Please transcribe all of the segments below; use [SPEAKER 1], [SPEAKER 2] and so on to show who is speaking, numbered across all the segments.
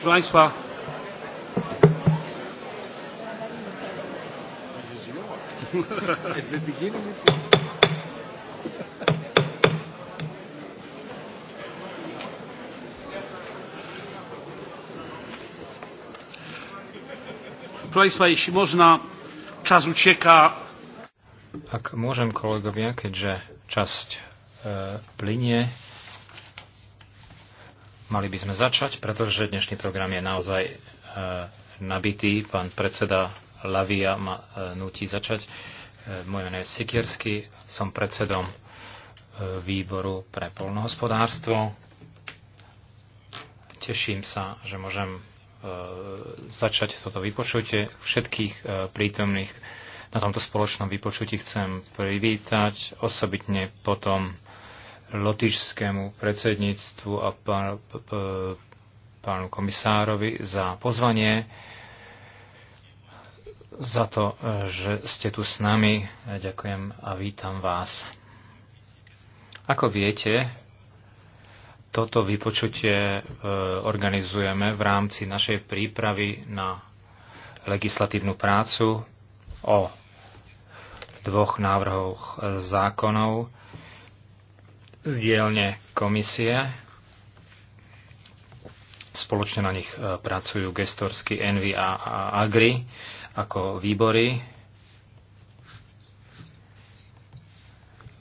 [SPEAKER 1] Proszę Państwa, Proszę Państwa, jeśli można, czas ucieka. Ak môžem, kolegovia, keďže časť e, plinie, Mali by sme začať, pretože dnešný program je naozaj e, nabitý. Pán predseda Lavia ma e, nutí začať. E, moje meno je Sikiersky, som predsedom e, výboru pre polnohospodárstvo. Teším sa, že môžem e, začať toto vypočutie. Všetkých e, prítomných na tomto spoločnom vypočutí chcem privítať, osobitne potom lotičskému predsedníctvu a pánu komisárovi za pozvanie, za to, e, že ste tu s nami. Ďakujem a vítam vás. Ako viete, toto vypočutie e, organizujeme v rámci našej prípravy na legislatívnu prácu o dvoch návrhoch e, zákonov z dielne komisie. Spoločne na nich e, pracujú gestorsky Envy a Agri ako výbory e,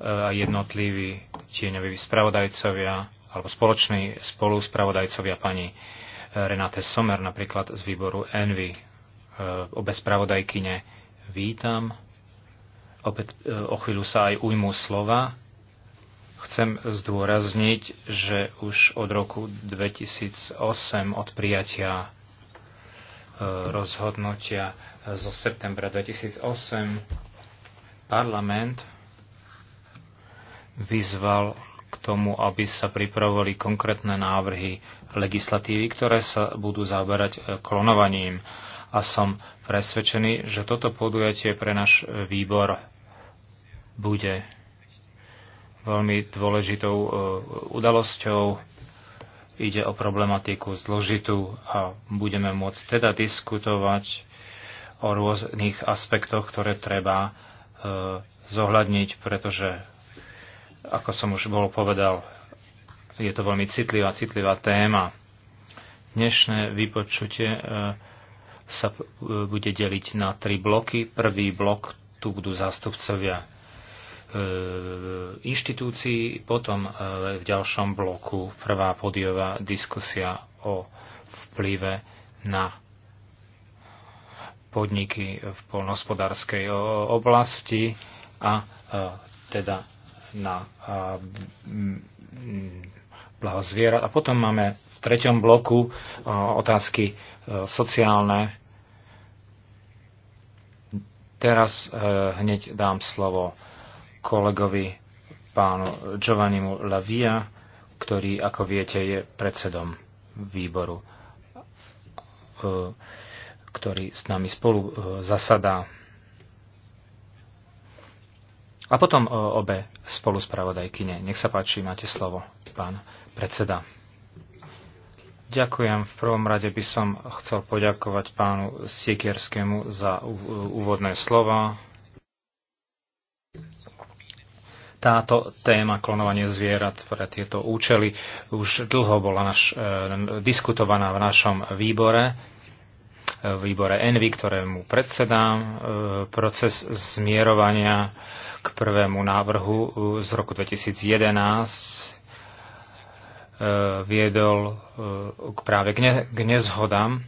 [SPEAKER 1] a jednotliví tieňoví spravodajcovia alebo spoloční spoluspravodajcovia pani e, Renate Somer napríklad z výboru Envy. Obe spravodajkyne vítam. Opäť o chvíľu sa aj ujmú slova Chcem zdôrazniť, že už od roku 2008, od prijatia e, rozhodnutia zo septembra 2008, parlament vyzval k tomu, aby sa pripravovali konkrétne návrhy legislatívy, ktoré sa budú zaoberať e, klonovaním. A som presvedčený, že toto podujatie pre náš výbor bude veľmi dôležitou e, udalosťou. Ide o problematiku zložitú a budeme môcť teda diskutovať o rôznych aspektoch, ktoré treba e, zohľadniť, pretože, ako som už bol povedal, je to veľmi citlivá, citlivá téma. Dnešné vypočutie e, sa bude deliť na tri bloky. Prvý blok tu budú zástupcovia E, inštitúcií, potom e, v ďalšom bloku prvá podiová diskusia o vplyve na podniky v polnospodárskej oblasti a e, teda na blaho zvierat. A potom máme v treťom bloku otázky sociálne. Teraz hneď dám slovo kolegovi pánu Giovannimu Lavia, ktorý, ako viete, je predsedom výboru, eh, ktorý s nami spolu eh, zasadá. A potom eh, obe spolu spravodajkyne. Nech sa páči, máte slovo, pán predseda. Ďakujem. V prvom rade by som chcel poďakovať pánu Siekierskému za úvodné slova Táto téma klonovanie zvierat pre tieto účely už dlho bola naš, e, diskutovaná v našom výbore, e, výbore Envy, ktorému predsedám. E, proces zmierovania k prvému návrhu e, z roku 2011 e, viedol e, práve k, ne, k nezhodám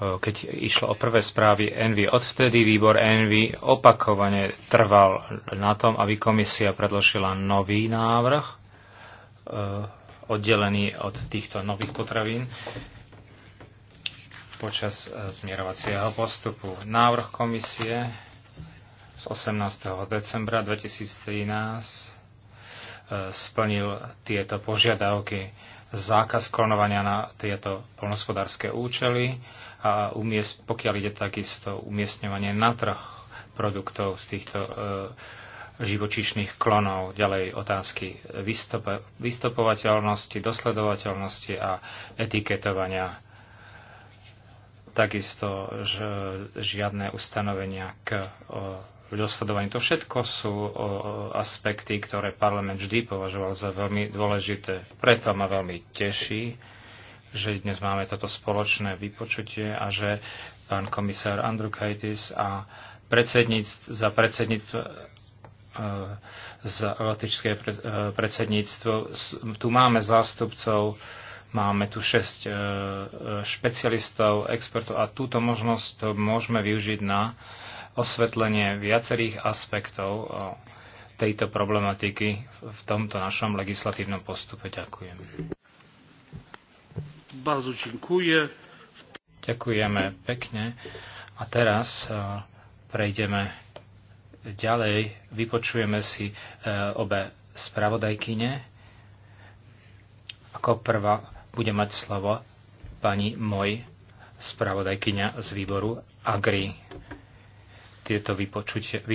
[SPEAKER 1] keď išlo o prvé správy Envy. Odvtedy výbor Envy opakovane trval na tom, aby komisia predložila nový návrh, e, oddelený od týchto nových potravín počas e, zmierovacieho postupu. Návrh komisie z 18. decembra 2013 e, splnil tieto požiadavky zákaz klonovania na tieto polnospodárske účely, a umiest, pokiaľ ide takisto umiestňovanie na trh produktov z týchto e, živočišných klonov, ďalej otázky vystope, vystopovateľnosti, dosledovateľnosti a etiketovania. Takisto že žiadne ustanovenia k o, e, dosledovaniu. To všetko sú o, e, o, aspekty, ktoré parlament vždy považoval za veľmi dôležité. Preto ma veľmi teší, že dnes máme toto spoločné vypočutie a že pán komisár Andrukaitis a predsedníctv, za e, e, predsedníctvo za latičské predsedníctvo. Tu máme zástupcov, máme tu šesť e, špecialistov, expertov a túto možnosť môžeme využiť na osvetlenie viacerých aspektov tejto problematiky v tomto našom legislatívnom postupe. Ďakujem. Bardzo dziękuję. Ďakujeme pekne. A teraz e, prejdeme ďalej. Vypočujeme si e, obe spravodajkyne. Ako prvá bude mať slovo pani Moj, spravodajkyňa z výboru Agri. Tieto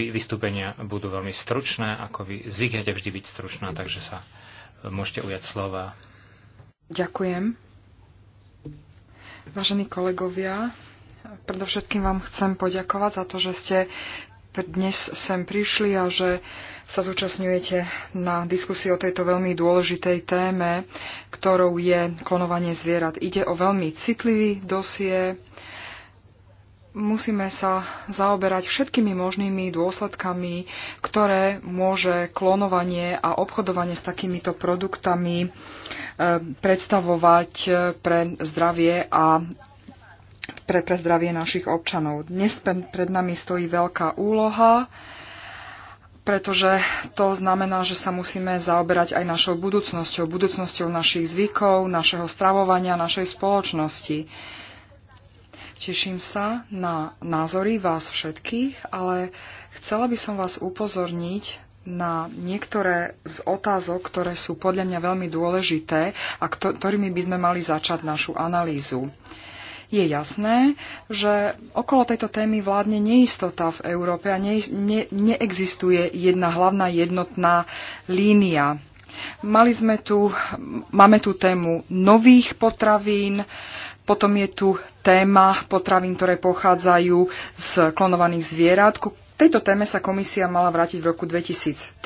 [SPEAKER 1] vystúpenia budú veľmi stručné, ako vy zvyknete vždy byť stručná, takže sa e, môžete ujať slova.
[SPEAKER 2] Ďakujem. Vážení kolegovia, predovšetkým vám chcem poďakovať za to, že ste dnes sem prišli a že sa zúčastňujete na diskusii o tejto veľmi dôležitej téme, ktorou je klonovanie zvierat. Ide o veľmi citlivý dosie, musíme sa zaoberať všetkými možnými dôsledkami, ktoré môže klonovanie a obchodovanie s takýmito produktami e, predstavovať e, pre zdravie a pre, pre zdravie našich občanov. Dnes pred nami stojí veľká úloha, pretože to znamená, že sa musíme zaoberať aj našou budúcnosťou, budúcnosťou našich zvykov, našeho stravovania, našej spoločnosti Teším sa na názory vás všetkých, ale chcela by som vás upozorniť na niektoré z otázok, ktoré sú podľa mňa veľmi dôležité a ktorými by sme mali začať našu analýzu. Je jasné, že okolo tejto témy vládne neistota v Európe a ne, ne, neexistuje jedna hlavná jednotná línia. Mali sme tu, máme tu tému nových potravín, potom je tu téma potravín, ktoré pochádzajú z klonovaných zvierat. Ku tejto téme sa komisia mala vrátiť v roku 2013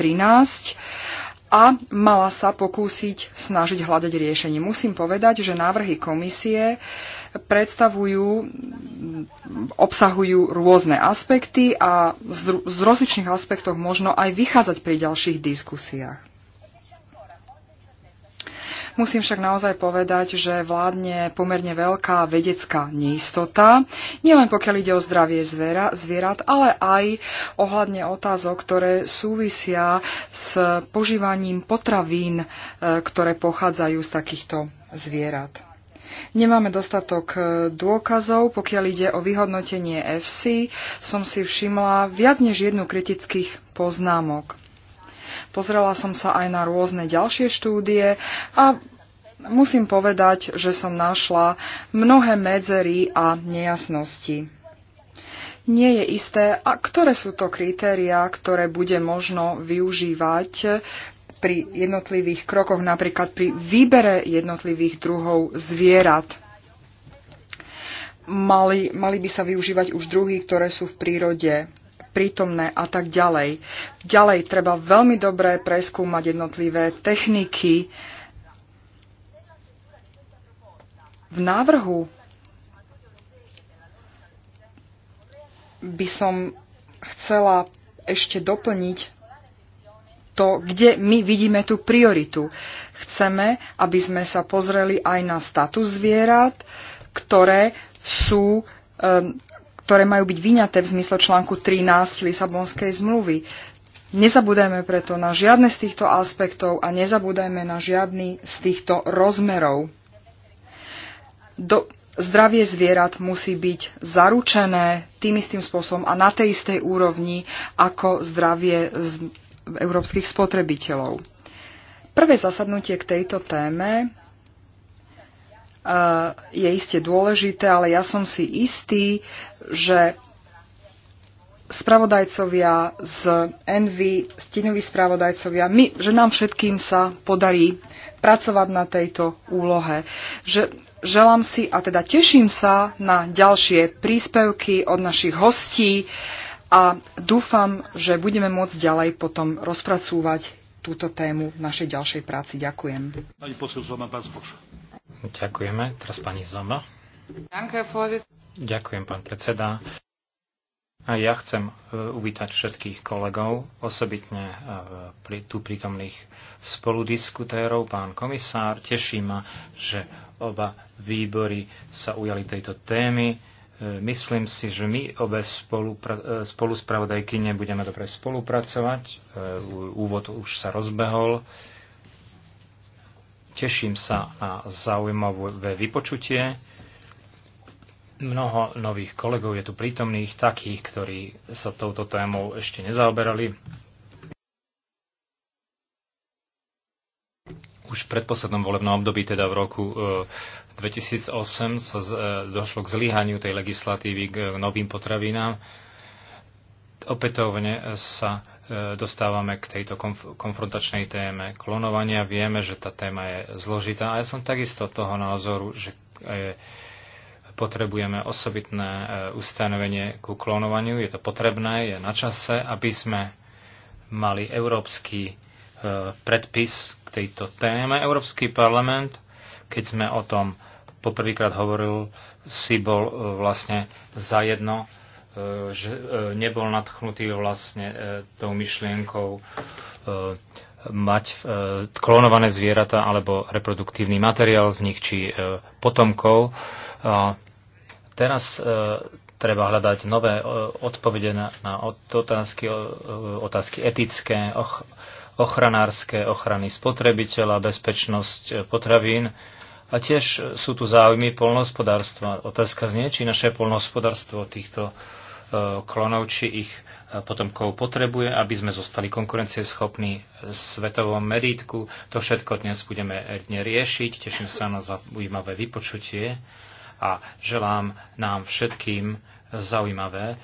[SPEAKER 2] a mala sa pokúsiť snažiť hľadať riešenie. Musím povedať, že návrhy komisie predstavujú, obsahujú rôzne aspekty a z, z rozličných aspektov možno aj vychádzať pri ďalších diskusiách. Musím však naozaj povedať, že vládne pomerne veľká vedecká neistota, nielen pokiaľ ide o zdravie zviera, zvierat, ale aj ohľadne otázok, ktoré súvisia s požívaním potravín, e, ktoré pochádzajú z takýchto zvierat. Nemáme dostatok e, dôkazov, pokiaľ ide o vyhodnotenie FC, som si všimla viac než jednu kritických poznámok. Pozrela som sa aj na rôzne ďalšie štúdie a musím povedať, že som našla mnohé medzery a nejasnosti. Nie je isté, a ktoré sú to kritériá, ktoré bude možno využívať pri jednotlivých krokoch, napríklad pri výbere jednotlivých druhov zvierat. Mali, mali by sa využívať už druhy, ktoré sú v prírode prítomné a tak ďalej. Ďalej treba veľmi dobre preskúmať jednotlivé techniky. V návrhu by som chcela ešte doplniť to, kde my vidíme tú prioritu. Chceme, aby sme sa pozreli aj na status zvierat, ktoré sú ehm, ktoré majú byť vyňaté v zmysle článku 13 Lisabonskej zmluvy. Nezabúdajme preto na žiadne z týchto aspektov a nezabúdajme na žiadny z týchto rozmerov. Do, zdravie zvierat musí byť zaručené tým istým spôsobom a na tej istej úrovni ako zdravie z, európskych spotrebiteľov. Prvé zasadnutie k tejto téme je iste dôležité, ale ja som si istý, že spravodajcovia z Envy, stinoví spravodajcovia, my, že nám všetkým sa podarí pracovať na tejto úlohe. Že, želám si a teda teším sa na ďalšie príspevky od našich hostí a dúfam, že budeme môcť ďalej potom rozpracúvať túto tému v našej ďalšej práci. Ďakujem. Pani
[SPEAKER 1] Ďakujeme. Teraz pani Zoma. Ďakujem, pán predseda. A ja chcem e, uvítať všetkých kolegov, osobitne e, tu prítomných spoludiskutérov, pán komisár. Teší ma, že oba výbory sa ujali tejto témy. E, myslím si, že my obe spolupra- spoluspravodajky nebudeme dobre spolupracovať. Úvod už sa rozbehol. Teším sa na zaujímavé vypočutie. Mnoho nových kolegov je tu prítomných, takých, ktorí sa touto témou ešte nezaoberali. Už v predposlednom volebnom období, teda v roku 2008, e, sa e, došlo k zlyhaniu tej legislatívy k novým potravinám. Opätovne sa dostávame k tejto konf- konfrontačnej téme klonovania. Vieme, že tá téma je zložitá a ja som takisto toho názoru, že e, potrebujeme osobitné e, ustanovenie ku klonovaniu. Je to potrebné, je na čase, aby sme mali európsky e, predpis k tejto téme. Európsky parlament, keď sme o tom poprvýkrát hovoril, si bol vlastne zajedno E, že e, nebol nadchnutý vlastne e, tou myšlienkou mať klonované zvieratá alebo reproduktívny materiál z nich či potomkov. Teraz treba hľadať nové odpovede na, na otázky, otázky etické, ochranárske, ochrany spotrebiteľa, bezpečnosť potravín. A tiež e, sú tu záujmy polnohospodárstva. Otázka znie, či naše polnohospodárstvo týchto e, klonov, či ich e, potomkov potrebuje, aby sme zostali konkurencieschopní v svetovom merítku. To všetko dnes budeme riešiť. Teším sa na zaujímavé vypočutie a želám nám všetkým zaujímavé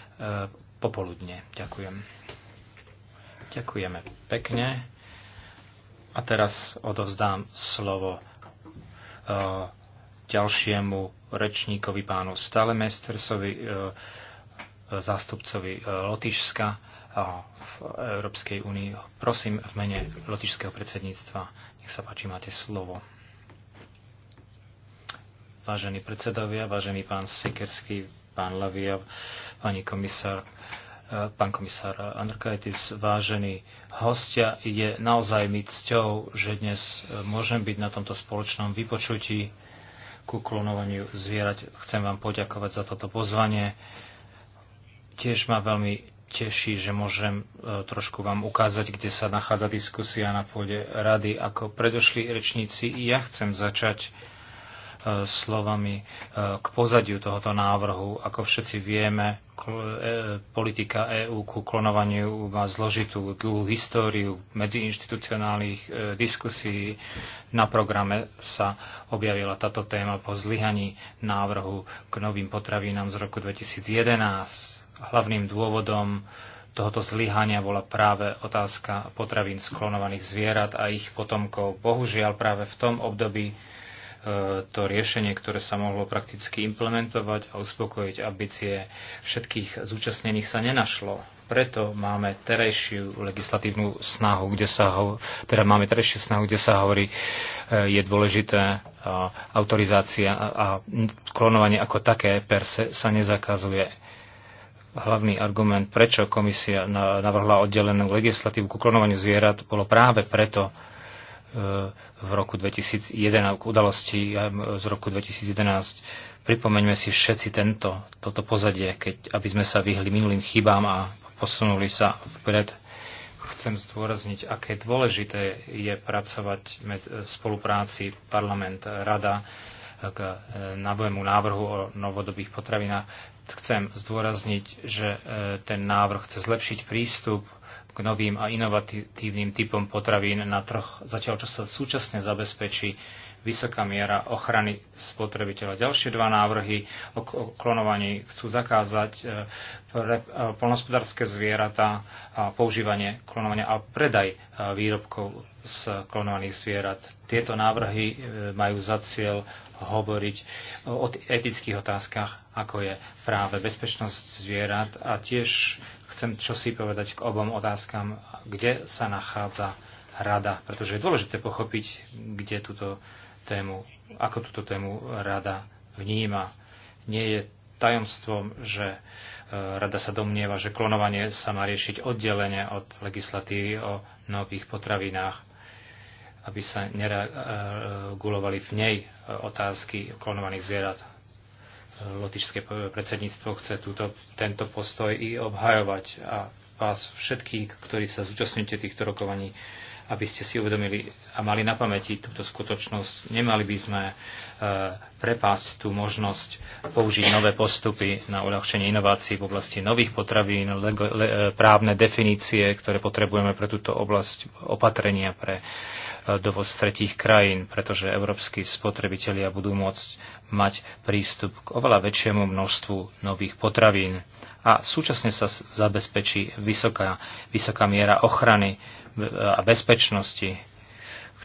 [SPEAKER 1] popoludne. Ďakujem. Ďakujeme pekne. A teraz odovzdám slovo Eh, ďalšiemu rečníkovi pánu Stalemestersovi, eh, zástupcovi eh, Lotyšska v Európskej únii. Prosím v mene Lotyšského predsedníctva, nech sa páči, máte slovo. Vážení predsedovia, vážený pán Sikerský, pán Lavia, pani komisár, pán komisár Andrkajtis, vážení hostia. Je naozaj mi cťou, že dnes e, môžem byť na tomto spoločnom vypočutí ku klonovaniu zvierať. Chcem vám poďakovať za toto pozvanie. Tiež ma veľmi teší, že môžem e, trošku vám ukázať, kde sa nachádza diskusia na pôde rady. Ako predošli rečníci, ja chcem začať E, slovami e, k pozadiu tohoto návrhu. Ako všetci vieme, e, politika EÚ ku klonovaniu má zložitú dlhú históriu medziinstitucionálnych diskusí. Na programe sa objavila táto téma po zlyhaní návrhu k novým potravinám z roku 2011. Hlavným dôvodom tohoto zlyhania bola práve otázka potravín sklonovaných zvierat a ich potomkov. Bohužiaľ práve v tom období to riešenie, ktoré sa mohlo prakticky implementovať a uspokojiť ambície všetkých zúčastnených sa nenašlo. Preto máme terajšiu legislatívnu snahu, kde sa ho, teda máme terajšiu snahu, kde sa hovorí, e, je dôležité e, autorizácia a klonovanie ako také per se sa nezakazuje. Hlavný argument, prečo komisia navrhla oddelenú legislatívu ku klonovaniu zvierat, bolo práve preto, v roku 2011, k udalosti z roku 2011. Pripomeňme si všetci tento, toto pozadie, keď, aby sme sa vyhli minulým chybám a posunuli sa vpred. Chcem zdôrazniť, aké dôležité je pracovať v spolupráci parlament, rada k e, novému návrhu o novodobých potravinách. Chcem zdôrazniť, že e, ten návrh chce zlepšiť prístup k novým a inovatívnym typom potravín na trh, zatiaľ čo sa súčasne zabezpečí vysoká miera ochrany spotrebiteľa. Ďalšie dva návrhy o klonovaní chcú zakázať e, pre e, polnospodárske zvieratá a používanie klonovania a predaj e, výrobkov z klonovaných zvierat. Tieto návrhy majú za cieľ hovoriť o etických otázkach, ako je práve bezpečnosť zvierat a tiež chcem čosi povedať k obom otázkam, kde sa nachádza rada, pretože je dôležité pochopiť, kde túto tému, ako túto tému rada vníma. Nie je tajomstvom, že e, rada sa domnieva, že klonovanie sa má riešiť oddelenie od legislatívy o nových potravinách aby sa neregulovali v nej otázky klonovaných zvierat. Lotičské predsedníctvo chce túto, tento postoj i obhajovať a vás všetkých, ktorí sa zúčastňujete týchto rokovaní, aby ste si uvedomili a mali na pamäti túto skutočnosť. Nemali by sme e, prepásť tú možnosť použiť nové postupy na uľahčenie inovácií v oblasti nových potravín, lego, le, e, právne definície, ktoré potrebujeme pre túto oblasť opatrenia pre dovoz tretích krajín, pretože európsky spotrebitelia budú môcť mať prístup k oveľa väčšiemu množstvu nových potravín a súčasne sa zabezpečí vysoká, vysoká miera ochrany a bezpečnosti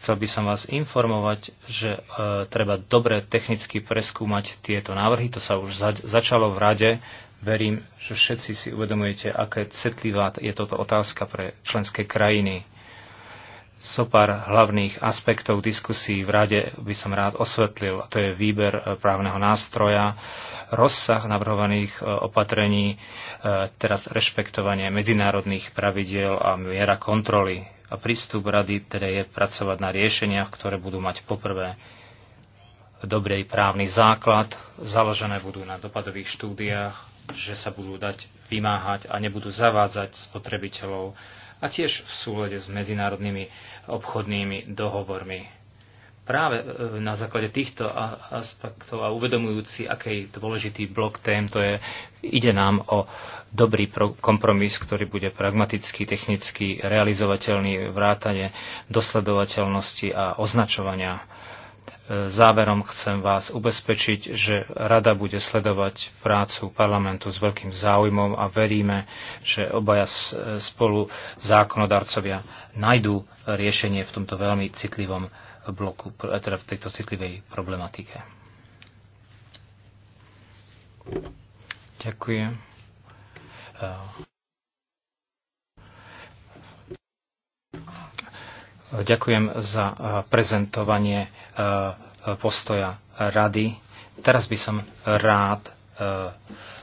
[SPEAKER 1] chcel by som vás informovať, že e, treba dobre technicky preskúmať tieto návrhy. To sa už za, začalo v rade. Verím, že všetci si uvedomujete, aké citlivá je toto otázka pre členské krajiny. Sopár hlavných aspektov diskusí v Rade by som rád osvetlil, a to je výber e, právneho nástroja, rozsah navrhovaných e, opatrení, e, teraz rešpektovanie medzinárodných pravidiel a miera kontroly. A prístup Rady teda je pracovať na riešeniach, ktoré budú mať poprvé dobrý právny základ, založené budú na dopadových štúdiách, že sa budú dať vymáhať a nebudú zavádzať spotrebiteľov a tiež v súlade s medzinárodnými obchodnými dohovormi. Práve e, na základe týchto aspektov a uvedomujúci, aký dôležitý blok tém to je, ide nám o dobrý kompromis, ktorý bude pragmatický, technicky realizovateľný, vrátane dosledovateľnosti a označovania Záverom chcem vás ubezpečiť, že rada bude sledovať prácu parlamentu s veľkým záujmom a veríme, že obaja spolu zákonodarcovia nájdú riešenie v tomto veľmi citlivom bloku, teda v tejto citlivej problematike. Ďakujem. Ďakujem za e, prezentovanie e, e, postoja rady. Teraz by som rád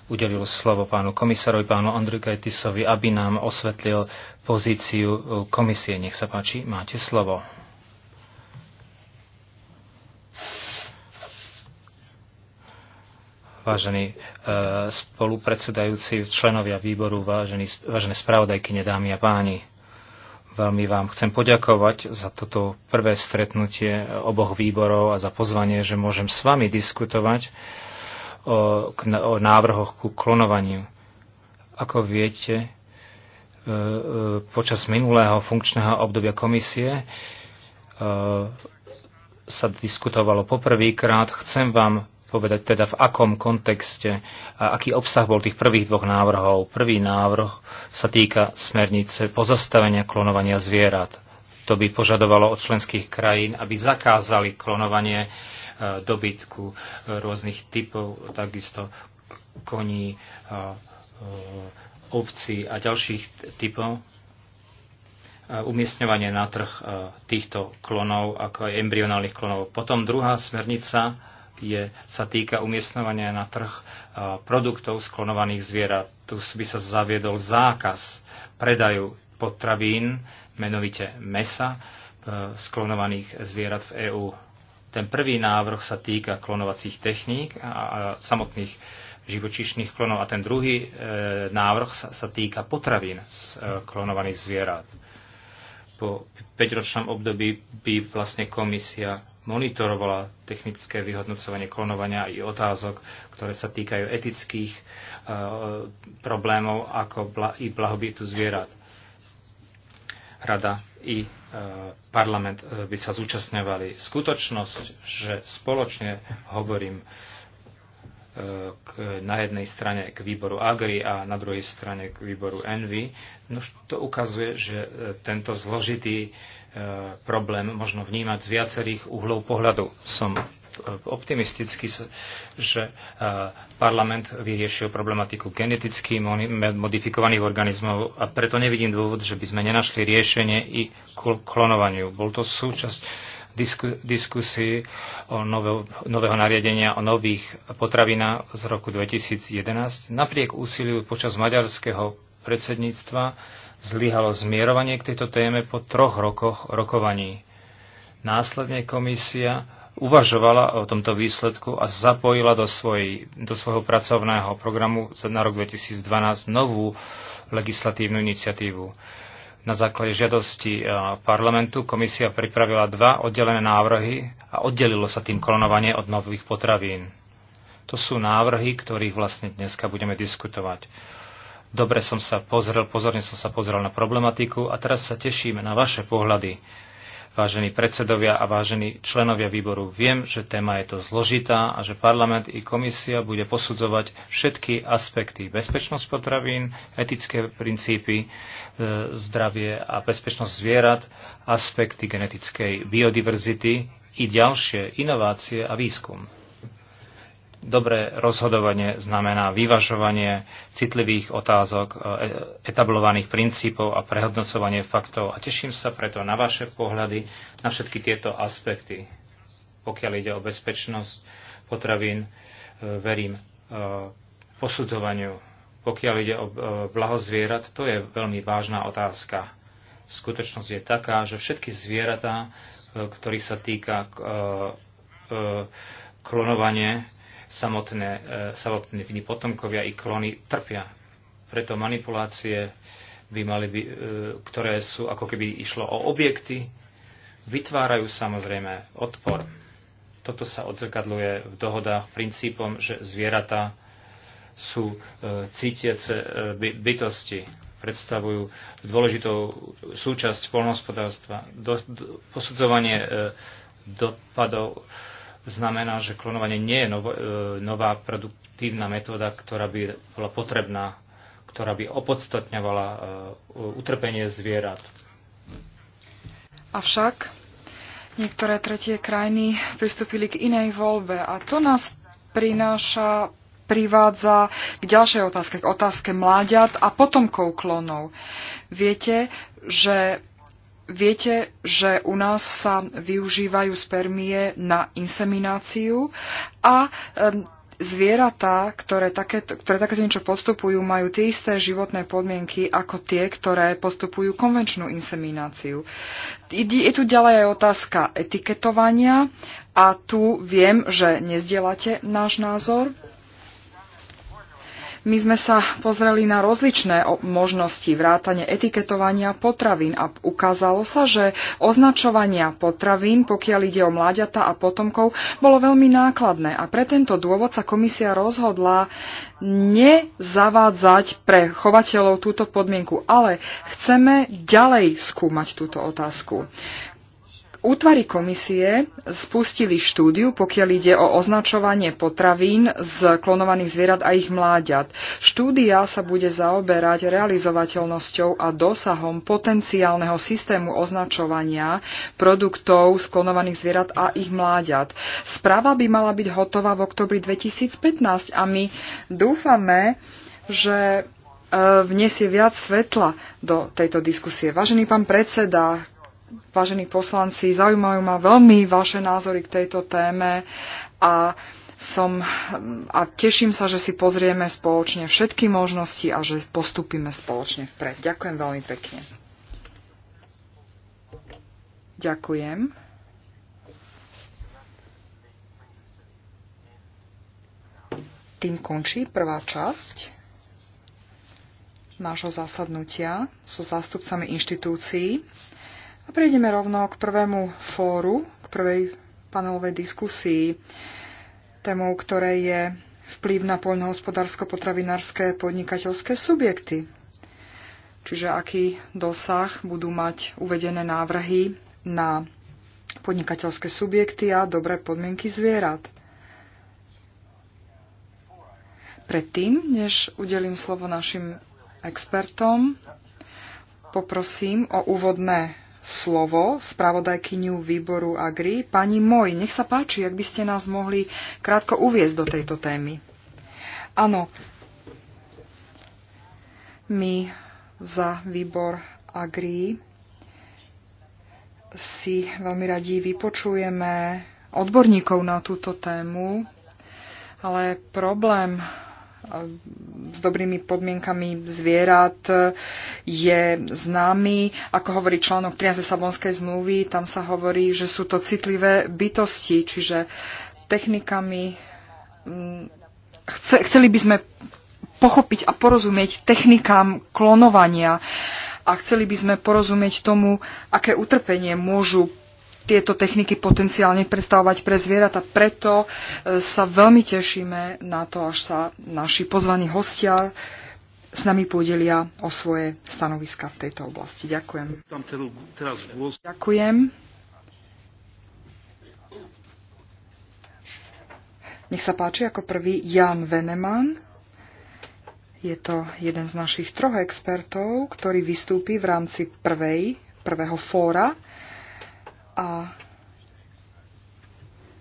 [SPEAKER 1] udelil slovo pánu komisárovi, pánu Kajtisovi, aby nám osvetlil pozíciu komisie. Nech sa páči, máte slovo. Vážení spolupredsedajúci, členovia výboru, vážené spravodajky, dámy a páni. Veľmi vám chcem poďakovať za toto prvé stretnutie oboch výborov a za pozvanie, že môžem s vami diskutovať o, o návrhoch ku klonovaniu. Ako viete, e, e, počas minulého funkčného obdobia komisie e, sa diskutovalo poprvýkrát. Chcem vám povedať teda v akom kontexte a aký obsah bol tých prvých dvoch návrhov. Prvý návrh sa týka smernice pozastavenia klonovania zvierat. To by požadovalo od členských krajín, aby zakázali klonovanie e, dobytku e, rôznych typov, takisto koní, e, ovci a ďalších typov umiestňovanie na trh týchto klonov, ako aj embryonálnych klonov. Potom druhá smernica je, sa týka umiestňovania na trh e, produktov sklonovaných zvierat. Tu by sa zaviedol zákaz predaju potravín, menovite mesa, e, sklonovaných zvierat v EÚ. Ten prvý návrh sa týka klonovacích techník a, samotných živočíšnych klonov a ten druhý e, návrh sa, sa týka potravín z e, klonovaných zvierat. Po 5-ročnom období by vlastne komisia monitorovala technické vyhodnocovanie klonovania i otázok, ktoré sa týkajú etických e, problémov ako bla, i blahobytu zvierat. Rada i e, parlament e, by sa zúčastňovali. Skutočnosť, že spoločne hovorím, k, na jednej strane k výboru Agri a na druhej strane k výboru Envy. No to ukazuje, že e, tento zložitý e, problém možno vnímať z viacerých uhlov pohľadu. Som e, optimistický, že parlament vyriešil problematiku geneticky modifikovaných organizmov a preto nevidím dôvod, že by sme nenašli riešenie i klonovaniu. Bol to súčasť diskusii o nového, nového nariadenia o nových potravinách z roku 2011. Napriek úsiliu počas maďarského predsedníctva zlyhalo zmierovanie k tejto téme po troch rokoch rokovaní. Následne komisia uvažovala o tomto výsledku a zapojila do, svoj, do svojho pracovného programu na rok 2012 novú legislatívnu iniciatívu. Na základe žiadosti e, parlamentu komisia pripravila dva oddelené návrhy a oddelilo sa tým klonovanie od nových potravín. To sú návrhy, ktorých vlastne dneska budeme diskutovať. Dobre som sa pozrel, pozorne som sa pozrel na problematiku a teraz sa teším na vaše pohľady vážení predsedovia a vážení členovia výboru. Viem, že téma je to zložitá a že parlament i komisia bude posudzovať všetky aspekty. Bezpečnosť potravín, etické princípy, e, zdravie a bezpečnosť zvierat, aspekty genetickej biodiverzity i ďalšie inovácie a výskum. Dobré rozhodovanie znamená vyvažovanie citlivých otázok, e, etablovaných princípov a prehodnocovanie faktov. A teším sa preto na vaše pohľady, na všetky tieto aspekty. Pokiaľ ide o bezpečnosť potravín, e, verím e, posudzovaniu. Pokiaľ ide o blaho zvierat, to je veľmi vážna otázka. Skutočnosť je taká, že všetky zvieratá, ktorých sa týka klonovanie, samotné, e, samotní potomkovia i klony trpia. Preto manipulácie, by mali by, e, ktoré sú ako keby išlo o objekty, vytvárajú samozrejme odpor. Toto sa odzrkadluje v dohodách princípom, že zvieratá sú e, cítiace bytosti, predstavujú dôležitou súčasť polnohospodárstva. Do, do, posudzovanie dopadov znamená, že klonovanie nie je novo, e, nová produktívna metóda, ktorá by bola potrebná, ktorá by opodstatňovala e, utrpenie zvierat.
[SPEAKER 2] Avšak niektoré tretie krajiny pristúpili k inej voľbe a to nás prináša privádza k ďalšej otázke, k otázke mláďat a potomkov klonov. Viete, že Viete, že u nás sa využívajú spermie na insemináciu a zvieratá, ktoré, také, ktoré takéto niečo postupujú, majú tie isté životné podmienky ako tie, ktoré postupujú konvenčnú insemináciu. Je tu ďalej aj otázka etiketovania a tu viem, že nezdielate náš názor. My sme sa pozreli na rozličné možnosti vrátane etiketovania potravín a ukázalo sa, že označovania potravín, pokiaľ ide o mláďata a potomkov, bolo veľmi nákladné a pre tento dôvod sa komisia rozhodla nezavádzať pre chovateľov túto podmienku, ale chceme ďalej skúmať túto otázku. Útvary komisie spustili štúdiu, pokiaľ ide o označovanie potravín z klonovaných zvierat a ich mláďat. Štúdia sa bude zaoberať realizovateľnosťou a dosahom potenciálneho systému označovania produktov z klonovaných zvierat a ich mláďat. Správa by mala byť hotová v oktobri 2015 a my dúfame, že e, vniesie viac svetla do tejto diskusie. Vážený pán predseda, vážení poslanci, zaujímajú ma veľmi vaše názory k tejto téme a som a teším sa, že si pozrieme spoločne všetky možnosti a že postupíme spoločne vpred. Ďakujem veľmi pekne. Ďakujem. Tým končí prvá časť nášho zasadnutia so zástupcami inštitúcií. A prejdeme rovno k prvému fóru, k prvej panelovej diskusii, témou ktorej je vplyv na poľnohospodársko-potravinárske podnikateľské subjekty. Čiže aký dosah budú mať uvedené návrhy na podnikateľské subjekty a dobré podmienky zvierat. Predtým, než udelím slovo našim expertom, poprosím o úvodné slovo spravodajkyniu výboru Agri. Pani Moj, nech sa páči, ak by ste nás mohli krátko uviezť do tejto témy. Áno, my za výbor Agri si veľmi radi vypočujeme odborníkov na túto tému, ale problém s dobrými podmienkami zvierat je známy. Ako hovorí článok 13 Sabonskej zmluvy, tam sa hovorí, že sú to citlivé bytosti, čiže technikami mm, chce, chceli by sme pochopiť a porozumieť technikám klonovania a chceli by sme porozumieť tomu, aké utrpenie môžu tieto techniky potenciálne predstavovať pre zvieratá. Preto e, sa veľmi tešíme na to, až sa naši pozvaní hostia s nami podelia o svoje stanoviska v tejto oblasti. Ďakujem. Ďakujem. Nech sa páči, ako prvý Jan Veneman. Je to jeden z našich troch expertov, ktorý vystúpi v rámci prvej, prvého fóra a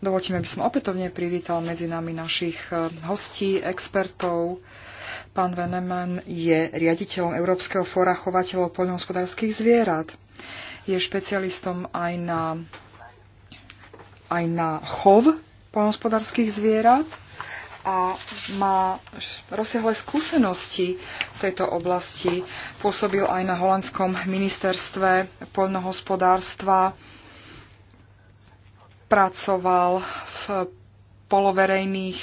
[SPEAKER 2] dovolte mi, aby som opätovne privítal medzi nami našich e, hostí, expertov. Pán Veneman je riaditeľom Európskeho fóra chovateľov poľnohospodárskych zvierat. Je špecialistom aj na, aj na chov poľnohospodárskych zvierat a má rozsiahle skúsenosti v tejto oblasti. Pôsobil aj na holandskom ministerstve poľnohospodárstva pracoval v poloverejných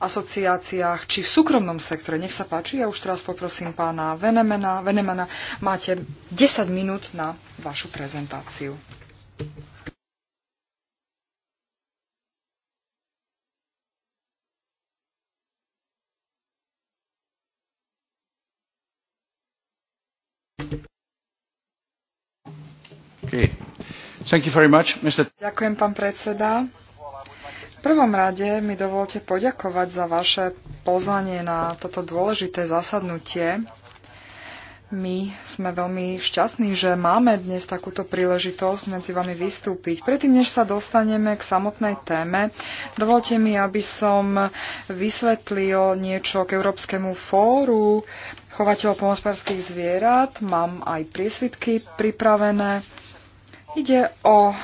[SPEAKER 2] asociáciách či v súkromnom sektore. Nech sa páči, ja už teraz poprosím pána Venemena. Venemena, máte 10 minút na vašu prezentáciu. Okay.
[SPEAKER 3] Ďakujem,
[SPEAKER 2] pán predseda. V prvom rade mi dovolte poďakovať za vaše pozvanie na toto dôležité zasadnutie. My sme veľmi šťastní, že máme dnes takúto príležitosť medzi vami vystúpiť. Predtým, než sa dostaneme k samotnej téme, dovolte mi, aby som vysvetlil niečo k Európskemu fóru chovateľov pomospárských zvierat. Mám aj priesvitky pripravené. Ide o e,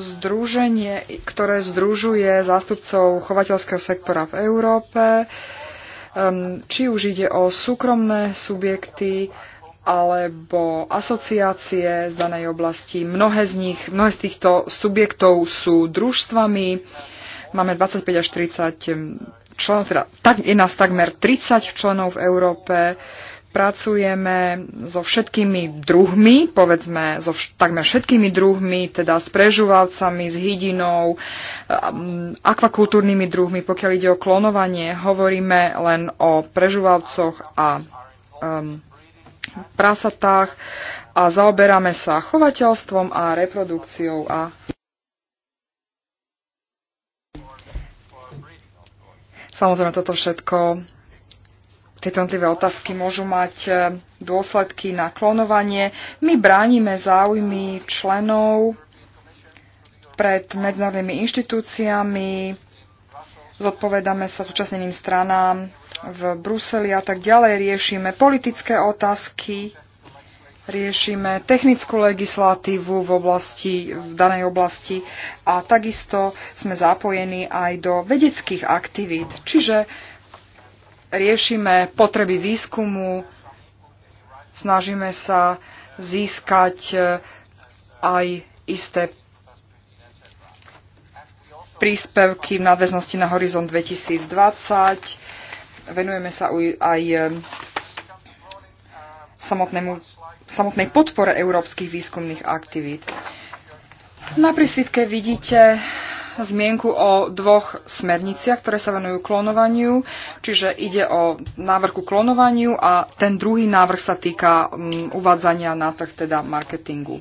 [SPEAKER 2] združenie, ktoré združuje zástupcov chovateľského sektora v Európe, či už ide o súkromné subjekty alebo asociácie z danej oblasti. Mnohé z nich, mnohé z týchto subjektov sú družstvami. Máme 25 až 30 členov, teda tak, je nás takmer 30 členov v Európe pracujeme so všetkými druhmi, povedzme so vš- takmer všetkými druhmi, teda s prežúvalcami, s hydinou, mm, akvakultúrnymi druhmi. Pokiaľ ide o klonovanie, hovoríme len o prežúvalcoch a um, prasatách a zaoberáme sa chovateľstvom a reprodukciou a Samozrejme, toto všetko tieto jednotlivé otázky môžu mať e, dôsledky na klonovanie. My bránime záujmy členov pred medzinárodnými inštitúciami, zodpovedáme sa súčasneným stranám v Bruseli a tak ďalej, riešime politické otázky, riešime technickú legislatívu v, oblasti, v danej oblasti a takisto sme zapojení aj do vedeckých aktivít. Čiže riešime potreby výskumu, snažíme sa získať e, aj isté príspevky v nadväznosti na Horizont 2020. Venujeme sa aj e, samotnému, samotnej podpore európskych výskumných aktivít. Na prísvitke vidíte zmienku o dvoch smerniciach, ktoré sa venujú klonovaniu, čiže ide o návrh ku klonovaniu a ten druhý návrh sa týka mm, uvádzania na trh, teda marketingu.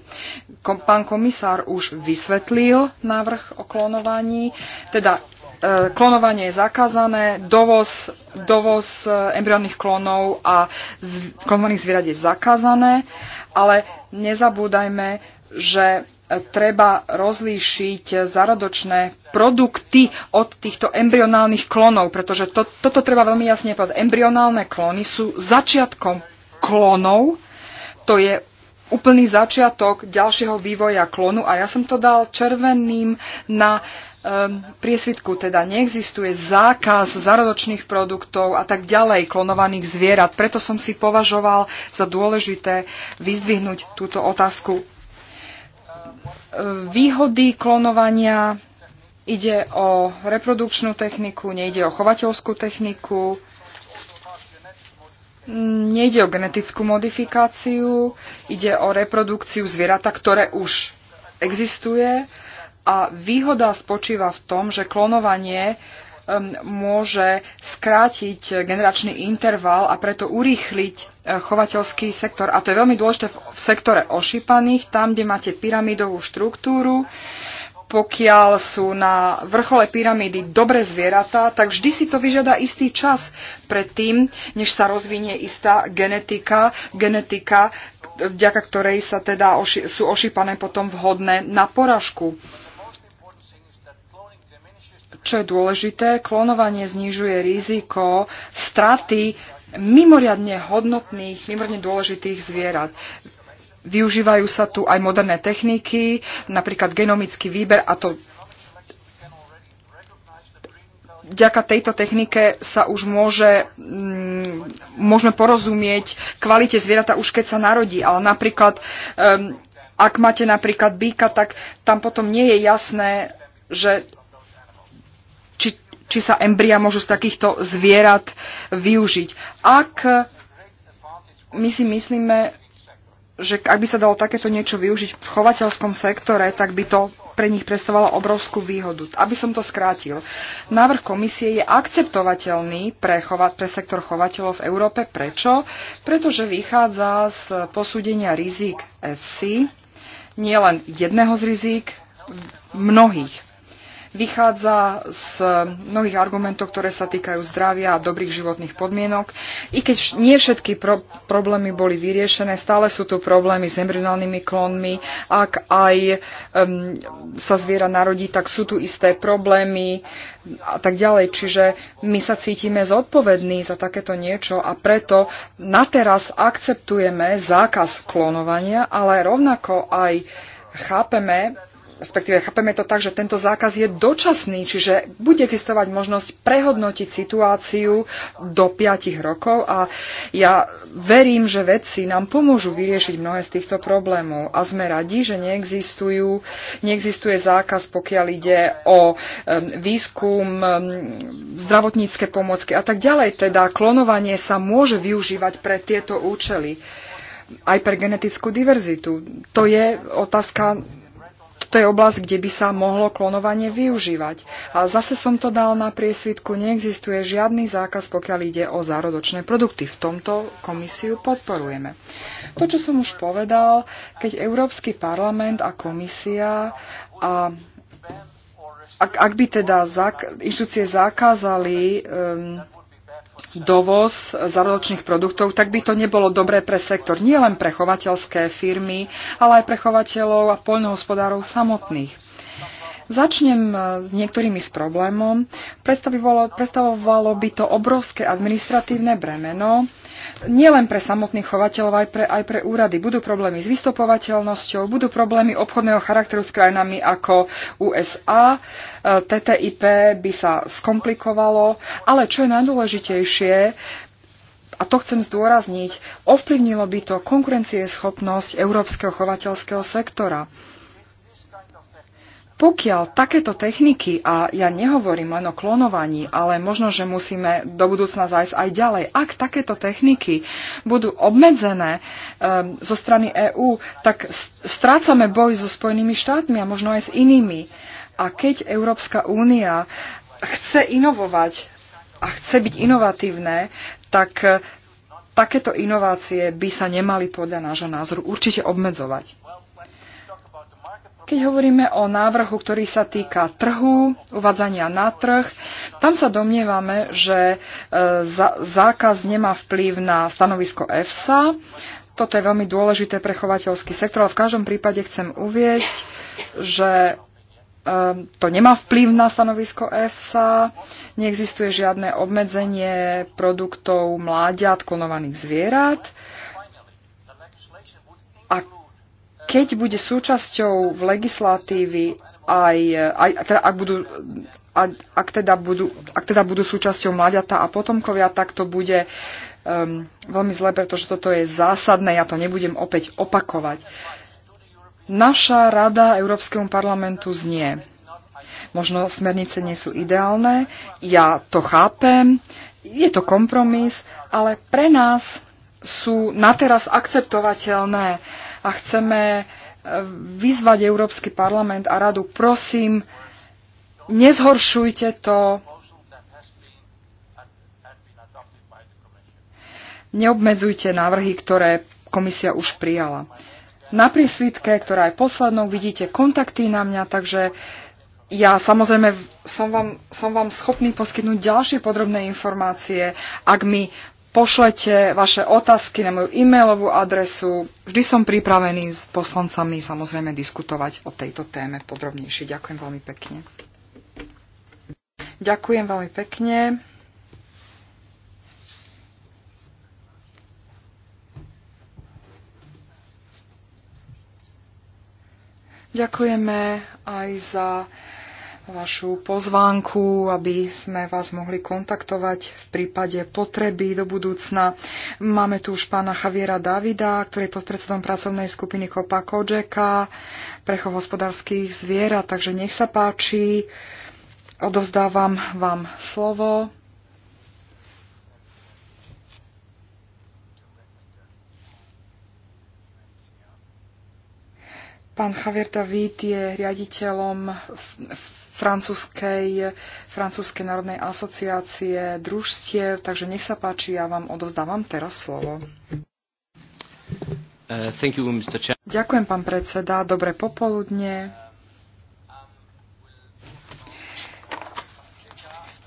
[SPEAKER 2] Kom, pán komisár už vysvetlil návrh o klonovaní, teda e, klonovanie je zakázané, dovoz, dovoz e, embryonných klonov a klonovaných zvierat je zakázané, ale nezabúdajme, že treba rozlíšiť zárodočné produkty od týchto embryonálnych klonov, pretože to, toto treba veľmi jasne povedať. Embryonálne klony sú začiatkom klonov, to je úplný začiatok ďalšieho vývoja klonu a ja som to dal červeným na um, priesvitku, teda neexistuje zákaz zárodočných produktov a tak ďalej klonovaných zvierat. Preto som si považoval za dôležité vyzdvihnúť túto otázku výhody klonovania. Ide o reprodukčnú techniku, nejde o chovateľskú techniku, nejde o genetickú modifikáciu, ide o reprodukciu zvierata, ktoré už existuje. A výhoda spočíva v tom, že klonovanie Um, môže skrátiť generačný interval a preto urýchliť eh, chovateľský sektor. A to je veľmi dôležité v sektore ošípaných, tam, kde máte pyramidovú štruktúru. Pokiaľ sú na vrchole pyramídy dobre zvieratá, tak vždy si to vyžiada istý čas predtým, než sa rozvinie istá genetika, genetika, vďaka ktorej sa teda oši- sú ošípané potom vhodné na poražku čo je dôležité, klonovanie znižuje riziko straty mimoriadne hodnotných, mimoriadne dôležitých zvierat. Využívajú sa tu aj moderné techniky, napríklad genomický výber a to vďaka tejto technike sa už môže, mm, môžeme porozumieť kvalite zvierata už keď sa narodí. Ale napríklad, ak máte napríklad býka, tak tam potom nie je jasné, že či sa embria môžu z takýchto zvierat využiť. Ak my si myslíme, že ak by sa dalo takéto niečo využiť v chovateľskom sektore, tak by to pre nich predstavovalo obrovskú výhodu. Aby som to skrátil, návrh komisie je akceptovateľný pre, chova- pre sektor chovateľov v Európe. Prečo? Pretože vychádza z posúdenia rizik FC, nielen jedného z rizik, mnohých vychádza z mnohých argumentov, ktoré sa týkajú zdravia a dobrých životných podmienok. I keď nie všetky pro- problémy boli vyriešené, stále sú tu problémy s embryonálnymi klonmi, Ak aj um, sa zviera narodí, tak sú tu isté problémy a tak ďalej. Čiže my sa cítime zodpovední za takéto niečo a preto na teraz akceptujeme zákaz klonovania, ale rovnako aj chápeme, respektíve chápeme to tak, že tento zákaz je dočasný, čiže bude existovať možnosť prehodnotiť situáciu do 5 rokov a ja verím, že vedci nám pomôžu vyriešiť mnohé z týchto problémov a sme radi, že neexistujú, neexistuje zákaz, pokiaľ ide o výskum, zdravotnícke pomocky a tak ďalej. Teda klonovanie sa môže využívať pre tieto účely aj pre genetickú diverzitu. To je otázka to je oblasť, kde by sa mohlo klonovanie využívať. A zase som to dal na priesvitku, neexistuje žiadny zákaz, pokiaľ ide o zárodočné produkty. V tomto komisiu podporujeme. To, čo som už povedal, keď Európsky parlament a komisia a ak, ak by teda zák- inštitúcie zakázali um, dovoz zárodočných produktov, tak by to nebolo dobré pre sektor. Nie len pre chovateľské firmy, ale aj pre chovateľov a poľnohospodárov samotných. Začnem e, s niektorými s problémom. predstavovalo by to obrovské administratívne bremeno, nielen pre samotných chovateľov, aj pre, aj pre úrady. Budú problémy s vystupovateľnosťou, budú problémy obchodného charakteru s krajinami ako USA, e, TTIP by sa skomplikovalo, ale čo je najdôležitejšie, a to chcem zdôrazniť, ovplyvnilo by to konkurencieschopnosť európskeho chovateľského sektora. Pokiaľ takéto techniky, a ja nehovorím len o klonovaní, ale možno, že musíme do budúcna zájsť aj ďalej, ak takéto techniky budú obmedzené um, zo strany EÚ, tak strácame boj so Spojenými štátmi a možno aj s inými. A keď Európska únia chce inovovať a chce byť inovatívne, tak eh, takéto inovácie by sa nemali podľa nášho názoru určite obmedzovať. Keď hovoríme o návrhu, ktorý sa týka trhu, uvádzania na trh, tam sa domnievame, že e, zákaz nemá vplyv na stanovisko EFSA. Toto je veľmi dôležité pre chovateľský sektor, ale v každom prípade chcem uvieť, že e, to nemá vplyv na stanovisko EFSA, neexistuje žiadne obmedzenie produktov mláďat, klonovaných zvierat. keď bude súčasťou v legislatívy aj, aj teda ak, budú, ak, ak, teda budú, ak teda budú súčasťou mladiatá a potomkovia, tak to bude um, veľmi zle, pretože toto je zásadné, ja to nebudem opäť opakovať. Naša rada Európskemu parlamentu znie. Možno smernice nie sú ideálne, ja to chápem, je to kompromis, ale pre nás sú nateraz akceptovateľné a chceme e, vyzvať Európsky parlament a radu, prosím, nezhoršujte to, neobmedzujte návrhy, ktoré komisia už prijala. Na prísvitke, ktorá je poslednou, vidíte kontakty na mňa, takže ja samozrejme som vám, som vám schopný poskytnúť ďalšie podrobné informácie, ak mi pošlete vaše otázky na moju e-mailovú adresu. Vždy som pripravený s poslancami samozrejme diskutovať o tejto téme podrobnejšie. Ďakujem veľmi pekne. Ďakujem veľmi pekne. Ďakujeme aj za vašu pozvánku, aby sme vás mohli kontaktovať v prípade potreby do budúcna. Máme tu už pána Javiera Davida, ktorý je podpredsedom pracovnej skupiny Kopa Kodžeka, prechov hospodárských zvierat, takže nech sa páči. Odozdávam vám slovo. Pán Javier David je riaditeľom francúzskej, francúzskej národnej asociácie družstiev. Takže nech sa páči, ja vám odovzdávam teraz slovo.
[SPEAKER 1] Uh, you,
[SPEAKER 2] Ďakujem, pán predseda. Dobré popoludne.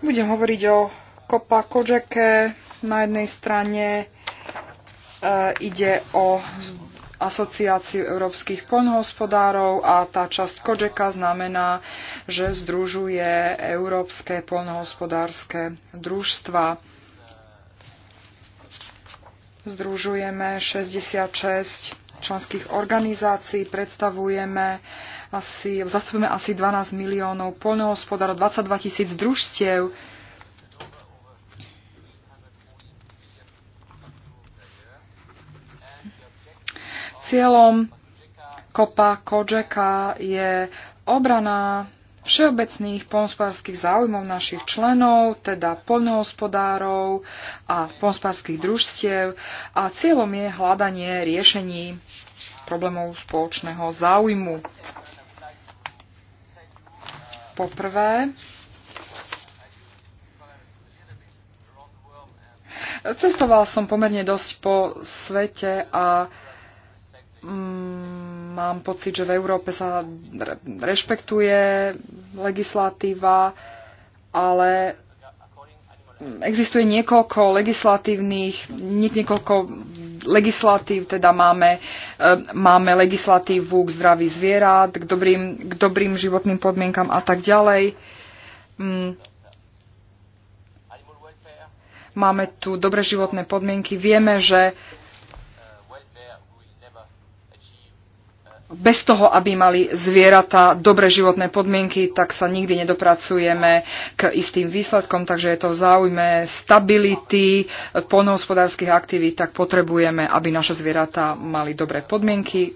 [SPEAKER 2] Budem hovoriť o Kopa Kožeke. Na jednej strane uh, ide o asociáciu európskych poľnohospodárov a tá časť Kodžeka znamená, že združuje európske poľnohospodárske družstva. Združujeme 66 členských organizácií, predstavujeme asi, zastupujeme asi 12 miliónov poľnohospodárov, 22 tisíc družstiev, Cieľom kopa Kodžeka je obrana všeobecných polnospodárských záujmov našich členov, teda poľnohospodárov a polnospodárských družstiev a cieľom je hľadanie riešení problémov spoločného záujmu. Poprvé, cestoval som pomerne dosť po svete a Mm, mám pocit, že v Európe sa rešpektuje legislatíva, ale existuje niekoľko legislatívnych, niekoľko legislatív, teda máme, e, máme legislatívu k zdraví zvierat, k dobrým, k dobrým životným podmienkam a tak ďalej. Mm. Máme tu dobré životné podmienky. Vieme, že bez toho, aby mali zvieratá dobre životné podmienky, tak sa nikdy nedopracujeme k istým výsledkom, takže je to v záujme stability poľnohospodárskych aktivít, tak potrebujeme, aby naše zvieratá mali dobré podmienky.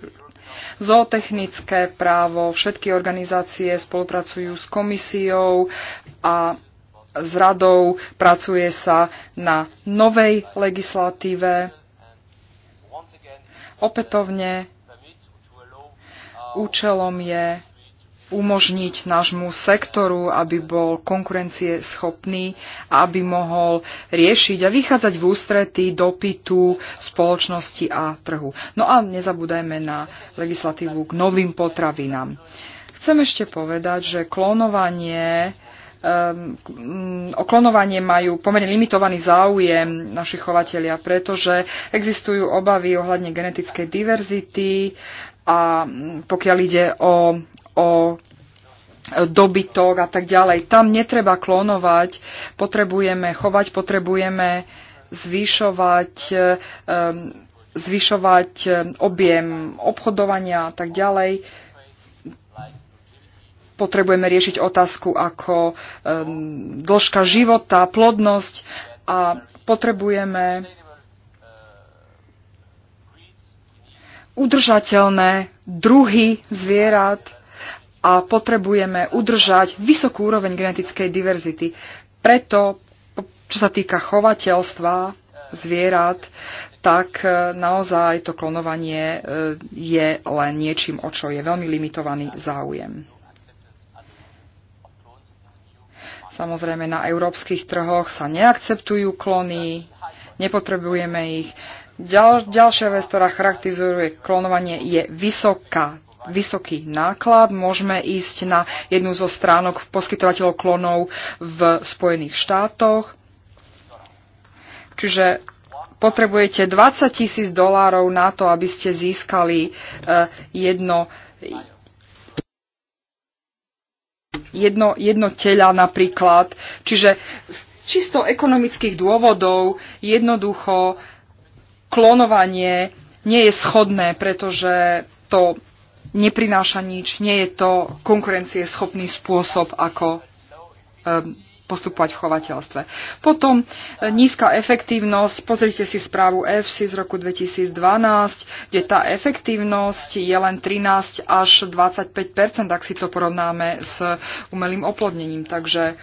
[SPEAKER 2] Zootechnické právo, všetky organizácie spolupracujú s komisiou a s radou, pracuje sa na novej legislatíve. Opätovne Účelom je umožniť nášmu sektoru, aby bol konkurencie schopný a aby mohol riešiť a vychádzať v ústrety dopytu spoločnosti a trhu. No a nezabúdajme na legislatívu k novým potravinám. Chcem ešte povedať, že klonovanie ehm, mm, o klonovanie majú pomerne limitovaný záujem naši chovatelia, pretože existujú obavy ohľadne genetickej diverzity, a pokiaľ ide o, o dobytok a tak ďalej. Tam netreba klonovať, potrebujeme chovať, potrebujeme zvyšovať, ehm, zvyšovať ehm, objem obchodovania a tak ďalej. Potrebujeme riešiť otázku ako ehm, dĺžka života, plodnosť a potrebujeme udržateľné druhy zvierat a potrebujeme udržať vysokú úroveň genetickej diverzity. Preto, čo sa týka chovateľstva zvierat, tak e, naozaj to klonovanie e, je len niečím, o čo je veľmi limitovaný záujem. Samozrejme, na európskych trhoch sa neakceptujú klony, nepotrebujeme ich. Ďal, ďalšia vec, ktorá charakterizuje klonovanie, je vysoká vysoký náklad. Môžeme ísť na jednu zo stránok poskytovateľov klonov v Spojených štátoch. Čiže potrebujete 20 tisíc dolárov na to, aby ste získali e, jedno, jedno, jedno teľa napríklad. Čiže z čisto ekonomických dôvodov jednoducho klonovanie nie je schodné, pretože to neprináša nič, nie je to konkurencieschopný spôsob, ako ehm, postupovať v chovateľstve. Potom e, nízka efektívnosť. Pozrite si správu EFSI z roku 2012, kde tá efektívnosť je len 13 až 25 ak si to porovnáme s umelým oplodnením. Takže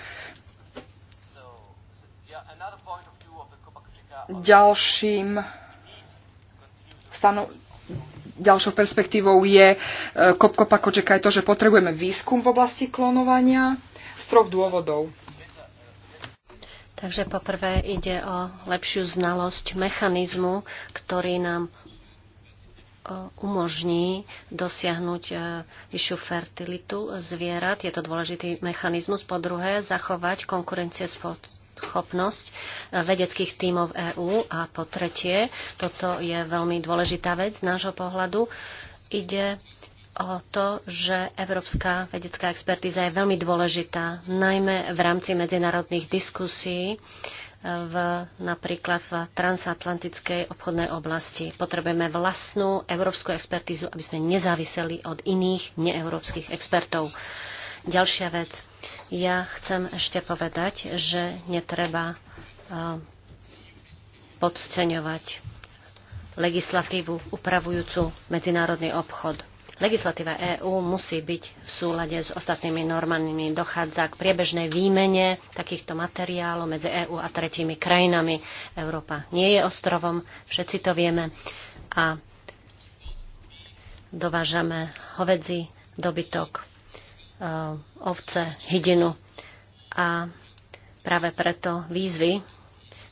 [SPEAKER 2] ďalším stano- ďalšou perspektívou je e, Kopkopa Kočeka je to, že potrebujeme výskum v oblasti klonovania z troch dôvodov.
[SPEAKER 3] Takže poprvé ide o lepšiu znalosť mechanizmu, ktorý nám e, umožní dosiahnuť e, vyššiu fertilitu zvierat. Je to dôležitý mechanizmus. Po druhé, zachovať konkurencie schopnosť eh, vedeckých tímov EÚ. A po tretie, toto je veľmi dôležitá vec z nášho pohľadu, ide o to, že európska vedecká expertíza je veľmi dôležitá, najmä v rámci medzinárodných diskusí, eh, v, napríklad v transatlantickej obchodnej oblasti. Potrebujeme vlastnú európsku expertízu, aby sme nezáviseli od iných neeurópskych expertov. Ďalšia vec. Ja chcem ešte povedať, že netreba e, podceňovať legislatívu upravujúcu medzinárodný obchod. Legislatíva EÚ musí byť v súlade s ostatnými normálnymi. Dochádza k priebežnej výmene takýchto materiálov medzi EÚ a tretími krajinami. Európa nie je ostrovom, všetci to vieme. A dovážame hovedzi, dobytok, E, ovce, hydinu. A práve preto výzvy,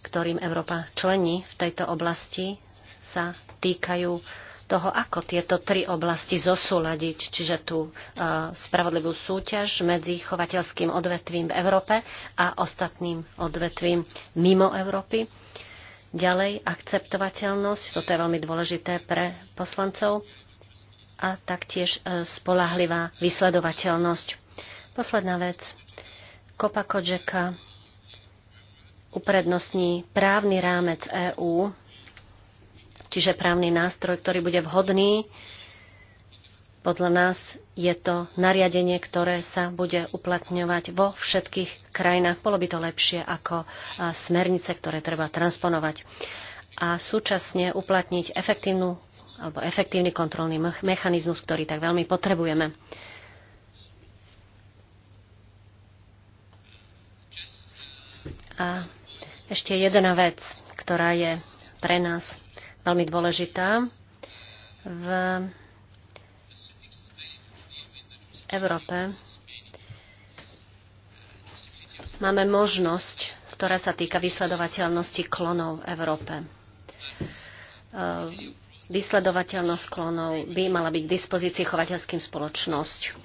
[SPEAKER 3] ktorým Európa člení v tejto oblasti, sa týkajú toho, ako tieto tri oblasti zosúľadiť, čiže tú e, spravodlivú súťaž medzi chovateľským odvetvím v Európe a ostatným odvetvím mimo Európy. Ďalej akceptovateľnosť, toto je veľmi dôležité pre poslancov, a taktiež e, spolahlivá vysledovateľnosť. Posledná vec. Kopa Kodžeka uprednostní právny rámec EÚ, čiže právny nástroj, ktorý bude vhodný. Podľa nás je to nariadenie, ktoré sa bude uplatňovať vo všetkých krajinách. Bolo by to lepšie ako smernice, ktoré treba transponovať a súčasne uplatniť efektívnu alebo efektívny kontrolný mechanizmus, ktorý tak veľmi potrebujeme. A ešte jedna vec, ktorá je pre nás veľmi dôležitá. V Európe máme možnosť, ktorá sa týka vysledovateľnosti klonov v Európe. Ehm, Vysledovateľnosť klonov by mala byť k dispozícii chovateľským spoločnosť.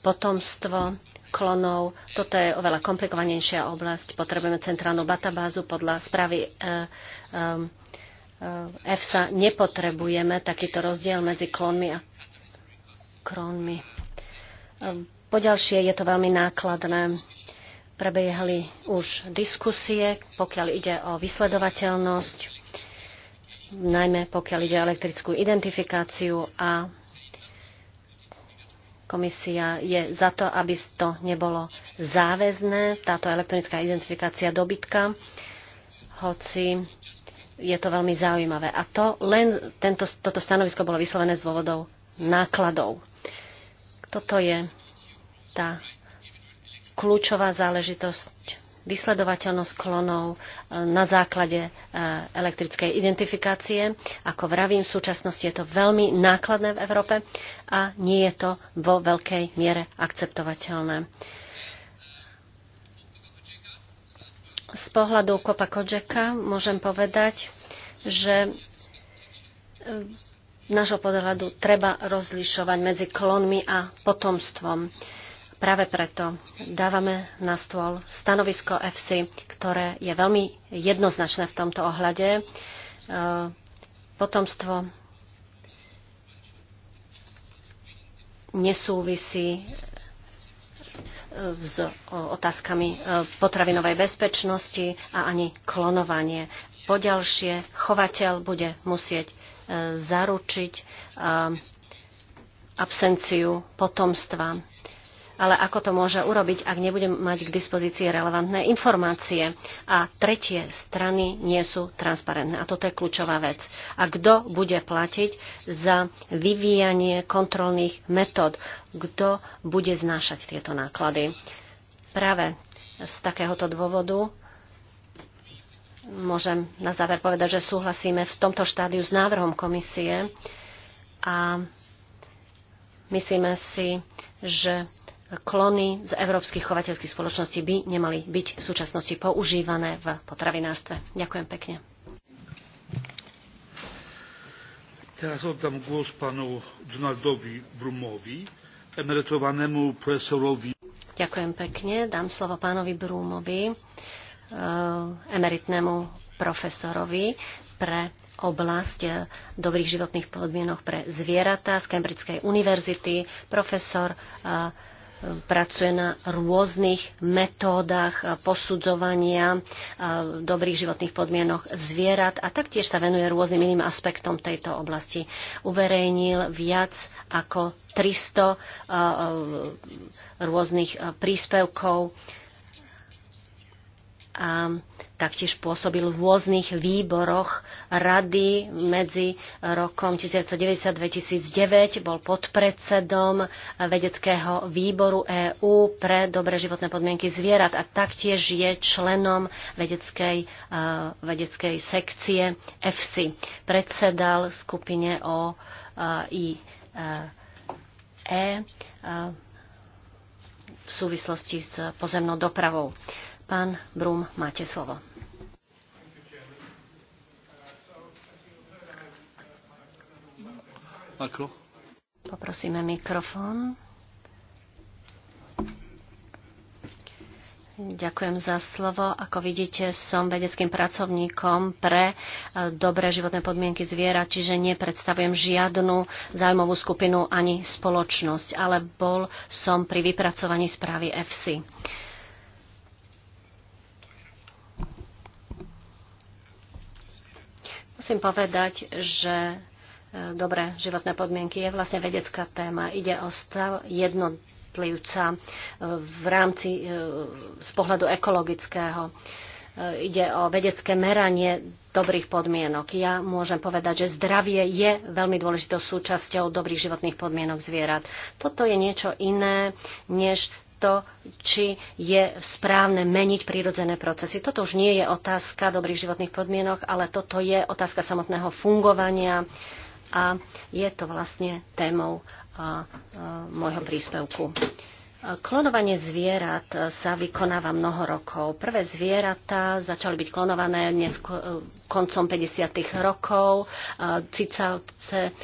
[SPEAKER 3] Potomstvo klonov, toto je oveľa komplikovanejšia oblasť. Potrebujeme centrálnu databázu podľa správy e, e, EFSA. Nepotrebujeme takýto rozdiel medzi klonmi a krónmi. Poďalšie je to veľmi nákladné. Prebiehali už diskusie, pokiaľ ide o vysledovateľnosť najmä pokiaľ ide o elektrickú identifikáciu a komisia je za to, aby to nebolo záväzné, táto elektronická identifikácia dobytka, hoci je to veľmi zaujímavé. A to len tento, toto stanovisko bolo vyslovené z dôvodov nákladov. Toto je tá kľúčová záležitosť vysledovateľnosť klonov e, na základe e, elektrickej identifikácie. Ako vravím, v súčasnosti je to veľmi nákladné v Európe a nie je to vo veľkej miere akceptovateľné. Z pohľadu Kopa Kodžeka môžem povedať, že e, nášho pohľadu treba rozlišovať medzi klonmi a potomstvom. Uh, Práve preto dávame na stôl stanovisko EFSI, ktoré je veľmi jednoznačné v tomto ohľade. E, potomstvo nesúvisí e, s e, otázkami potravinovej bezpečnosti a ani klonovanie. Poďalšie, chovateľ bude musieť zaručiť absenciu potomstva ale ako to môže urobiť, ak nebude mať k dispozícii relevantné informácie. A tretie strany nie sú transparentné. A toto je kľúčová vec. A kto bude platiť za vyvíjanie kontrolných metód? Kto bude znášať tieto náklady? Práve z takéhoto dôvodu môžem na záver povedať, že súhlasíme v tomto štádiu s návrhom komisie a myslíme si, že klony z európskych chovateľských spoločností by nemali byť v súčasnosti používané v potravinárstve. Ďakujem pekne.
[SPEAKER 1] Teraz oddám głos panu Donaldovi Brumovi, emeritovanému profesorovi.
[SPEAKER 3] Ďakujem pekne. Dám slovo pánovi Brumovi, e, emeritnému profesorovi pre oblasť e, dobrých životných podmienok pre zvieratá z Cambridgeskej univerzity, profesor uh, pracuje na rôznych metódach posudzovania dobrých životných podmienok zvierat a taktiež sa venuje rôznym iným aspektom tejto oblasti. Uverejnil viac ako 300 rôznych príspevkov a taktiež pôsobil v rôznych výboroch rady medzi rokom 1990-2009, bol podpredsedom vedeckého výboru EÚ pre dobré životné podmienky zvierat a taktiež je členom vedeckej, e, vedeckej sekcie EFSI. Predsedal skupine o i e, e v súvislosti s pozemnou dopravou. Pán Brum, máte slovo. Poprosíme mikrofón. Ďakujem za slovo. Ako vidíte, som vedeckým pracovníkom pre e, dobré životné podmienky zviera, čiže nepredstavujem žiadnu zájmovú skupinu ani spoločnosť, ale bol som pri vypracovaní správy EFSI. Musím povedať, že e, dobré životné podmienky je vlastne vedecká téma. Ide o stav jednotlivca e, v rámci e, z pohľadu ekologického. Ide o vedecké meranie dobrých podmienok. Ja môžem povedať, že zdravie je veľmi dôležitou súčasťou dobrých životných podmienok zvierat. Toto je niečo iné, než to, či je správne meniť prírodzené procesy. Toto už nie je otázka dobrých životných podmienok, ale toto je otázka samotného fungovania a je to vlastne témou a, a, môjho príspevku. Klonovanie zvierat sa vykonáva mnoho rokov. Prvé zvieratá začali byť klonované nesko- koncom 50. rokov, cicavce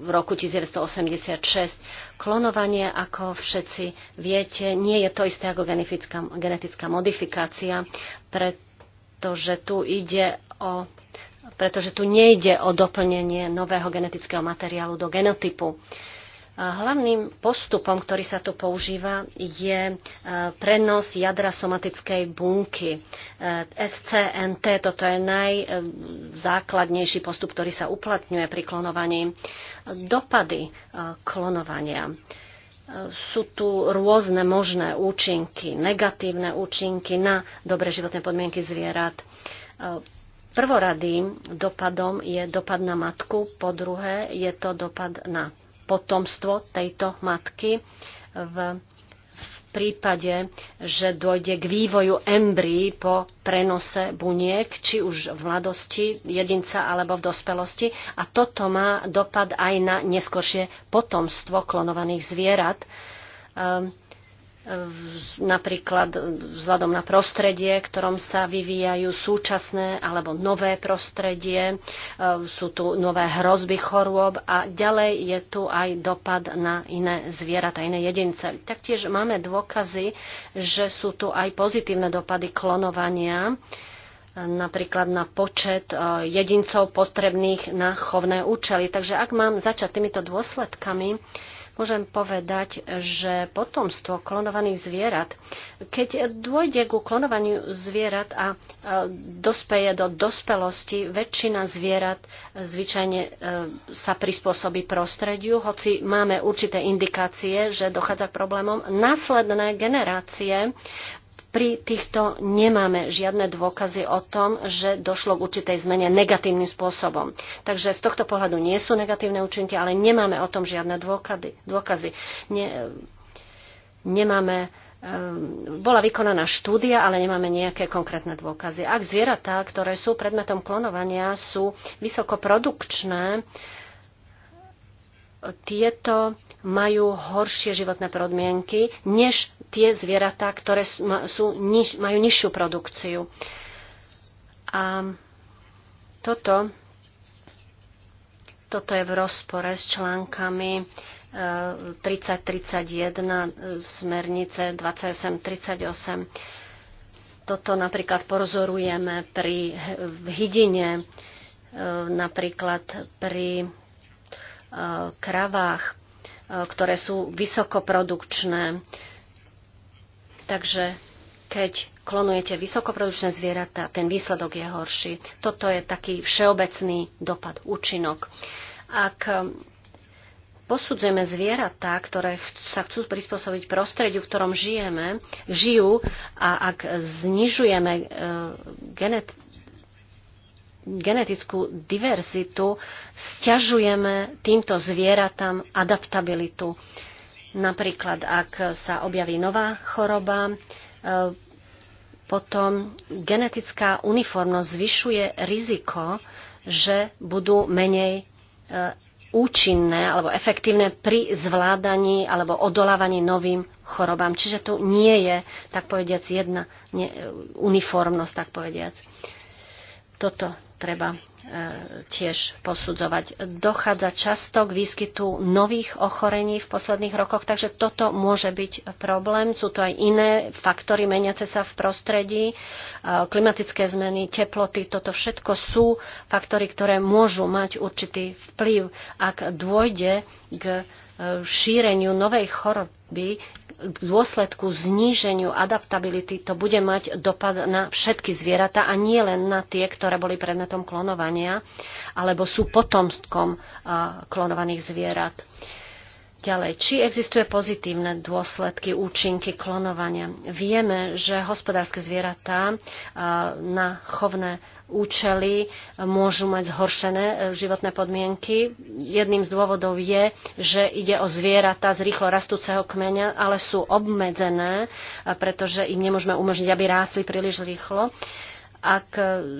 [SPEAKER 3] v roku 1986. Klonovanie, ako všetci viete, nie je to isté ako genetická, genetická modifikácia, pretože tu ide o pretože tu nejde o doplnenie nového genetického materiálu do genotypu. Uh, Hlavným postupom, ktorý sa tu používa, je e, prenos jadra somatickej bunky. E, SCNT, toto je najzákladnejší postup, ktorý sa uplatňuje pri klonovaní. Dopady e, klonovania. Sú tu rôzne možné účinky, negatívne účinky na dobre životné podmienky zvierat. Prvoradým dopadom je dopad na matku, po druhé je to dopad na potomstvo tejto matky v prípade, že dojde k vývoju embryí po prenose buniek, či už v mladosti jedinca alebo v dospelosti. A toto má dopad aj na neskoršie potomstvo klonovaných zvierat. Um, napríklad vzhľadom na prostredie, v ktorom sa vyvíjajú súčasné alebo nové prostredie, e, sú tu nové hrozby chorôb a ďalej je tu aj dopad na iné zvieratá, iné jedince. Taktiež máme dôkazy, že sú tu aj pozitívne dopady klonovania, e, napríklad na počet e, jedincov potrebných na chovné účely. Takže ak mám začať týmito dôsledkami, môžem povedať, že potomstvo klonovaných zvierat, keď dôjde ku klonovaniu zvierat a e, dospeje do dospelosti, väčšina zvierat e, zvyčajne e, sa prispôsobí prostrediu, hoci máme určité indikácie, že dochádza k problémom. Následné generácie pri týchto nemáme žiadne dôkazy o tom, že došlo k určitej zmene negatívnym spôsobom. Takže z tohto pohľadu nie sú negatívne účinky, ale nemáme o tom žiadne dôkady, dôkazy. Ne, nemáme ehm, bola vykonaná štúdia, ale nemáme nejaké konkrétne dôkazy. Ak zvieratá, ktoré sú predmetom klonovania, sú vysokoprodukčné, tieto majú horšie životné podmienky než tie zvieratá, ktoré sú, sú, niž, majú nižšiu produkciu. A toto, toto je v rozpore s článkami 3031 eh, eh, smernice 2838. Toto napríklad pozorujeme pri v hydine, eh, napríklad pri kravách, ktoré sú vysokoprodukčné Takže keď klonujete vysokoprodučné zvieratá, ten výsledok je horší. Toto je taký všeobecný dopad, účinok. Ak um, posudzujeme zvieratá, ktoré sa chcú prispôsobiť prostrediu, v ktorom žijeme, žijú a ak znižujeme e, genet, genetickú diverzitu, stiažujeme týmto zvieratám adaptabilitu. Napríklad, ak sa objaví nová choroba, e, potom genetická uniformnosť zvyšuje riziko, že budú menej e, účinné alebo efektívne pri zvládaní alebo odolávaní novým chorobám. Čiže tu nie je, tak povediac, jedna uniformnosť, tak povediac. Toto treba E, tiež posudzovať. Dochádza často k výskytu nových ochorení v posledných rokoch, takže toto môže byť problém. Sú tu aj iné faktory meniace sa v prostredí, e, klimatické zmeny, teploty, toto všetko sú faktory, ktoré môžu mať určitý vplyv, ak dôjde k šíreniu novej choroby, k dôsledku zníženiu adaptability to bude mať dopad na všetky zvieratá a nie len na tie, ktoré boli predmetom klonovania alebo sú potomstkom klonovaných zvierat. Ďalej, či existuje pozitívne dôsledky, účinky klonovania? Vieme, že hospodárske zvieratá na chovné účely môžu mať zhoršené e, životné podmienky. Jedným z dôvodov je, že ide o zvieratá z rýchlo rastúceho kmeňa, ale sú obmedzené, pretože im nemôžeme umožniť, aby rástli príliš rýchlo ak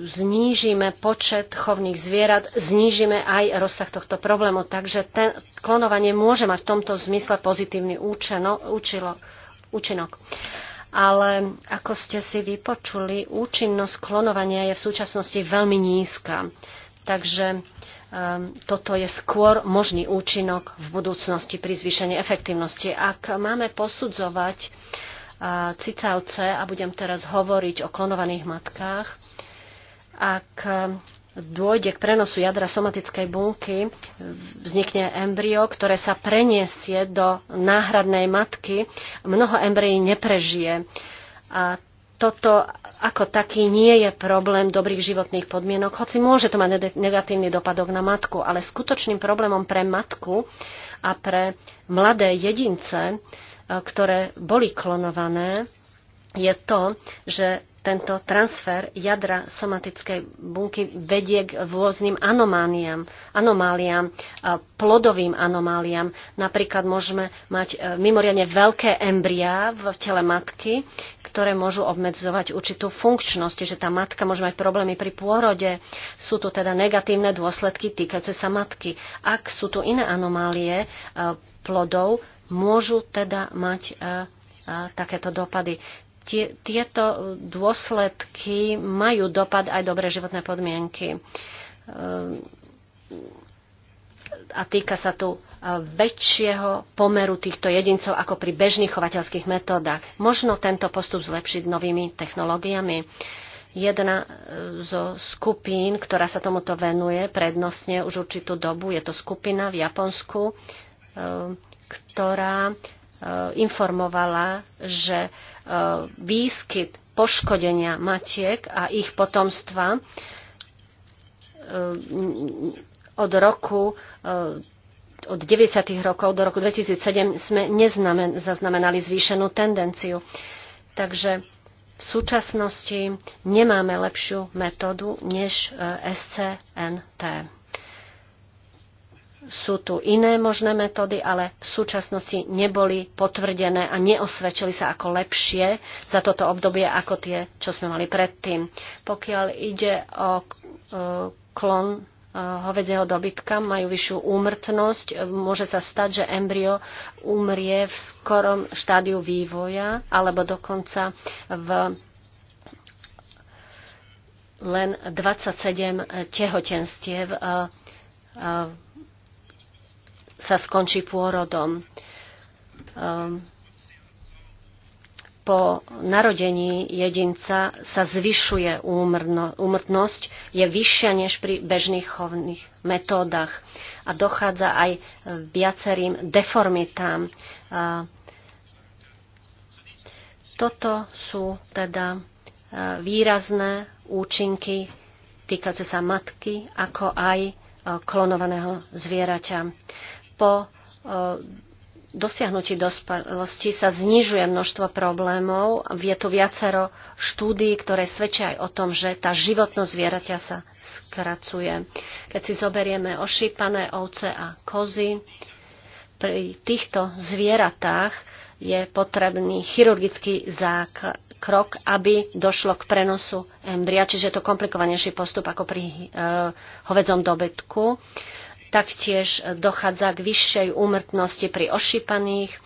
[SPEAKER 3] znížime počet chovných zvierat, znížime aj rozsah tohto problému. Takže ten, klonovanie môže mať v tomto zmysle pozitívny účeno, účilo, účinok. Ale ako ste si vypočuli, účinnosť klonovania je v súčasnosti veľmi nízka. Takže um, toto je skôr možný účinok v budúcnosti pri zvýšení efektívnosti. Ak máme posudzovať uh, cicavce a budem teraz hovoriť o klonovaných matkách. Ak e, dôjde k prenosu jadra somatickej bunky, e, vznikne embryo, ktoré sa preniesie do náhradnej matky. Mnoho embryí neprežije. A toto ako taký nie je problém dobrých životných podmienok, hoci môže to mať negatívny dopadok na matku, ale skutočným problémom pre matku a pre mladé jedince ktoré boli klonované, je to, že tento transfer jadra somatickej bunky vedie k rôznym anomáliám, anomáliám, plodovým anomáliám. Napríklad môžeme mať e, mimoriadne veľké embriá v tele matky, ktoré môžu obmedzovať určitú funkčnosť, že tá matka môže mať problémy pri pôrode. Sú tu teda negatívne dôsledky týkajúce sa matky. Ak sú tu iné anomálie e, plodov, môžu teda mať e, e, takéto dopady. Tieto dôsledky majú dopad aj dobré životné podmienky. E, a týka sa tu väčšieho pomeru týchto jedincov ako pri bežných chovateľských metódach. Možno tento postup zlepšiť novými technológiami. Jedna zo skupín, ktorá sa tomuto venuje prednostne už určitú dobu, je to skupina v Japonsku, Eh, ktorá eh, informovala, že eh, výskyt poškodenia matiek a ich potomstva od roku od 90. rokov do roku 2007 sme neznamen, zaznamenali zvýšenú tendenciu. Takže v súčasnosti nemáme lepšiu metódu než SCNT. Sú tu iné možné metódy, ale v súčasnosti neboli potvrdené a neosvedčili sa ako lepšie za toto obdobie ako tie, čo sme mali predtým. Pokiaľ ide o e, klon e, hovedzieho dobytka, majú vyššiu úmrtnosť. Môže sa stať, že embryo umrie v skorom štádiu vývoja alebo dokonca v len 27 tehotenstiev e, sa skončí pôrodom. Ehm, po narodení jedinca sa zvyšuje úmrtnosť, je vyššia než pri bežných chovných metódach a dochádza aj viacerým deformitám. Ehm, toto sú teda ehm, výrazné účinky týkajúce sa matky, ako aj klonovaného zvieraťa po e, dosiahnutí dospelosti sa znižuje množstvo problémov. Je tu viacero štúdií, ktoré svedčia aj o tom, že tá životnosť zvieraťa sa skracuje. Keď si zoberieme ošípané ovce a kozy, pri týchto zvieratách je potrebný chirurgický zákrok krok, aby došlo k prenosu embria, čiže je to komplikovanejší postup ako pri e, hovedzom dobytku. Taktiež e, dochádza k vyššej úmrtnosti pri ošípaných, e,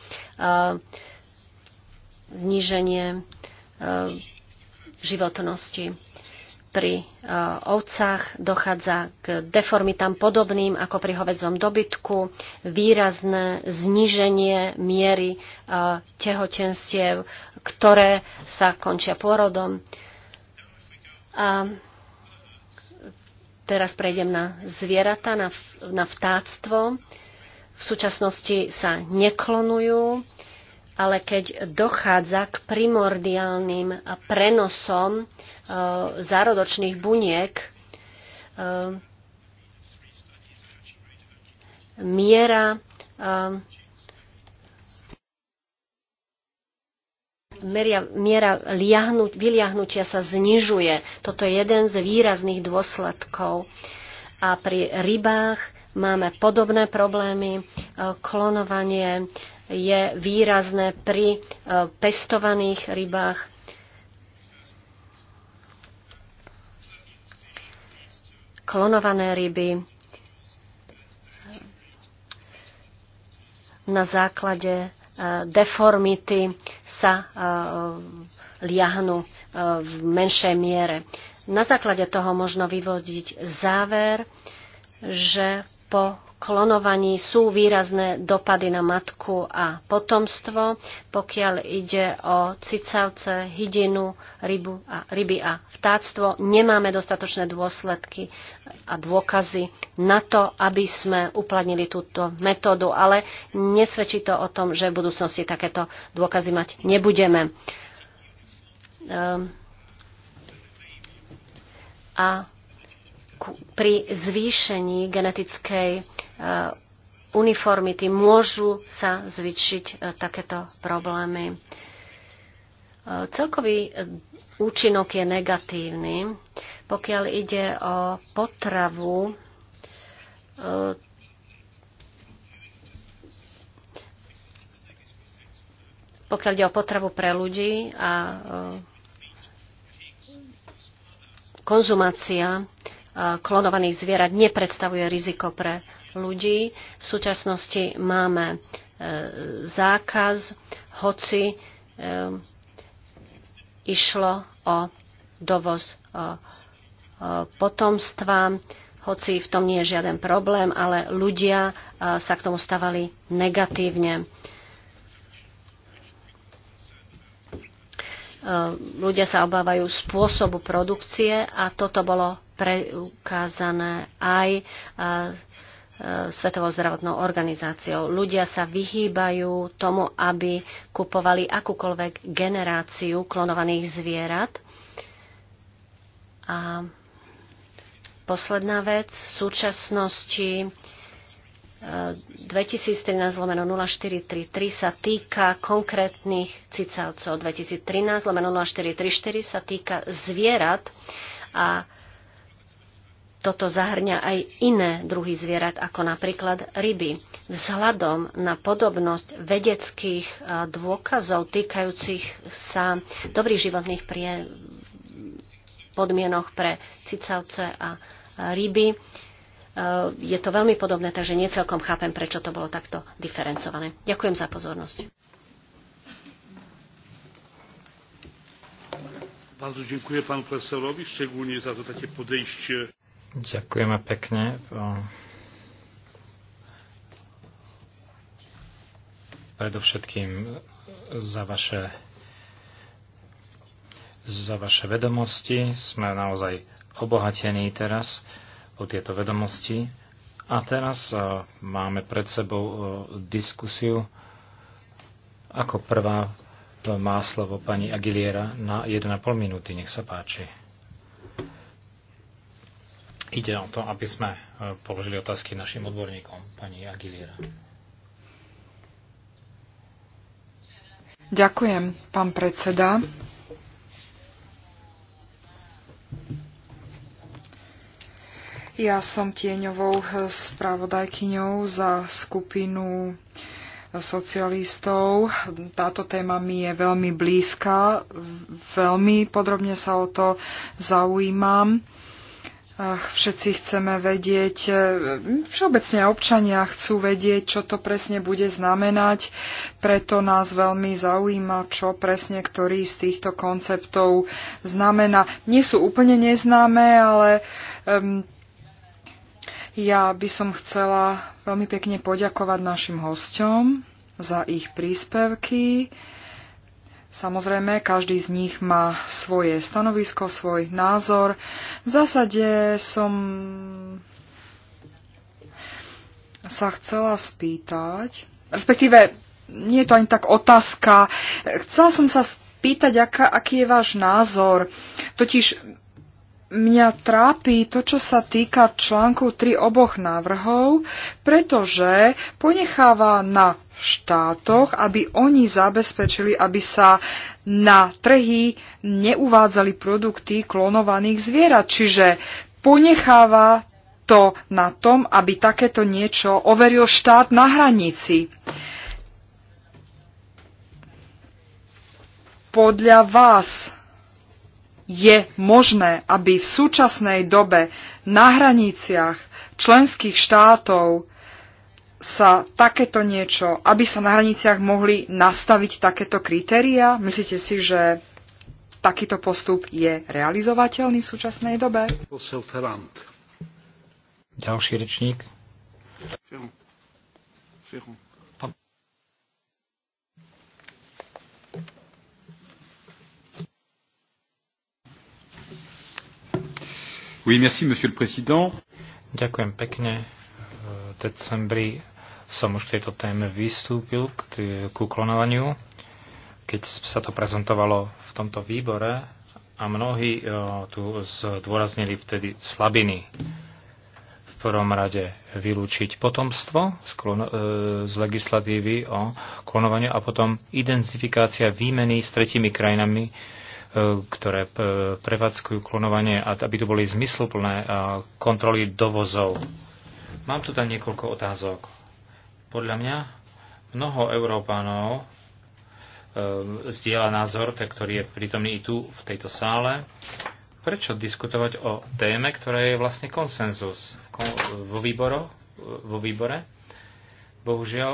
[SPEAKER 3] zníženie e, životnosti. Pri ovcách dochádza k deformitám podobným ako pri hovedzom dobytku, výrazné zníženie miery tehotenstiev, ktoré sa končia pôrodom. A Teraz prejdem na zvieratá, na, na vtáctvo. V súčasnosti sa neklonujú, ale keď dochádza k primordiálnym prenosom e, zárodočných buniek, e, miera e, meria, miera liahnuť, vyliahnutia sa znižuje. Toto je jeden z výrazných dôsledkov. A pri rybách máme podobné problémy. E, klonovanie je výrazné pri e, pestovaných rybách. Klonované ryby na základe deformity sa e, liahnu e, v menšej miere. Na základe toho možno vyvodiť záver, že po klonovaní sú výrazné dopady na matku a potomstvo, pokiaľ ide o cicavce, hydinu, rybu a, ryby a vtáctvo. Nemáme dostatočné dôsledky a dôkazy na to, aby sme uplatnili túto metódu, ale nesvedčí to o tom, že v budúcnosti takéto dôkazy mať nebudeme. Um, a pri zvýšení genetickej E, uniformity môžu sa zvyšiť e, takéto problémy. E, celkový účinok je negatívny. Pokiaľ ide o potravu, pokiaľ ide o potravu pre ľudí a konzumácia klonovaných zvierat nepredstavuje riziko pre ľudí. V súčasnosti máme e, zákaz, hoci e, išlo o dovoz e, potomstva, hoci v tom nie je žiaden problém, ale ľudia sa k tomu stavali negatívne. Ľudia sa obávajú spôsobu produkcie a toto bolo preukázané aj Svetovou zdravotnou organizáciou. Ľudia sa vyhýbajú tomu, aby kupovali akúkoľvek generáciu klonovaných zvierat. A posledná vec, v súčasnosti 2013 eh, lomeno 0433 sa týka konkrétnych cicavcov. 2013 lomeno 0434 sa týka zvierat a toto zahrňa aj iné druhy zvierat, ako napríklad ryby. Vzhľadom na podobnosť vedeckých e, dôkazov týkajúcich sa dobrých životných prie... podmienok pre cicavce a ryby, e, je to veľmi podobné, takže niecelkom chápem, prečo to bolo takto diferencované. Ďakujem za pozornosť.
[SPEAKER 1] Bardzo dziękuję panu profesorowi, szczególnie za to takie podejście. Ďakujeme pekne. Predovšetkým za vaše, za vaše vedomosti. Sme naozaj obohatení teraz o tieto vedomosti. A teraz máme pred sebou diskusiu. Ako prvá má slovo pani Aguilera na 1,5 minúty. Nech sa páči. Ide o to, aby sme e, položili otázky našim odborníkom, pani Aguilera.
[SPEAKER 2] Ďakujem, pán predseda. Ja som tieňovou spravodajkyňou za skupinu socialistov. Táto téma mi je veľmi blízka. Veľmi podrobne sa o to zaujímam všetci chceme vedieť, e, všeobecne občania chcú vedieť, čo to presne bude znamenať, preto nás veľmi zaujíma, čo presne ktorý z týchto konceptov znamená. Nie sú úplne neznáme, ale um, ja by som chcela veľmi pekne poďakovať našim hostom za ich príspevky. Samozrejme, každý z nich má svoje stanovisko, svoj názor. V zásade som sa chcela spýtať, respektíve nie je to ani tak otázka, chcela som sa spýtať, aká, aký je váš názor. Totiž mňa trápi to, čo sa týka článku 3 oboch návrhov, pretože ponecháva na štátoch, aby oni zabezpečili, aby sa na trhy neuvádzali produkty klonovaných zvierat. Čiže ponecháva to na tom, aby takéto niečo overil štát na hranici. Podľa vás je možné, aby v súčasnej dobe na hraniciach členských štátov sa takéto niečo, aby sa na hraniciach mohli nastaviť takéto kritéria? Myslíte si, že takýto postup je realizovateľný v súčasnej dobe?
[SPEAKER 1] Ďalší rečník. Oui, merci, monsieur le président. Ďakujem pekne. V decembri som už k tejto téme vystúpil, k, ku klonovaniu, keď sa to prezentovalo v tomto výbore a mnohí o, e, tu zdôraznili vtedy slabiny. V prvom rade vylúčiť potomstvo z, klono, e, z legislatívy o klonovaniu a potom identifikácia výmeny s tretimi krajinami, E, ktoré e, prevádzkujú klonovanie a aby to boli zmysluplné e, kontroly dovozov. Mám tu tam niekoľko otázok. Podľa mňa mnoho Európanov zdieľa názor, ten, ktorý je prítomný i tu, v tejto sále. Prečo diskutovať o téme, ktorá je vlastne konsenzus vo, výboro, vo výbore? Bohužiaľ,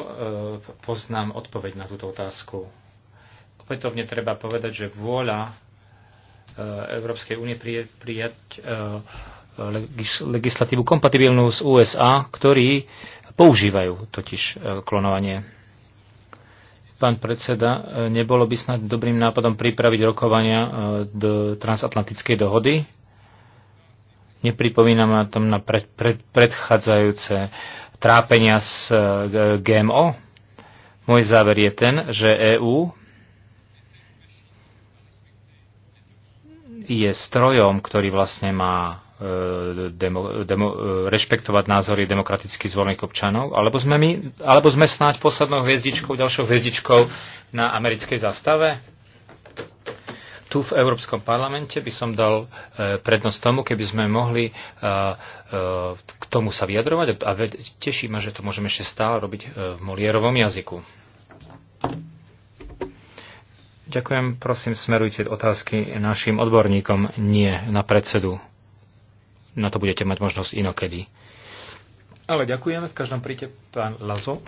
[SPEAKER 1] poznám odpoveď na túto otázku. Opätovne treba povedať, že vôľa Eh, Európskej únie prijať eh, legislatívu kompatibilnú s USA, ktorí používajú totiž eh, klonovanie. Pán predseda, nebolo by snad dobrým nápadom pripraviť rokovania do transatlantickej dohody? Nepripomínam na tom na pred, pred, predchádzajúce trápenia s GMO. Môj záver je ten, že EÚ je strojom, ktorý vlastne má e, demo, demo, e, rešpektovať názory demokraticky zvolených občanov, alebo sme, my, alebo sme snáď poslednou hviezdičkou, ďalšou hviezdičkou na americkej zastave? Tu v Európskom parlamente by som dal e, prednosť tomu, keby sme mohli k tomu sa vyjadrovať a teší ma, že to môžeme ešte stále robiť v Molierovom jazyku. Ďakujem, prosím, smerujte otázky našim odborníkom, nie na predsedu. Na to budete mať možnosť inokedy. Ale ďakujeme, v každom príte pán Lazo.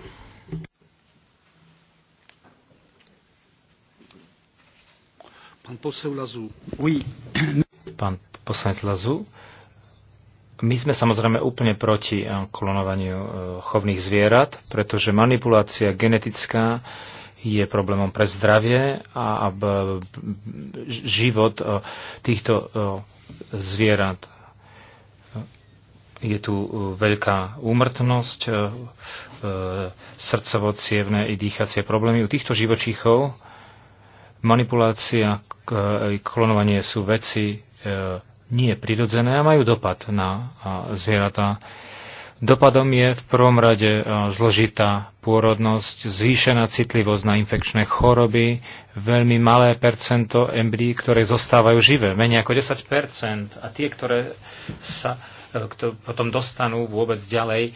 [SPEAKER 1] Pán posel Lazu. Oui. Pán poslanec Lazu. My sme samozrejme úplne proti eh, klonovaniu eh, chovných zvierat, pretože manipulácia genetická je problémom pre zdravie a život e, týchto e, zvierat. Je tu e, veľká úmrtnosť, srdcovo i dýchacie problémy. U týchto živočíchov manipulácia, klonovanie sú veci nie prirodzené a majú dopad na zvieratá Dopadom je v prvom rade e, zložitá pôrodnosť, zvýšená citlivosť na infekčné choroby, veľmi malé percento embryí, ktoré zostávajú živé, menej ako 10 a tie, ktoré sa e, ktoré potom dostanú vôbec ďalej, e,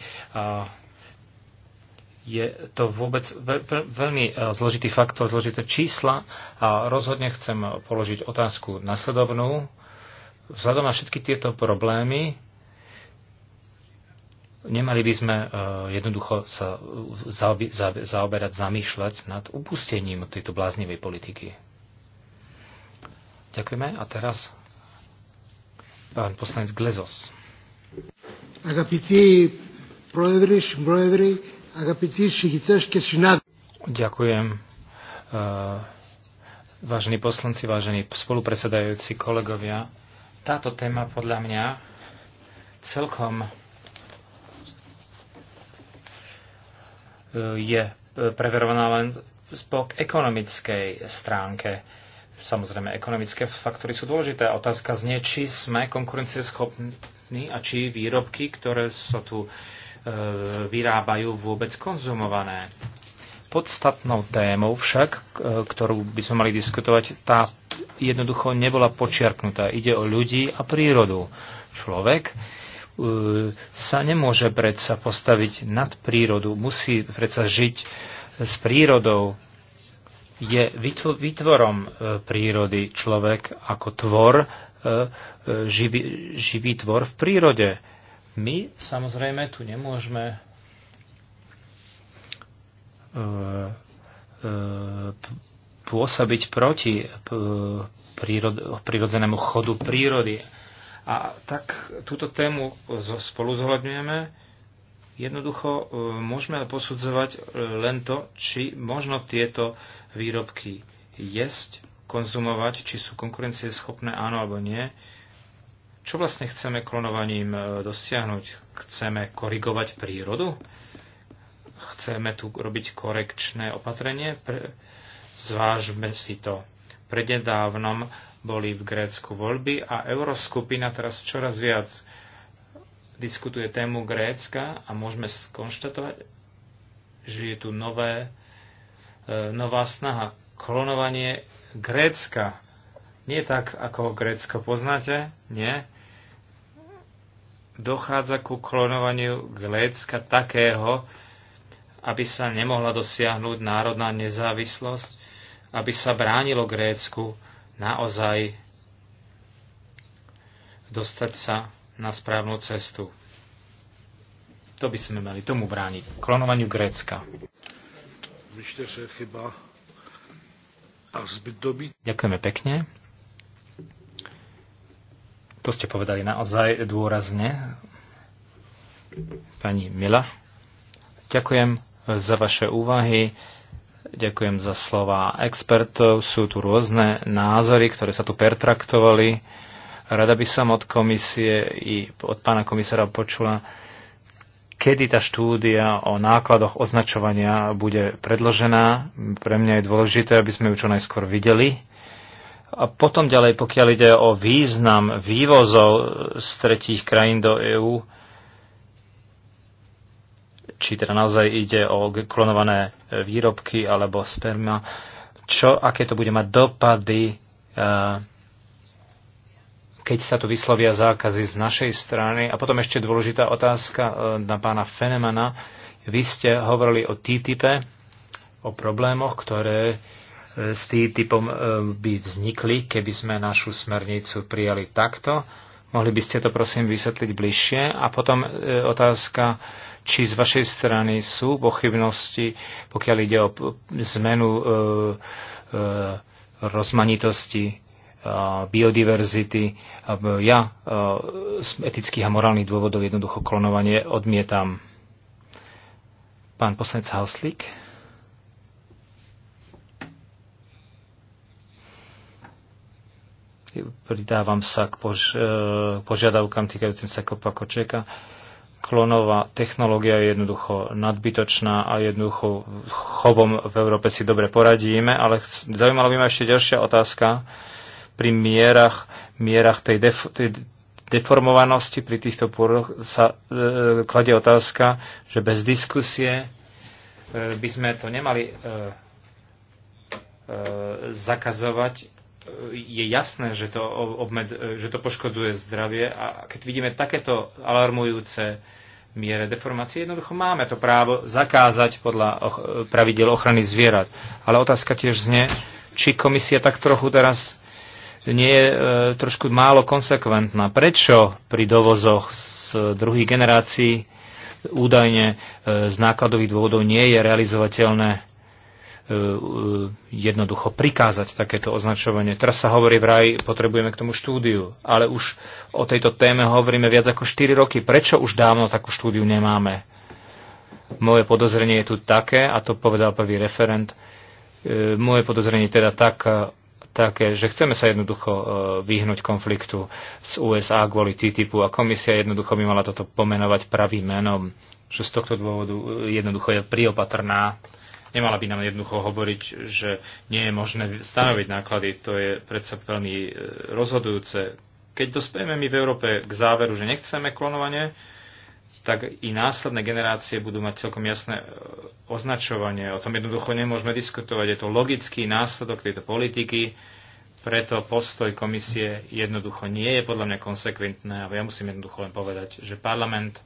[SPEAKER 1] je to vôbec veľmi zložitý faktor, zložité čísla a rozhodne chcem položiť otázku nasledovnú. Vzhľadom na všetky tieto problémy, Nemali by sme e, jednoducho sa zaoberať, zamýšľať nad upustením tejto bláznivej politiky. Ďakujeme. A teraz pán poslanec Glezos. Ďakujem. E, vážení poslanci, vážení spolupredsedajúci kolegovia, táto téma podľa mňa celkom je e, preverovaná len po ekonomickej stránke. Samozrejme, ekonomické faktory sú dôležité. Otázka znie, či sme konkurencieschopní a či výrobky, ktoré sa tu e, vyrábajú, vôbec konzumované podstatnou témou však, e, ktorú by sme mali diskutovať, tá jednoducho nebola počiarknutá. Ide o ľudí a prírodu. Človek E, sa nemôže predsa postaviť nad prírodu, musí predsa žiť s prírodou. Je vytvorom e, prírody človek ako tvor, e, živý, živý tvor v prírode. My samozrejme tu nemôžeme pôsobiť proti prírodzenému chodu prírody a tak túto tému spolu zohľadňujeme. Jednoducho e, môžeme posudzovať e, len to, či možno tieto výrobky jesť, konzumovať, či sú konkurencieschopné, áno alebo nie. Čo vlastne chceme klonovaním e, dosiahnuť? Chceme korigovať prírodu? Chceme tu robiť korekčné opatrenie? Zvážme si to. Prednedávnom boli v Grécku voľby a euroskupina teraz čoraz viac diskutuje tému Grécka a môžeme skonštatovať, že je tu nové, e, nová snaha klonovanie Grécka. Nie tak, ako Grécko poznáte, nie. Dochádza ku klonovaniu Grécka takého, aby sa nemohla dosiahnuť národná nezávislosť, aby sa bránilo Grécku naozaj dostať sa na správnu cestu. To by sme mali tomu brániť. Klonovaniu Grécka. Ďakujeme pekne. To ste povedali naozaj dôrazne. Pani Mila, ďakujem za vaše úvahy. Ďakujem za slova expertov. Sú tu rôzne názory, ktoré sa tu pertraktovali. Rada by som od komisie i od pána komisára počula, kedy tá štúdia o nákladoch označovania bude predložená. Pre mňa je dôležité, aby sme ju čo najskôr videli. A potom ďalej, pokiaľ ide o význam vývozov z tretích krajín do EÚ, či teda naozaj ide o klonované e, výrobky alebo sperma, čo, aké to bude mať dopady, e, keď sa tu vyslovia zákazy z našej strany. A potom ešte dôležitá otázka e, na pána Fenemana. Vy ste hovorili o TTIP, o problémoch, ktoré s TTIPom by vznikli, keby sme našu smernicu prijali takto. Mohli by ste to prosím vysvetliť bližšie? A potom otázka či z vašej strany sú pochybnosti, pokiaľ ide o zmenu e, e, rozmanitosti e, biodiverzity. Ja e, z etických a morálnych dôvodov jednoducho klonovanie odmietam. Pán poslanec Hauslík. Pridávam sa k pož- e, požiadavkám týkajúcim sa kopa kočeka klonová technológia je jednoducho nadbytočná a jednoducho chovom v Európe si dobre poradíme, ale zaujímala by ma ešte ďalšia otázka pri mierach, mierach tej, def, tej deformovanosti pri týchto pôrodoch sa e, kladie otázka, že bez diskusie e, by sme to nemali e, e, zakazovať je jasné, že to, obmed, že to poškodzuje zdravie a keď vidíme takéto alarmujúce miere deformácie, jednoducho máme to právo zakázať podľa pravidel ochrany zvierat. Ale otázka tiež znie, či komisia tak trochu teraz nie je e, trošku málo konsekventná. Prečo pri dovozoch z druhých generácií údajne e, z nákladových dôvodov nie je realizovateľné E, e, jednoducho prikázať takéto označovanie. Teraz sa hovorí vraj, potrebujeme k tomu štúdiu, ale už o tejto téme hovoríme viac ako 4 roky. Prečo už dávno takú štúdiu nemáme? Moje podozrenie je tu také, a to povedal prvý referent, e, moje podozrenie je teda tak, také, že chceme sa jednoducho vyhnúť konfliktu s USA kvôli TTIPu a komisia jednoducho by mala toto pomenovať pravým menom, že z tohto dôvodu jednoducho je priopatrná. Nemala by nám jednoducho hovoriť, že nie je možné stanoviť náklady. To je predsa veľmi e, rozhodujúce. Keď dospejeme my v Európe k záveru, že nechceme klonovanie, tak i následné generácie budú mať celkom jasné e, označovanie. O tom jednoducho nemôžeme diskutovať. Je to logický následok tejto politiky, preto postoj komisie jednoducho nie je podľa mňa konsekventné A ja musím jednoducho len povedať, že parlament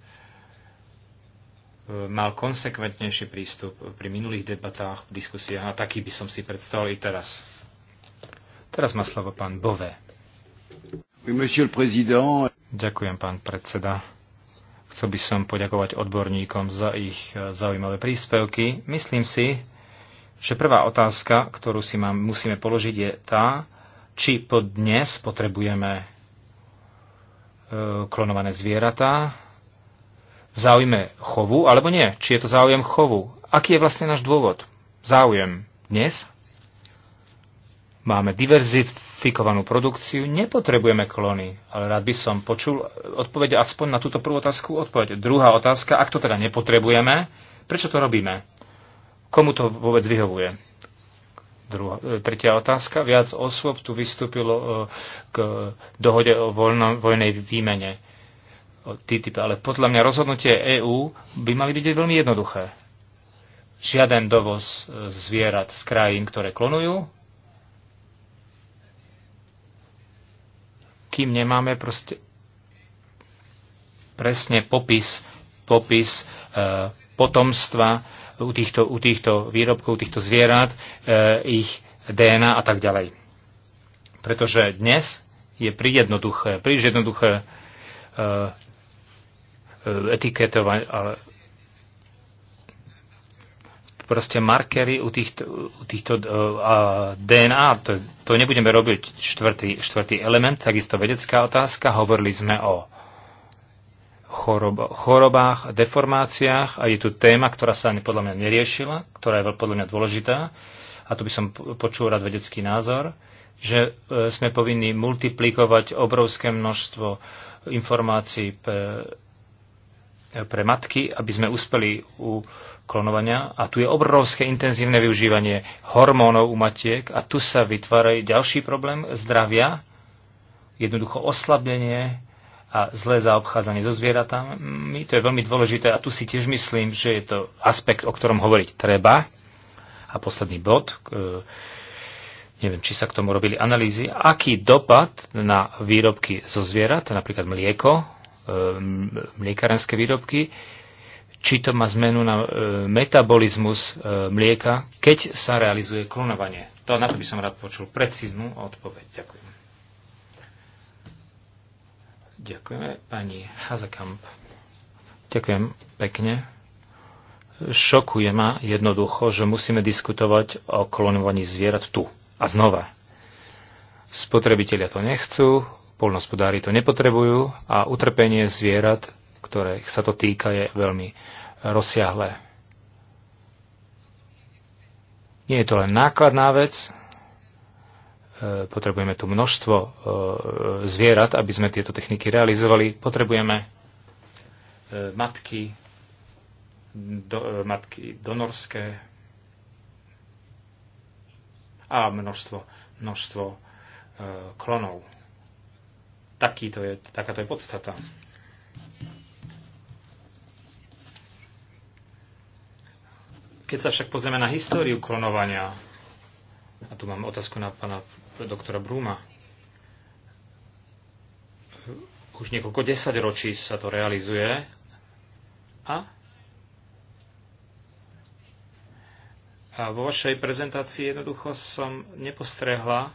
[SPEAKER 1] mal konsekventnejší prístup pri minulých debatách, v diskusiách a taký by som si predstavil i teraz. Teraz má slovo pán Bové. Ďakujem, pán predseda. Chcel by som poďakovať odborníkom za ich eh, zaujímavé príspevky. Myslím si, že prvá otázka, ktorú si mám, musíme položiť, je tá, či po dnes potrebujeme eh, klonované zvieratá, v záujme chovu alebo nie? Či je to záujem chovu? Aký je vlastne náš dôvod? Záujem dnes? Máme diverzifikovanú produkciu, nepotrebujeme klony, ale rád by som počul odpovede aspoň na túto prvú otázku odpoveď. Druhá otázka, ak to teda nepotrebujeme, prečo to robíme? Komu to vôbec vyhovuje? Druhá, e, tretia otázka. Viac osôb tu vystúpilo e, k dohode o voľnej vojnej výmene TTIP, ale podľa mňa rozhodnutie EÚ by mali byť veľmi jednoduché. Žiaden dovoz e, zvierat z krajín, ktoré klonujú, kým nemáme proste presne popis, popis e, potomstva u týchto, u týchto výrobkov, u týchto zvierat, e, ich DNA a tak ďalej. Pretože dnes je príliš jednoduché, príliš jednoduché e, Eh, etiketovať, ale proste markery u týchto, u týchto uh, eh, DNA, to, to nebudeme robiť štvrtý, štvrtý element, takisto vedecká otázka, hovorili sme o chorob, chorobách, deformáciách a je tu téma, ktorá sa podľa mňa neriešila, ktorá je podľa mňa dôležitá a tu by som počul rád vedecký názor, že eh, sme povinni multiplikovať obrovské množstvo informácií pre pre matky, aby sme uspeli u klonovania. A tu je obrovské intenzívne využívanie hormónov u matiek a tu sa vytvára ďalší problém zdravia, jednoducho oslabenie a zlé zaobchádzanie so zvieratami. To je veľmi dôležité a tu si tiež myslím, že je to aspekt, o ktorom hovoriť treba. A posledný bod, e, neviem, či sa k tomu robili analýzy, aký dopad na výrobky zo zvierat, napríklad mlieko, E, mliekarenské výrobky, či to má zmenu na e, metabolizmus e, mlieka, keď sa realizuje klonovanie. To na to by som rád počul precíznu odpoveď. Ďakujem. Ďakujeme pani Hazakamp. Ďakujem pekne. Šokuje ma jednoducho, že musíme diskutovať o klonovaní zvierat tu a znova. Spotrebitelia to nechcú, Polnospodári to nepotrebujú a utrpenie zvierat, ktoré sa to týka, je veľmi rozsiahlé. Nie je to len nákladná vec, e, potrebujeme tu množstvo e, zvierat, aby sme tieto techniky realizovali. Potrebujeme e, matky, do, matky donorské a množstvo, množstvo klonov to je, takáto je podstata. Keď sa však pozrieme na históriu klonovania, a tu mám otázku na pána doktora Brúma, už niekoľko desaťročí sa to realizuje a, a vo vašej prezentácii jednoducho som nepostrehla,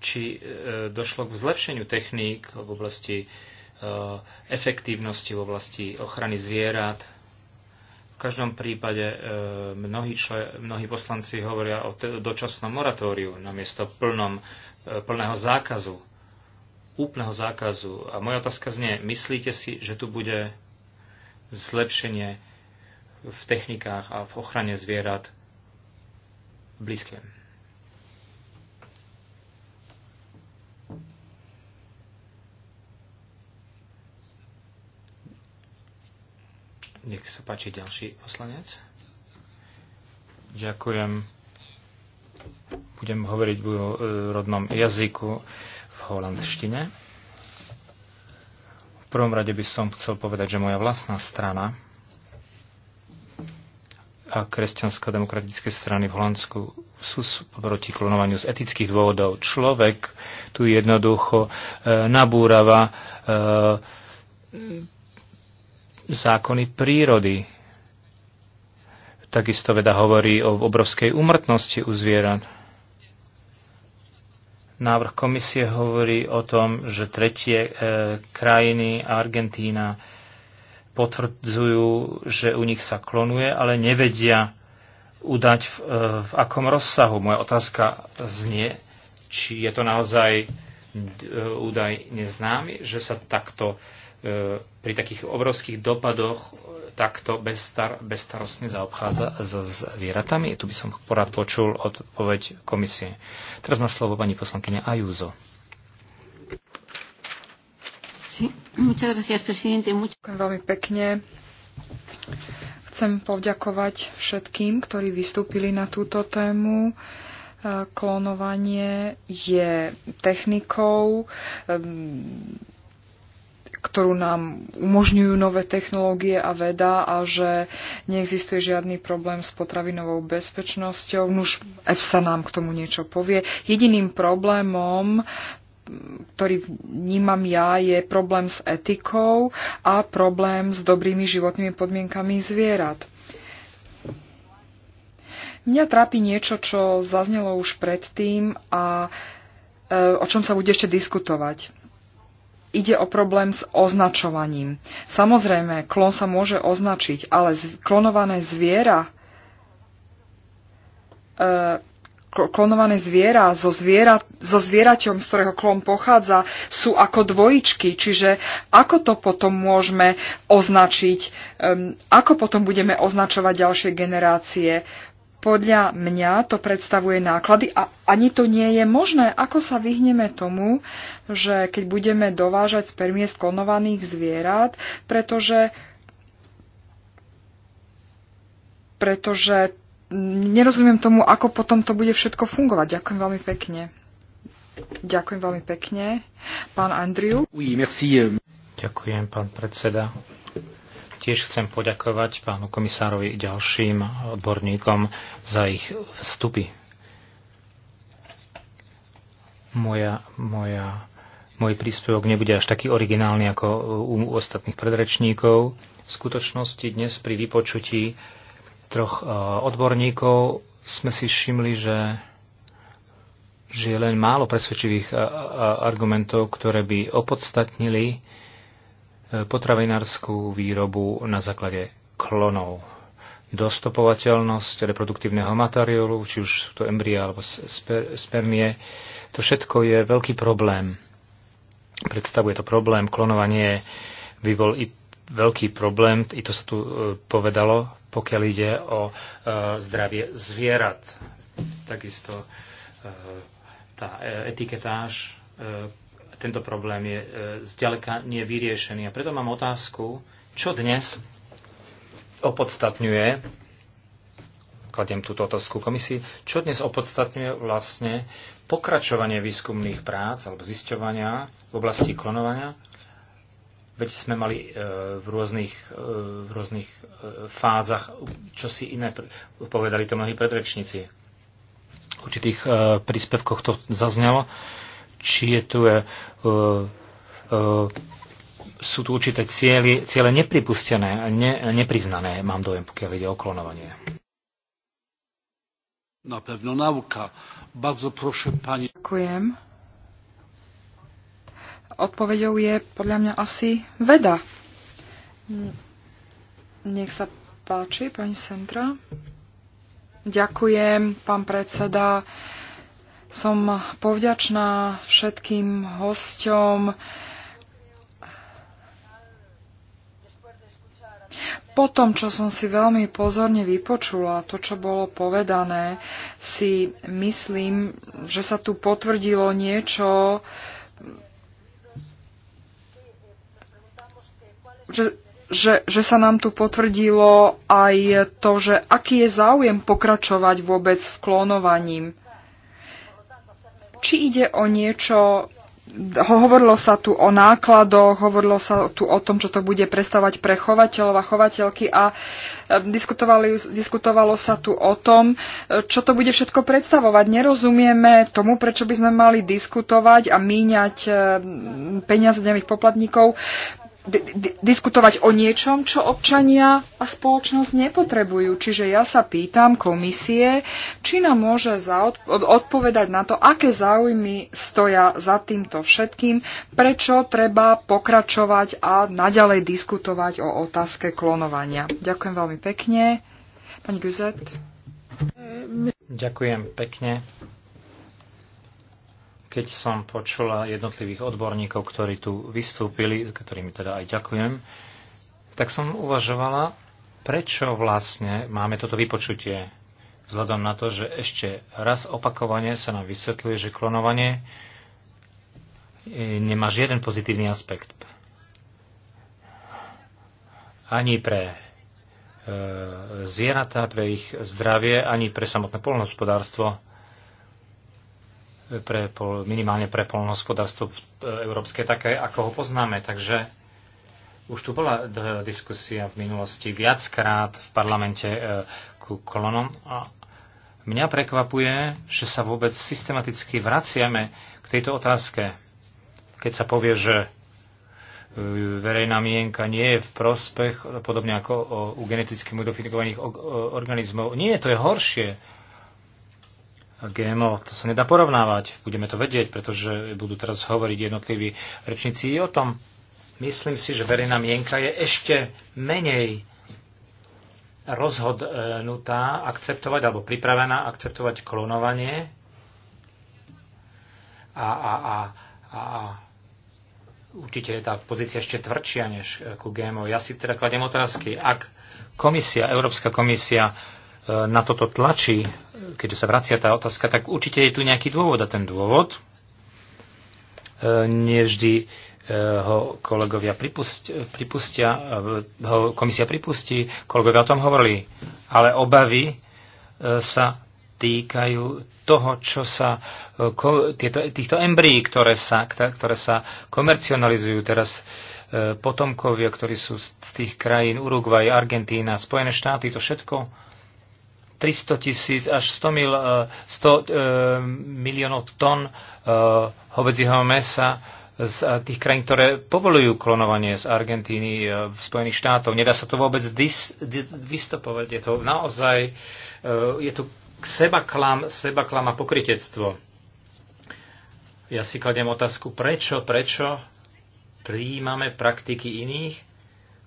[SPEAKER 1] či e, došlo k zlepšeniu techník v oblasti e, efektívnosti, v oblasti ochrany zvierat. V každom prípade e, mnohí, čle, mnohí poslanci hovoria o dočasnom moratóriu namiesto plnom, plného zákazu, úplného zákazu. A moja otázka znie, myslíte si, že tu bude zlepšenie v technikách a v ochrane zvierat blízke? Nech sa páči ďalší poslanec. Ďakujem. Budem hovoriť v e, rodnom jazyku v holandštine. V prvom rade by som chcel povedať, že moja vlastná strana a kresťansko-demokratické strany v Holandsku sú proti klonovaniu z etických dôvodov. Človek tu jednoducho e, nabúrava e, zákony prírody. Takisto veda hovorí o obrovskej úmrtnosti u zvierat. Návrh komisie hovorí o tom, že tretie e, krajiny Argentína potvrdzujú, že u nich sa klonuje, ale nevedia udať v, e, v akom rozsahu. Moja otázka znie, či je to naozaj e, údaj neznámy, že sa takto E, pri takých obrovských dopadoch e, takto bezstar, bezstarostne zaobchádza so zvieratami? Tu by som porad počul odpoveď komisie. Teraz má slovo pani poslankyňa Ajúzo.
[SPEAKER 2] Ďakujem veľmi pekne. Chcem povďakovať všetkým, ktorí vystúpili na túto tému e, klonovanie je technikou, ktorú nám umožňujú nové technológie a veda a že neexistuje žiadny problém s potravinovou bezpečnosťou. Nuž EFSA nám k tomu niečo povie. Jediným problémom ktorý vnímam ja, je problém s etikou a problém s dobrými životnými podmienkami zvierat. Mňa trápi niečo, čo zaznelo už predtým a e, o čom sa bude ešte diskutovať ide o problém s označovaním. Samozrejme, klon sa môže označiť, ale klonované zviera e, klonované zviera so, zviera so zvieraťom, z ktorého klon pochádza, sú ako dvojičky. Čiže ako to potom môžeme označiť, um, ako potom budeme označovať ďalšie generácie podľa mňa to predstavuje náklady a ani to nie je možné. Ako sa vyhneme tomu, že keď budeme dovážať spermie klonovaných zvierat, pretože pretože nerozumiem tomu, ako potom to bude všetko fungovať. Ďakujem veľmi pekne. Ďakujem veľmi pekne. Pán Andriu. Oui, merci.
[SPEAKER 1] Ďakujem, pán predseda. Tiež chcem poďakovať pánu komisárovi i ďalším odborníkom za ich vstupy. Moja, moja, môj príspevok nebude až taký originálny ako u ostatných predrečníkov. V skutočnosti dnes pri vypočutí troch e, odborníkov sme si všimli, že že je len málo presvedčivých e, e, argumentov, ktoré by opodstatnili potravinárskú výrobu na základe klonov. Dostopovateľnosť reproduktívneho materiálu, či už sú to embria alebo spermie, to všetko je veľký problém. Predstavuje to problém. Klonovanie by bol i veľký problém, i to sa tu e, povedalo, pokiaľ ide o e, zdravie zvierat. Takisto e, tá etiketáž tento problém je e, zďaleka nevyriešený. A preto mám otázku, čo dnes opodstatňuje, kladiem túto otázku komisii, čo dnes opodstatňuje vlastne pokračovanie výskumných prác alebo zisťovania v oblasti klonovania veď sme mali e, v rôznych, e, v rôznych fázach čo si iné povedali to mnohí predrečníci. V určitých príspevkoch to zaznelo či je tu, e, e, sú tu určité cieľe, nepripustené a ne, nepriznané, mám dojem, pokiaľ ide o klonovanie.
[SPEAKER 2] Na pevno nauka. Bardzo prosím, pani. Ďakujem. Odpovedou je podľa mňa asi veda. Nech sa páči, pani Sentra. Ďakujem, pán predseda. Uh, som povďačná všetkým hosťom. Po tom, čo som si veľmi pozorne vypočula to, čo bolo povedané, si myslím, že sa tu potvrdilo niečo, že, že, že sa nám tu potvrdilo aj to, že aký je záujem pokračovať vôbec v klonovaním či ide o niečo, hovorilo sa tu o nákladoch, hovorilo sa tu o tom, čo to bude prestavať pre chovateľov a chovateľky a e, diskutovalo sa tu o tom, e, čo to bude všetko predstavovať. Nerozumieme tomu, prečo by sme mali diskutovať a míňať e, peniaze dňových poplatníkov diskutovať o niečom, čo občania a spoločnosť nepotrebujú. Čiže ja sa pýtam komisie, či nám môže odpovedať na to, aké záujmy stoja za týmto všetkým, prečo treba pokračovať a naďalej diskutovať o otázke klonovania. Ďakujem veľmi pekne. Pani Guzet.
[SPEAKER 1] Ďakujem pekne. Keď som počula jednotlivých odborníkov, ktorí tu vystúpili, ktorými teda aj ďakujem, tak som uvažovala, prečo vlastne máme toto vypočutie. Vzhľadom na to, že ešte raz opakovane sa nám vysvetľuje, že klonovanie e, nemá žiaden pozitívny aspekt. Ani pre e, zvieratá, pre ich zdravie, ani pre samotné polnohospodárstvo pre, pol minimálne pre polnohospodárstvo e, európske také, ako ho poznáme. Takže už tu bola diskusia v minulosti viackrát v parlamente e, ku kolonom a mňa prekvapuje, že sa vôbec systematicky vraciame k tejto otázke. Keď sa povie, že e, verejná mienka nie je v prospech, podobne ako u geneticky modifikovaných organizmov. Nie, to je horšie GMO. To sa nedá porovnávať, budeme to vedieť, pretože budú teraz hovoriť jednotliví rečníci o tom. Myslím si, že verejná mienka je ešte menej rozhodnutá akceptovať alebo pripravená akceptovať klonovanie a, a, a, a, a určite je tá pozícia ešte tvrdšia než ku GMO. Ja si teda kladem otázky, ak komisia, Európska komisia na toto tlačí, keďže sa vracia tá otázka, tak určite je tu nejaký dôvod a ten dôvod e, nevždy e, ho kolegovia pripust, pripustia, e, ho komisia pripustí, kolegovia o tom hovorili, ale obavy sa týkajú toho, čo sa, tieto, týchto embryí, ktoré sa, ktoré sa komercionalizujú teraz potomkovia, ktorí sú z tých krajín Uruguay, Argentína, Spojené štáty, to všetko 300 tisíc až 100, mil, 100 e, e, miliónov tón e, hovedzieho mesa z tých krajín, ktoré povolujú klonovanie z Argentíny, v Spojených štátoch. Nedá sa to vôbec dis, dis, vystopovať. Je to naozaj, je tu seba klam, seba klam a pokritectvo. Ja si kladiem otázku, prečo, prečo prijímame praktiky iných,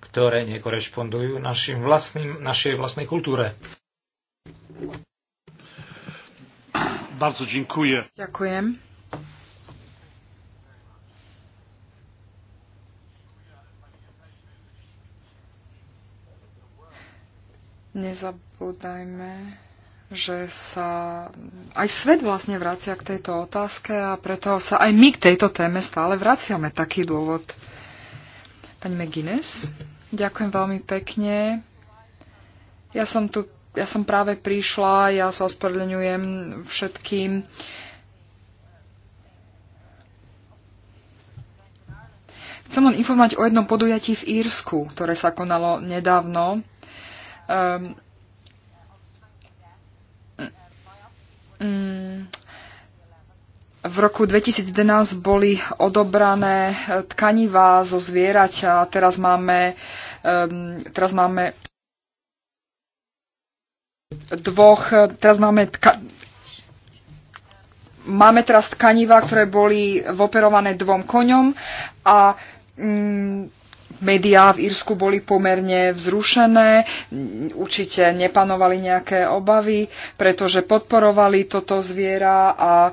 [SPEAKER 1] ktoré nekorešpondujú našim vlastným, našej vlastnej kultúre.
[SPEAKER 3] Bardzo dziękuję.
[SPEAKER 2] Ďakujem. Nezabúdajme, že sa aj svet vlastne vracia k tejto otázke a preto sa aj my k tejto téme stále vraciame. Taký dôvod. Pani McGuinness, ďakujem veľmi pekne. Ja som tu ja som práve prišla, ja sa ospravedlňujem všetkým. Chcem len informovať o jednom podujatí v Írsku, ktoré sa konalo nedávno. Um, um, v roku 2011 boli odobrané eh, tkanivá zo zvieraťa a teraz máme, um, teraz máme dvoch, eh, teraz máme tka, máme teraz tkaniva, ktoré boli operované dvom koňom a mm, médiá v Írsku boli pomerne vzrušené, určite nepanovali nejaké obavy, pretože podporovali toto zviera a e,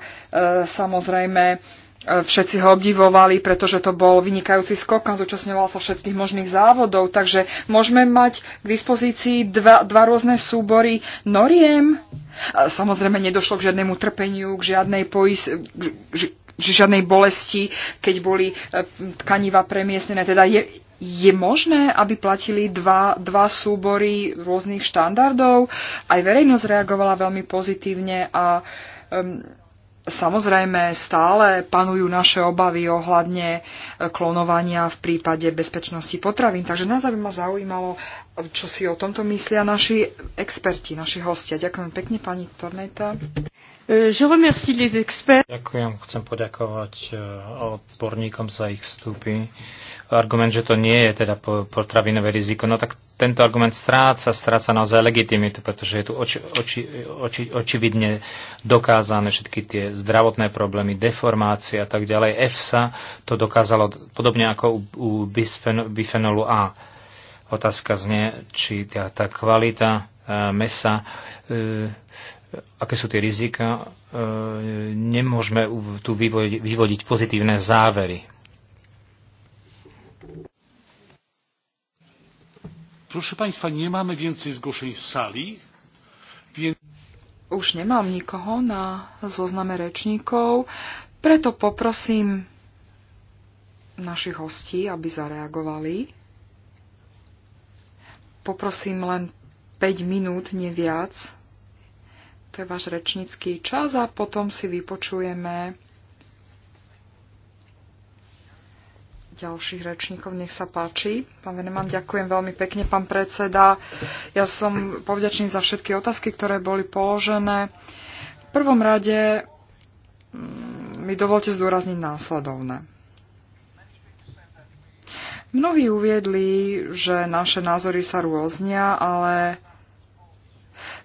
[SPEAKER 2] samozrejme E, všetci ho obdivovali, pretože to bol vynikajúci skok a zúčastňoval sa všetkých možných závodov, takže môžeme mať k dispozícii dva, dva rôzne súbory noriem. E, samozrejme, nedošlo k žiadnemu trpeniu, k žiadnej, pois, k, žiadnej bolesti, keď boli e, tkaniva premiesnené. Teda je, je možné, aby platili dva, dva súbory rôznych štandardov. Aj verejnosť reagovala veľmi pozitívne a um, Samozrejme, stále panujú naše obavy ohľadne e, klonovania v prípade bezpečnosti potravín. Takže nás by ma zaujímalo, čo si o tomto myslia naši experti, naši hostia. Ďakujem pekne, pani Torneta. E, Ďakujem,
[SPEAKER 1] chcem poďakovať e, odborníkom za ich vstupy argument, že to nie je teda potravinové riziko, no tak tento argument stráca, stráca naozaj legitimitu, pretože je tu oči, oči, oči, očividne dokázané všetky tie zdravotné problémy, deformácie a tak ďalej. EFSA to dokázalo podobne ako u, u bifenolu A. Otázka znie, či tá, tá kvalita e, mesa, e, aké sú tie rizika, e, nemôžeme tu vyvodiť, vyvodiť pozitívne závery
[SPEAKER 2] Proszę Państwa, nie mamy więcej zgłoszeń z sali, więc... Už nemám nikogo na zozname rečníkov, preto poprosím našich hostí, aby zareagovali. Poprosím len 5 minút, neviac. To je váš rečnický čas a potom si vypočujeme ďalších rečníkov. Nech sa páči. Pán Veneman, ďakujem veľmi pekne, pán predseda. Ja som povďačný za všetky otázky, ktoré boli položené. V prvom rade mm, mi dovolte zdôrazniť následovné. Mnohí uviedli, že naše názory sa rôznia, ale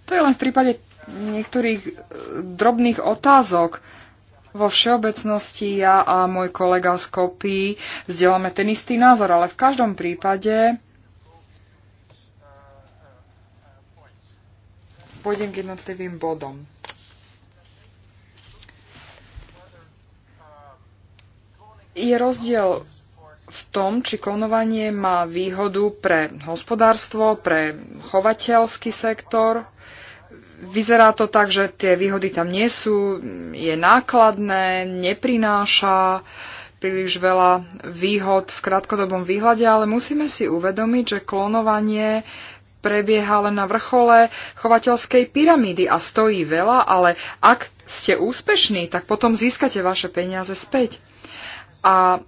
[SPEAKER 2] to je len v prípade niektorých e, drobných otázok. Vo všeobecnosti ja a môj kolega z Kopy zdieľame ten istý názor, ale v každom prípade pôjdem k jednotlivým bodom. Je rozdiel v tom, či klonovanie má výhodu pre hospodárstvo, pre chovateľský sektor, vyzerá to tak, že tie výhody tam nie sú, je nákladné, neprináša príliš veľa výhod v krátkodobom výhľade, ale musíme si uvedomiť, že klonovanie prebieha len na vrchole chovateľskej pyramídy a stojí veľa, ale ak ste úspešní, tak potom získate vaše peniaze späť. A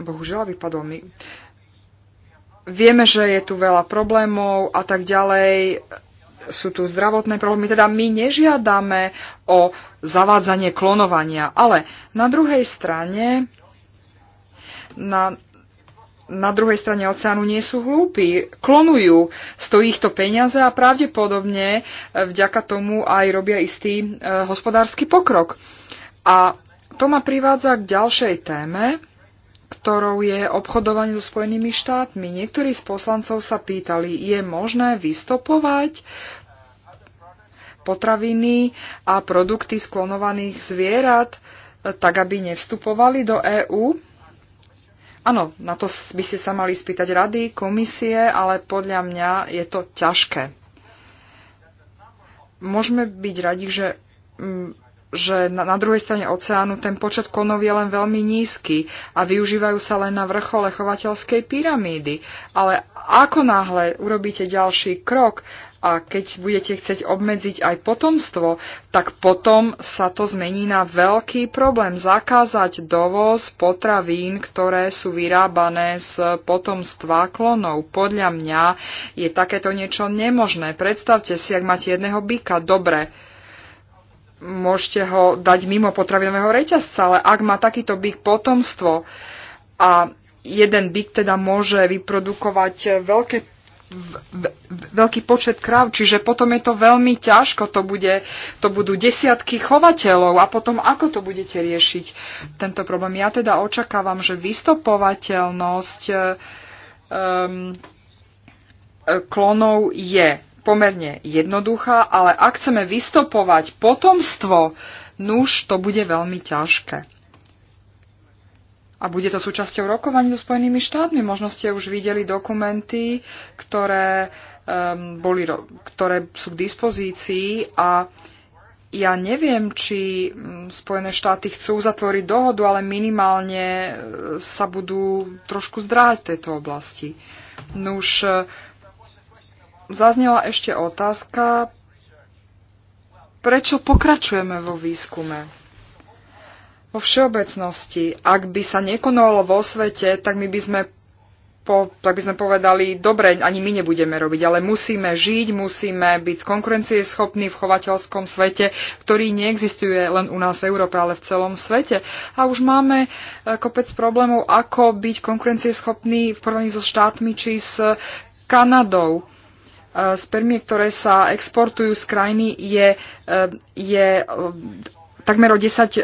[SPEAKER 2] bohužiaľ vypadol mi. Vieme, že je tu veľa problémov a tak ďalej sú tu zdravotné problémy. Teda my nežiadame o zavádzanie klonovania, ale na druhej strane na, na druhej strane oceánu nie sú hlúpi. Klonujú, stojí ich to peniaze a pravdepodobne e, vďaka tomu aj robia istý e, hospodársky pokrok. A to ma privádza k ďalšej téme, ktorou je obchodovanie so Spojenými štátmi. Niektorí z poslancov sa pýtali, je možné vystopovať potraviny a produkty sklonovaných zvierat, e, tak aby nevstupovali do EÚ? Áno, na to by ste sa mali spýtať rady, komisie, ale podľa mňa je to ťažké. Môžeme byť radi, že mm, že na, na druhej strane oceánu ten počet klonov je len veľmi nízky a využívajú sa len na vrchole chovateľskej pyramídy. Ale ako náhle urobíte ďalší krok a keď budete chcieť obmedziť aj potomstvo, tak potom sa to zmení na veľký problém. Zakázať dovoz potravín, ktoré sú vyrábané z potomstva klonov. Podľa mňa je takéto niečo nemožné. Predstavte si, ak máte jedného byka, dobre, môžete ho dať mimo potravinového reťazca, ale ak má takýto byk potomstvo a jeden byk teda môže vyprodukovať veľké, veľký počet kráv, čiže potom je to veľmi ťažko, to, bude, to budú desiatky chovateľov a potom ako to budete riešiť tento problém. Ja teda očakávam, že vystopovateľnosť um, klonov je pomerne jednoduchá, ale ak chceme vystopovať potomstvo, nuž to bude veľmi ťažké. A bude to súčasťou rokovaní so Spojenými štátmi. Možno ste už videli dokumenty, ktoré, um, boli, ktoré sú k dispozícii a ja neviem, či mm, Spojené štáty chcú zatvoriť dohodu, ale minimálne e, sa budú trošku zdráhať v tejto oblasti. Nuž, e, zaznela ešte otázka, prečo pokračujeme vo výskume. Vo všeobecnosti, ak by sa nekonalo vo svete, tak my by sme po, tak by sme povedali, dobre, ani my nebudeme robiť, ale musíme žiť, musíme byť konkurencieschopní v chovateľskom svete, ktorý neexistuje len u nás v Európe, ale v celom svete. A už máme e, kopec problémov, ako byť konkurencieschopný v porovnaní so štátmi či s Kanadou spermie, eh, ktoré sa exportujú z krajiny, je, eh, je eh, takmer o 10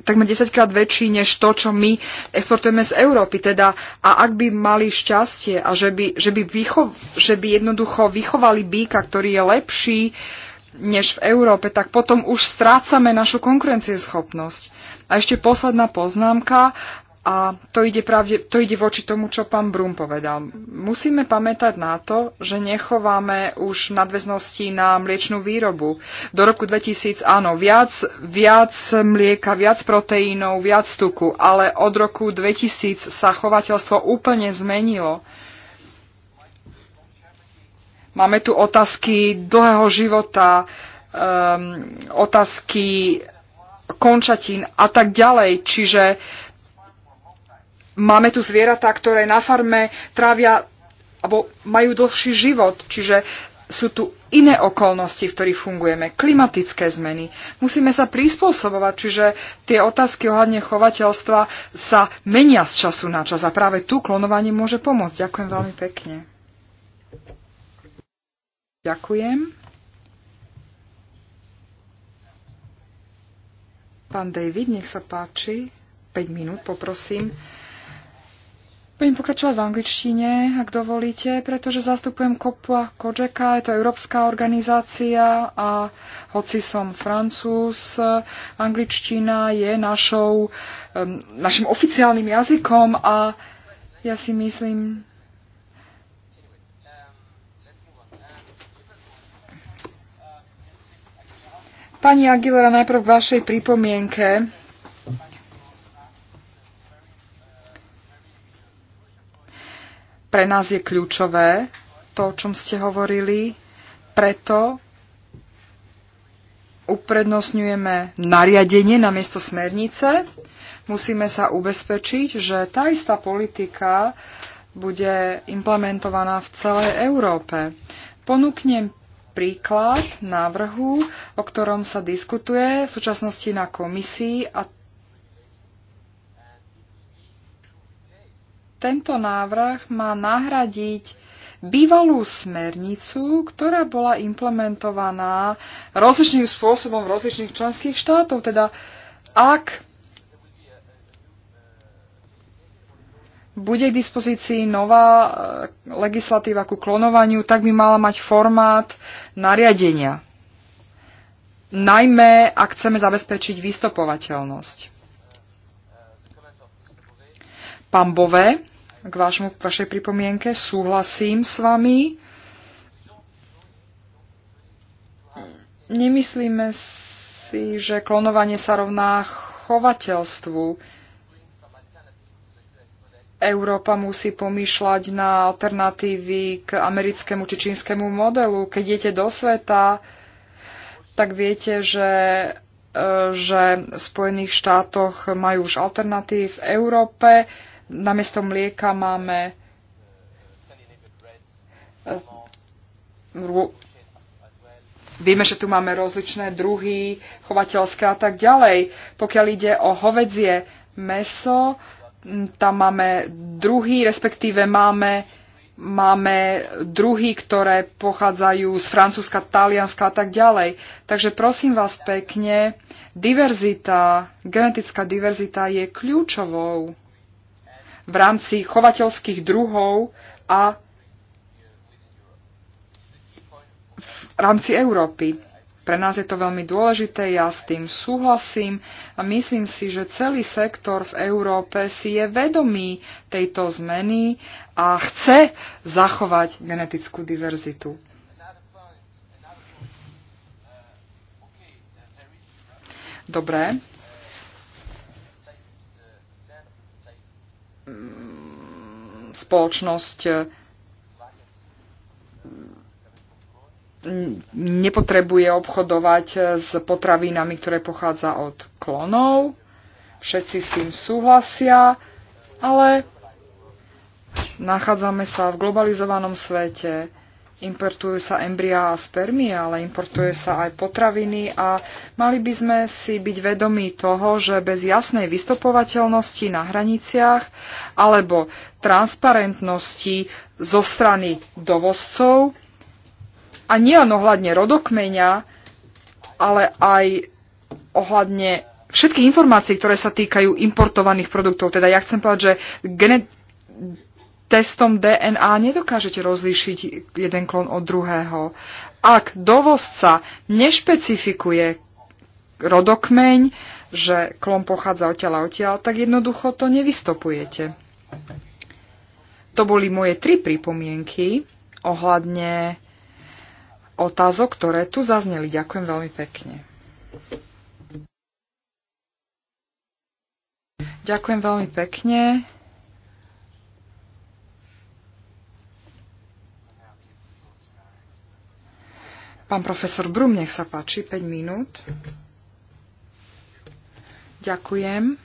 [SPEAKER 2] takmer 10 krát väčší než to, čo my exportujeme z Európy. Teda, a ak by mali šťastie a že by, že by, vycho, že by jednoducho vychovali býka, ktorý je lepší než v Európe, tak potom už strácame našu konkurencieschopnosť. A ešte posledná poznámka. A to ide, pravde, to ide voči tomu, čo pán Brum povedal. Musíme pamätať na to, že nechováme už nadväznosti na mliečnú výrobu. Do roku 2000 áno, viac, viac mlieka, viac proteínov, viac tuku, ale od roku 2000 sa chovateľstvo úplne zmenilo. Máme tu otázky dlhého života, um, otázky končatín a tak ďalej. Čiže máme tu zvieratá, ktoré na farme trávia alebo majú dlhší život, čiže sú tu iné okolnosti, v ktorých fungujeme, klimatické zmeny. Musíme sa prispôsobovať, čiže tie otázky ohľadne chovateľstva sa menia z času na čas a práve tu klonovanie môže pomôcť. Ďakujem veľmi pekne. Ďakujem. Pán David, nech sa páči. 5 minút poprosím. Budem pokračovať v angličtine, ak dovolíte, pretože zastupujem Kopua Kožeka, je to európska organizácia a hoci som francúz, angličtina je našou, našim oficiálnym jazykom a ja si myslím, Pani Aguilera, najprv k vašej pripomienke. Pre nás je kľúčové to, o čom ste hovorili, preto uprednostňujeme nariadenie na miesto smernice. Musíme sa ubezpečiť, že tá istá politika bude implementovaná v celej Európe. Ponúknem príklad návrhu, o ktorom sa diskutuje v súčasnosti na komisii a tento návrh má nahradiť bývalú smernicu, ktorá bola implementovaná rozličným spôsobom v rozličných členských štátov. Teda ak bude k dispozícii nová e, legislatíva ku klonovaniu, tak by mala mať formát nariadenia. Najmä, ak chceme zabezpečiť vystopovateľnosť. Pán Bové k vášmu, vašej pripomienke. Súhlasím s vami. Nemyslíme si, že klonovanie sa rovná chovateľstvu. Európa musí pomýšľať na alternatívy k americkému či čínskemu modelu. Keď idete do sveta, tak viete, že, e, že v Spojených štátoch majú už alternatívy v Európe namiesto mlieka máme e, Víme, že tu máme rozličné druhy, chovateľské a tak ďalej. Pokiaľ ide o hovedzie meso, tam máme druhy, respektíve máme, máme druhy, ktoré pochádzajú z Francúzska, Talianska a tak ďalej. Takže prosím vás pekne, diverzita, genetická diverzita je kľúčovou v rámci chovateľských druhov a v rámci Európy. Pre nás je to veľmi dôležité, ja s tým súhlasím a myslím si, že celý sektor v Európe si je vedomý tejto zmeny a chce zachovať genetickú diverzitu. Dobre, spoločnosť eh, nepotrebuje obchodovať eh, s potravinami, ktoré pochádza od klonov. Všetci s tým súhlasia, ale nachádzame sa v globalizovanom svete, Importujú sa embriá a spermie, ale importuje sa aj potraviny a mali by sme si byť vedomí toho, že bez jasnej vystopovateľnosti na hraniciach alebo transparentnosti zo strany dovozcov a nielen ohľadne rodokmeňa, ale aj ohľadne všetkých informácií, ktoré sa týkajú importovaných produktov. Teda ja chcem povedať, že genet- testom DNA nedokážete rozlíšiť jeden klon od druhého. Ak dovozca nešpecifikuje rodokmeň, že klon pochádza od tela od tela, tak jednoducho to nevystopujete. To boli moje tri pripomienky ohľadne otázok, ktoré tu zazneli. Ďakujem veľmi pekne. Ďakujem veľmi pekne. Pán profesor Brum, nech sa páči, 5 minút. Ďakujem.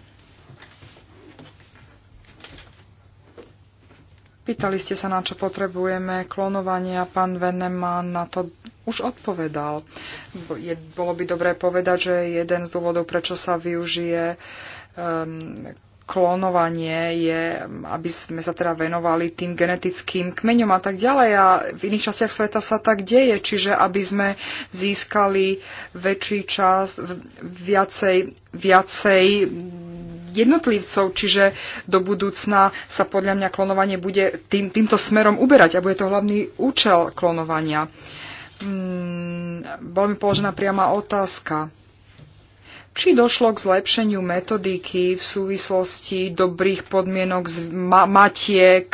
[SPEAKER 2] Pýtali ste sa, na čo potrebujeme klonovanie a pán Veneman na to už odpovedal. Je, bolo by dobré povedať, že jeden z dôvodov, prečo sa využije um, klonovanie je, aby sme sa teda venovali tým genetickým kmeňom a tak ďalej a v iných častiach sveta sa tak deje, čiže aby sme získali väčší čas, viacej, viacej jednotlivcov, čiže do budúcna sa podľa mňa klonovanie bude tým, týmto smerom uberať a bude to hlavný účel klonovania. Hmm, bola mi položená priama otázka či došlo k zlepšeniu metodiky v súvislosti dobrých podmienok z ma- matiek,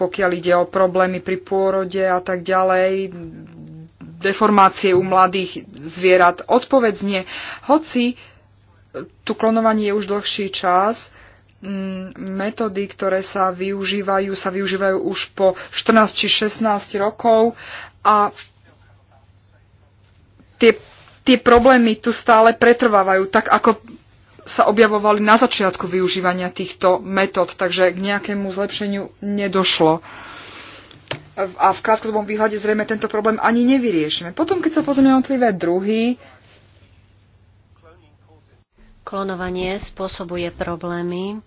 [SPEAKER 2] pokiaľ ide o problémy pri pôrode a tak ďalej, deformácie u mladých zvierat. Odpovedz nie. Hoci tu klonovanie je už dlhší čas, metódy, ktoré sa využívajú, sa využívajú už po 14 či 16 rokov a tie tie problémy tu stále pretrvávajú, tak ako sa objavovali na začiatku využívania týchto metód, takže k nejakému zlepšeniu nedošlo. A v krátkodobom výhľade zrejme tento problém ani nevyriešime. Potom, keď sa pozrieme na jednotlivé druhy,
[SPEAKER 3] Klonovanie spôsobuje problémy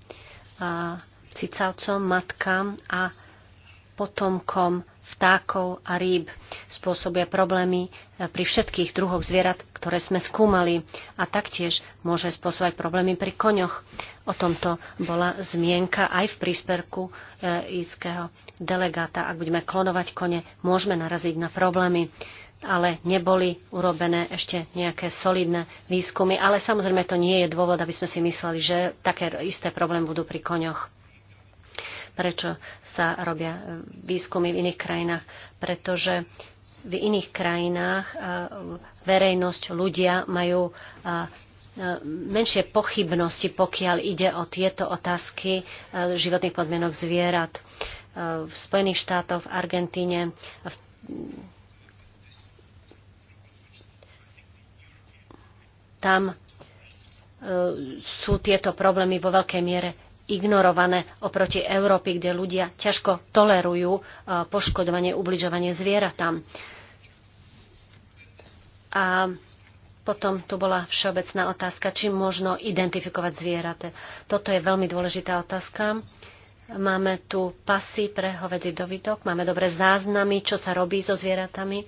[SPEAKER 3] cicavcom, matkám a potomkom vtákov a rýb. spôsobia problémy e, pri všetkých druhoch zvierat, ktoré sme skúmali a taktiež môže spôsobovať problémy pri koňoch. O tomto bola zmienka aj v prísperku e, ískeho delegáta. Ak budeme klonovať kone, môžeme naraziť na problémy ale neboli urobené ešte nejaké solidné výskumy. Ale samozrejme to nie je dôvod, aby sme si mysleli, že také isté problémy budú pri koňoch prečo sa robia e, výskumy v iných krajinách, pretože v iných krajinách e, verejnosť, ľudia majú e, menšie pochybnosti, pokiaľ ide o tieto otázky životných podmienok zvierat. V Spojených štátoch, v Argentíne, v tam sú tieto problémy vo veľkej miere ignorované oproti Európy, kde ľudia ťažko tolerujú e, poškodovanie, ubližovanie zvieratám. A potom tu bola všeobecná otázka, či možno identifikovať zvieraté. Toto je veľmi dôležitá otázka. Máme tu pasy pre hovedzi dobytok, máme dobré záznamy, čo sa robí so zvieratami, e,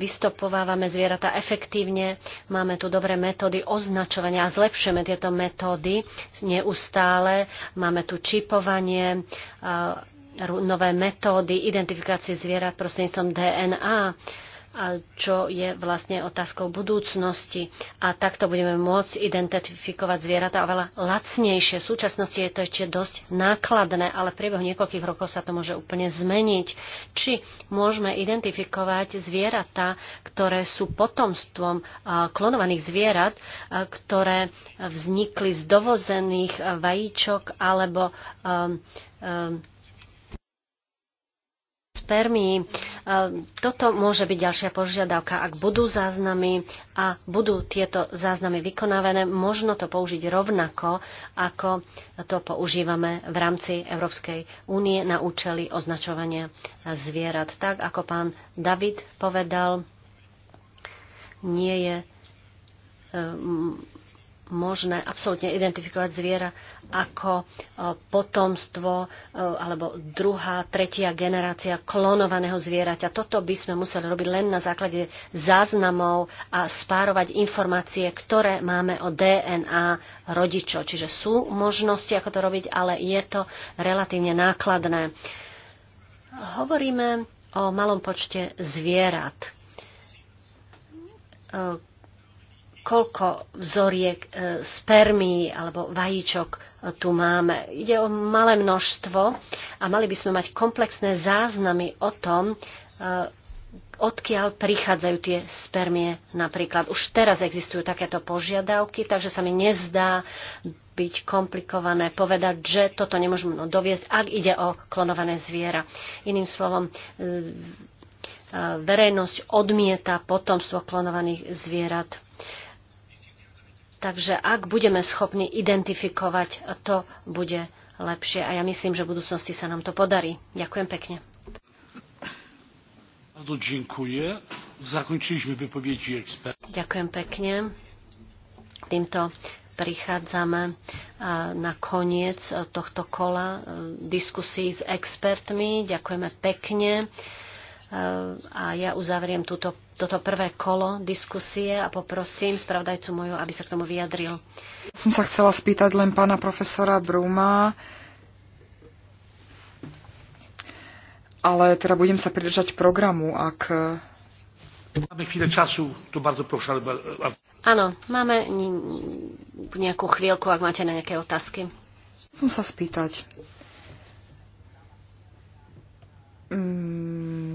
[SPEAKER 3] vystopovávame zvieratá efektívne, máme tu dobré metódy označovania a zlepšujeme tieto metódy neustále, máme tu čipovanie, e, nové metódy identifikácie zvierat prostredníctvom DNA čo je vlastne otázkou budúcnosti. A takto budeme môcť identifikovať zvieratá oveľa lacnejšie. V súčasnosti je to ešte dosť nákladné, ale v priebehu niekoľkých rokov sa to môže úplne zmeniť. Či môžeme identifikovať zvieratá, ktoré sú potomstvom klonovaných zvierat, ktoré vznikli z dovozených vajíčok alebo um, um, spermií. E, toto môže byť ďalšia požiadavka. Ak budú záznamy a budú tieto záznamy vykonávané, možno to použiť rovnako, ako to používame v rámci Európskej únie na účely označovania zvierat. Tak, ako pán David povedal, nie je e, možné absolútne identifikovať zviera ako e, potomstvo e, alebo druhá, tretia generácia klonovaného zvieraťa. Toto by sme museli robiť len na základe záznamov a spárovať informácie, ktoré máme o DNA rodičov. Čiže sú možnosti, ako to robiť, ale je to relatívne nákladné. Hovoríme o malom počte zvierat e, koľko vzoriek e, spermí alebo vajíčok e, tu máme. Ide o malé množstvo a mali by sme mať komplexné záznamy o tom, e, odkiaľ prichádzajú tie spermie napríklad. Už teraz existujú takéto požiadavky, takže sa mi nezdá byť komplikované povedať, že toto nemôžeme doviesť, ak ide o klonované zviera. Iným slovom, verejnosť odmieta potomstvo klonovaných zvierat Takže ak budeme schopní identifikovať, to bude lepšie. A ja myslím, že v budúcnosti sa nám to podarí. Ďakujem pekne. Ďakujem pekne. Týmto prichádzame na koniec e, tohto kola e, diskusí s expertmi. Ďakujeme pekne e, a ja uzavriem túto toto prvé kolo diskusie a poprosím spravodajcu moju, aby sa k tomu vyjadril.
[SPEAKER 2] Som sa chcela spýtať len pána profesora Bruma, ale teda budem sa pridržať programu, ak... Máme chvíľu
[SPEAKER 1] času, to bardzo proszę,
[SPEAKER 3] Áno, máme nejakú chvíľku, ak máte na nejaké otázky. Chcem sa spýtať.
[SPEAKER 2] Mm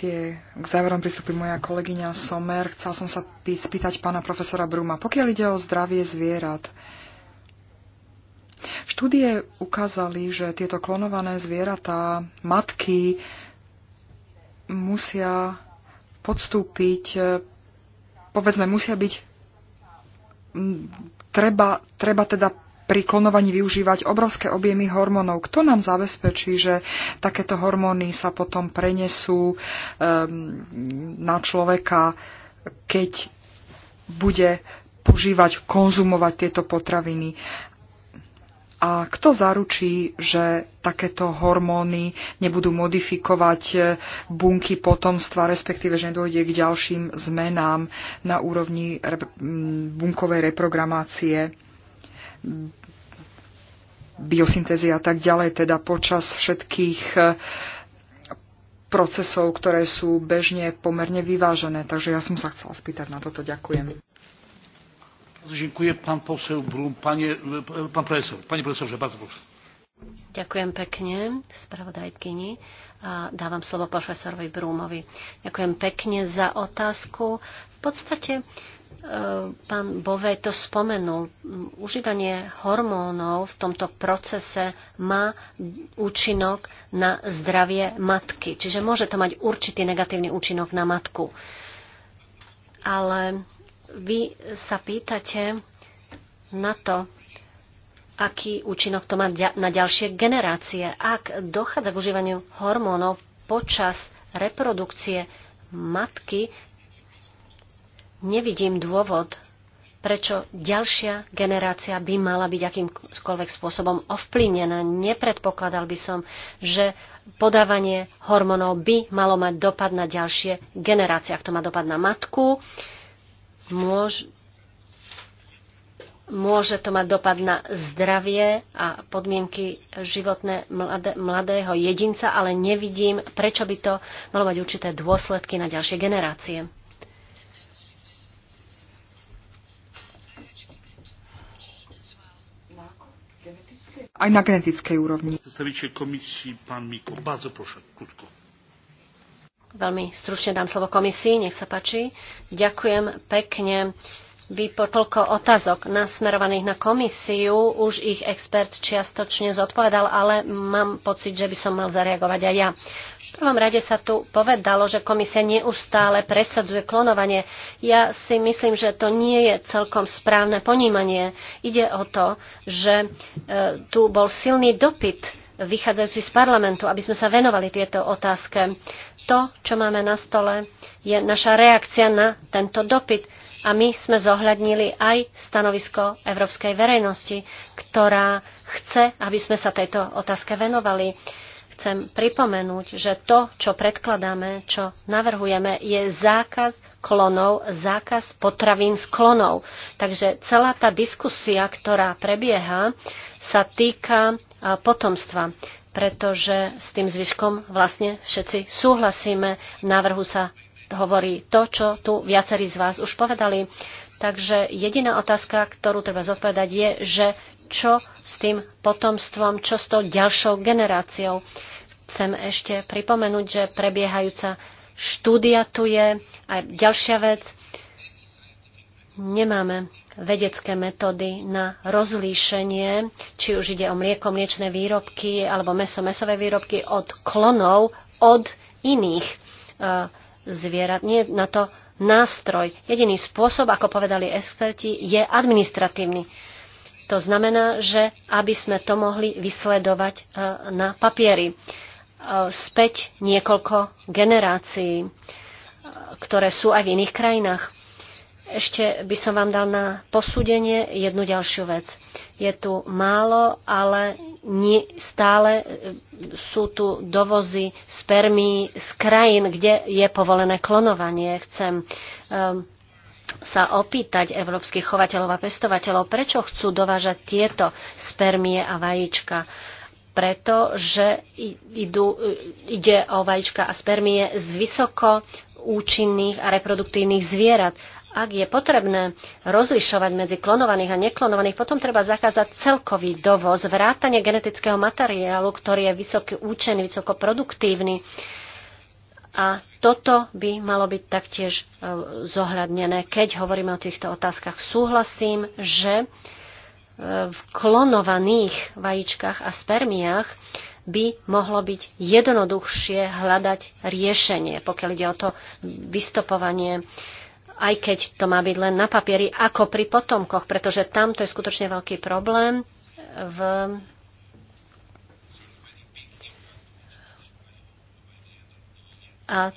[SPEAKER 2] tie k záverom pristúpi moja kolegyňa Somer. Chcel som sa spýtať pána profesora Bruma. Pokiaľ ide o zdravie zvierat, štúdie ukázali, že tieto klonované zvieratá, matky, musia podstúpiť, povedzme, musia byť, treba, treba teda pri klonovaní využívať obrovské objemy hormónov. Kto nám zabezpečí, že takéto hormóny sa potom prenesú um, na človeka, keď bude požívať, konzumovať tieto potraviny? A kto zaručí, že takéto hormóny nebudú modifikovať e, bunky potomstva, respektíve, že nedôjde k ďalším zmenám na úrovni bunkovej reprogramácie? biosyntézy a tak ďalej, teda počas všetkých e, procesov, ktoré sú bežne pomerne vyvážené. Takže ja som sa chcela
[SPEAKER 3] spýtať na toto. Ďakujem.
[SPEAKER 1] Ďakujem pán posel Brum. Pane, pán profesor, panie profesorze, bardzo proszę.
[SPEAKER 3] Ďakujem pekne spravodajkyni a dávam slovo profesorovi Brúmovi. Ďakujem pekne za otázku. V podstate E, pán Bovej to spomenul, užívanie hormónov v tomto procese má účinok na zdravie matky. Čiže môže to mať určitý negatívny účinok na matku. Ale vy sa pýtate na to, aký účinok to má na ďalšie generácie. Ak dochádza k užívaniu hormónov počas reprodukcie matky, nevidím dôvod, prečo ďalšia generácia by mala byť akýmkoľvek spôsobom ovplyvnená. Nepredpokladal by som, že podávanie hormónov by malo mať dopad na ďalšie generácie. Ak to má dopad na matku, môž, môže to mať dopad na zdravie a podmienky životné mladé, mladého jedinca, ale nevidím, prečo by to malo mať určité dôsledky na ďalšie generácie.
[SPEAKER 2] aj na genetickej úrovni. Predstaviteľ komisii, pán Miko, bardzo
[SPEAKER 3] Veľmi stručne dám slovo komisii, nech sa páči. Ďakujem pekne po toľko otázok nasmerovaných na komisiu. Už ich expert čiastočne zodpovedal, ale mám pocit, že by som mal zareagovať aj ja. V prvom rade sa tu povedalo, že komisia neustále presadzuje klonovanie. Ja si myslím, že to nie je celkom správne ponímanie. Ide o to, že e, tu bol silný dopyt vychádzajúci z parlamentu, aby sme sa venovali tieto otázke. To, čo máme na stole, je naša reakcia na tento dopyt a my sme zohľadnili aj stanovisko európskej verejnosti, ktorá chce, aby sme sa tejto otázke venovali. Chcem pripomenúť, že to, čo predkladáme, čo navrhujeme, je zákaz klonov, zákaz potravín z klonov. Takže celá tá diskusia, ktorá prebieha, sa týka potomstva pretože s tým zvyškom vlastne všetci súhlasíme. V návrhu sa hovorí to, čo tu viacerí z vás už povedali. Takže jediná otázka, ktorú treba zodpovedať, je, že čo s tým potomstvom, čo s tou ďalšou generáciou. Chcem ešte pripomenúť, že prebiehajúca štúdia tu je a ďalšia vec. Nemáme vedecké metódy na rozlíšenie, či už ide o mlieko, mliečne výrobky alebo meso, mesové výrobky od klonov, od iných eh, zvierat nie je na to nástroj. Jediný spôsob, ako povedali experti, je administratívny. To znamená, že aby sme to mohli vysledovať e, na papieri. E, späť niekoľko generácií, e, ktoré sú aj v iných krajinách. Ešte by som vám dal na posúdenie jednu ďalšiu vec. Je tu málo, ale nie, stále e, sú tu dovozy spermí z krajín, kde je povolené klonovanie. Chcem um, sa opýtať európskych chovateľov a pestovateľov, prečo chcú dovážať tieto spermie a vajíčka. Preto, že idú, e, ide o vajíčka a spermie z vysoko účinných a reproduktívnych zvierat ak je potrebné rozlišovať medzi klonovaných a neklonovaných, potom treba zakázať celkový dovoz, vrátanie genetického materiálu, ktorý je vysoký účený, vysoko produktívny. A toto by malo byť taktiež e, zohľadnené. Keď hovoríme o týchto otázkach, súhlasím, že e, v klonovaných vajíčkach a spermiách by mohlo byť jednoduchšie hľadať riešenie, pokiaľ ide o to vystopovanie uh, aj keď to má byť len na papieri, ako pri potomkoch, pretože tam to je skutočne veľký problém. V A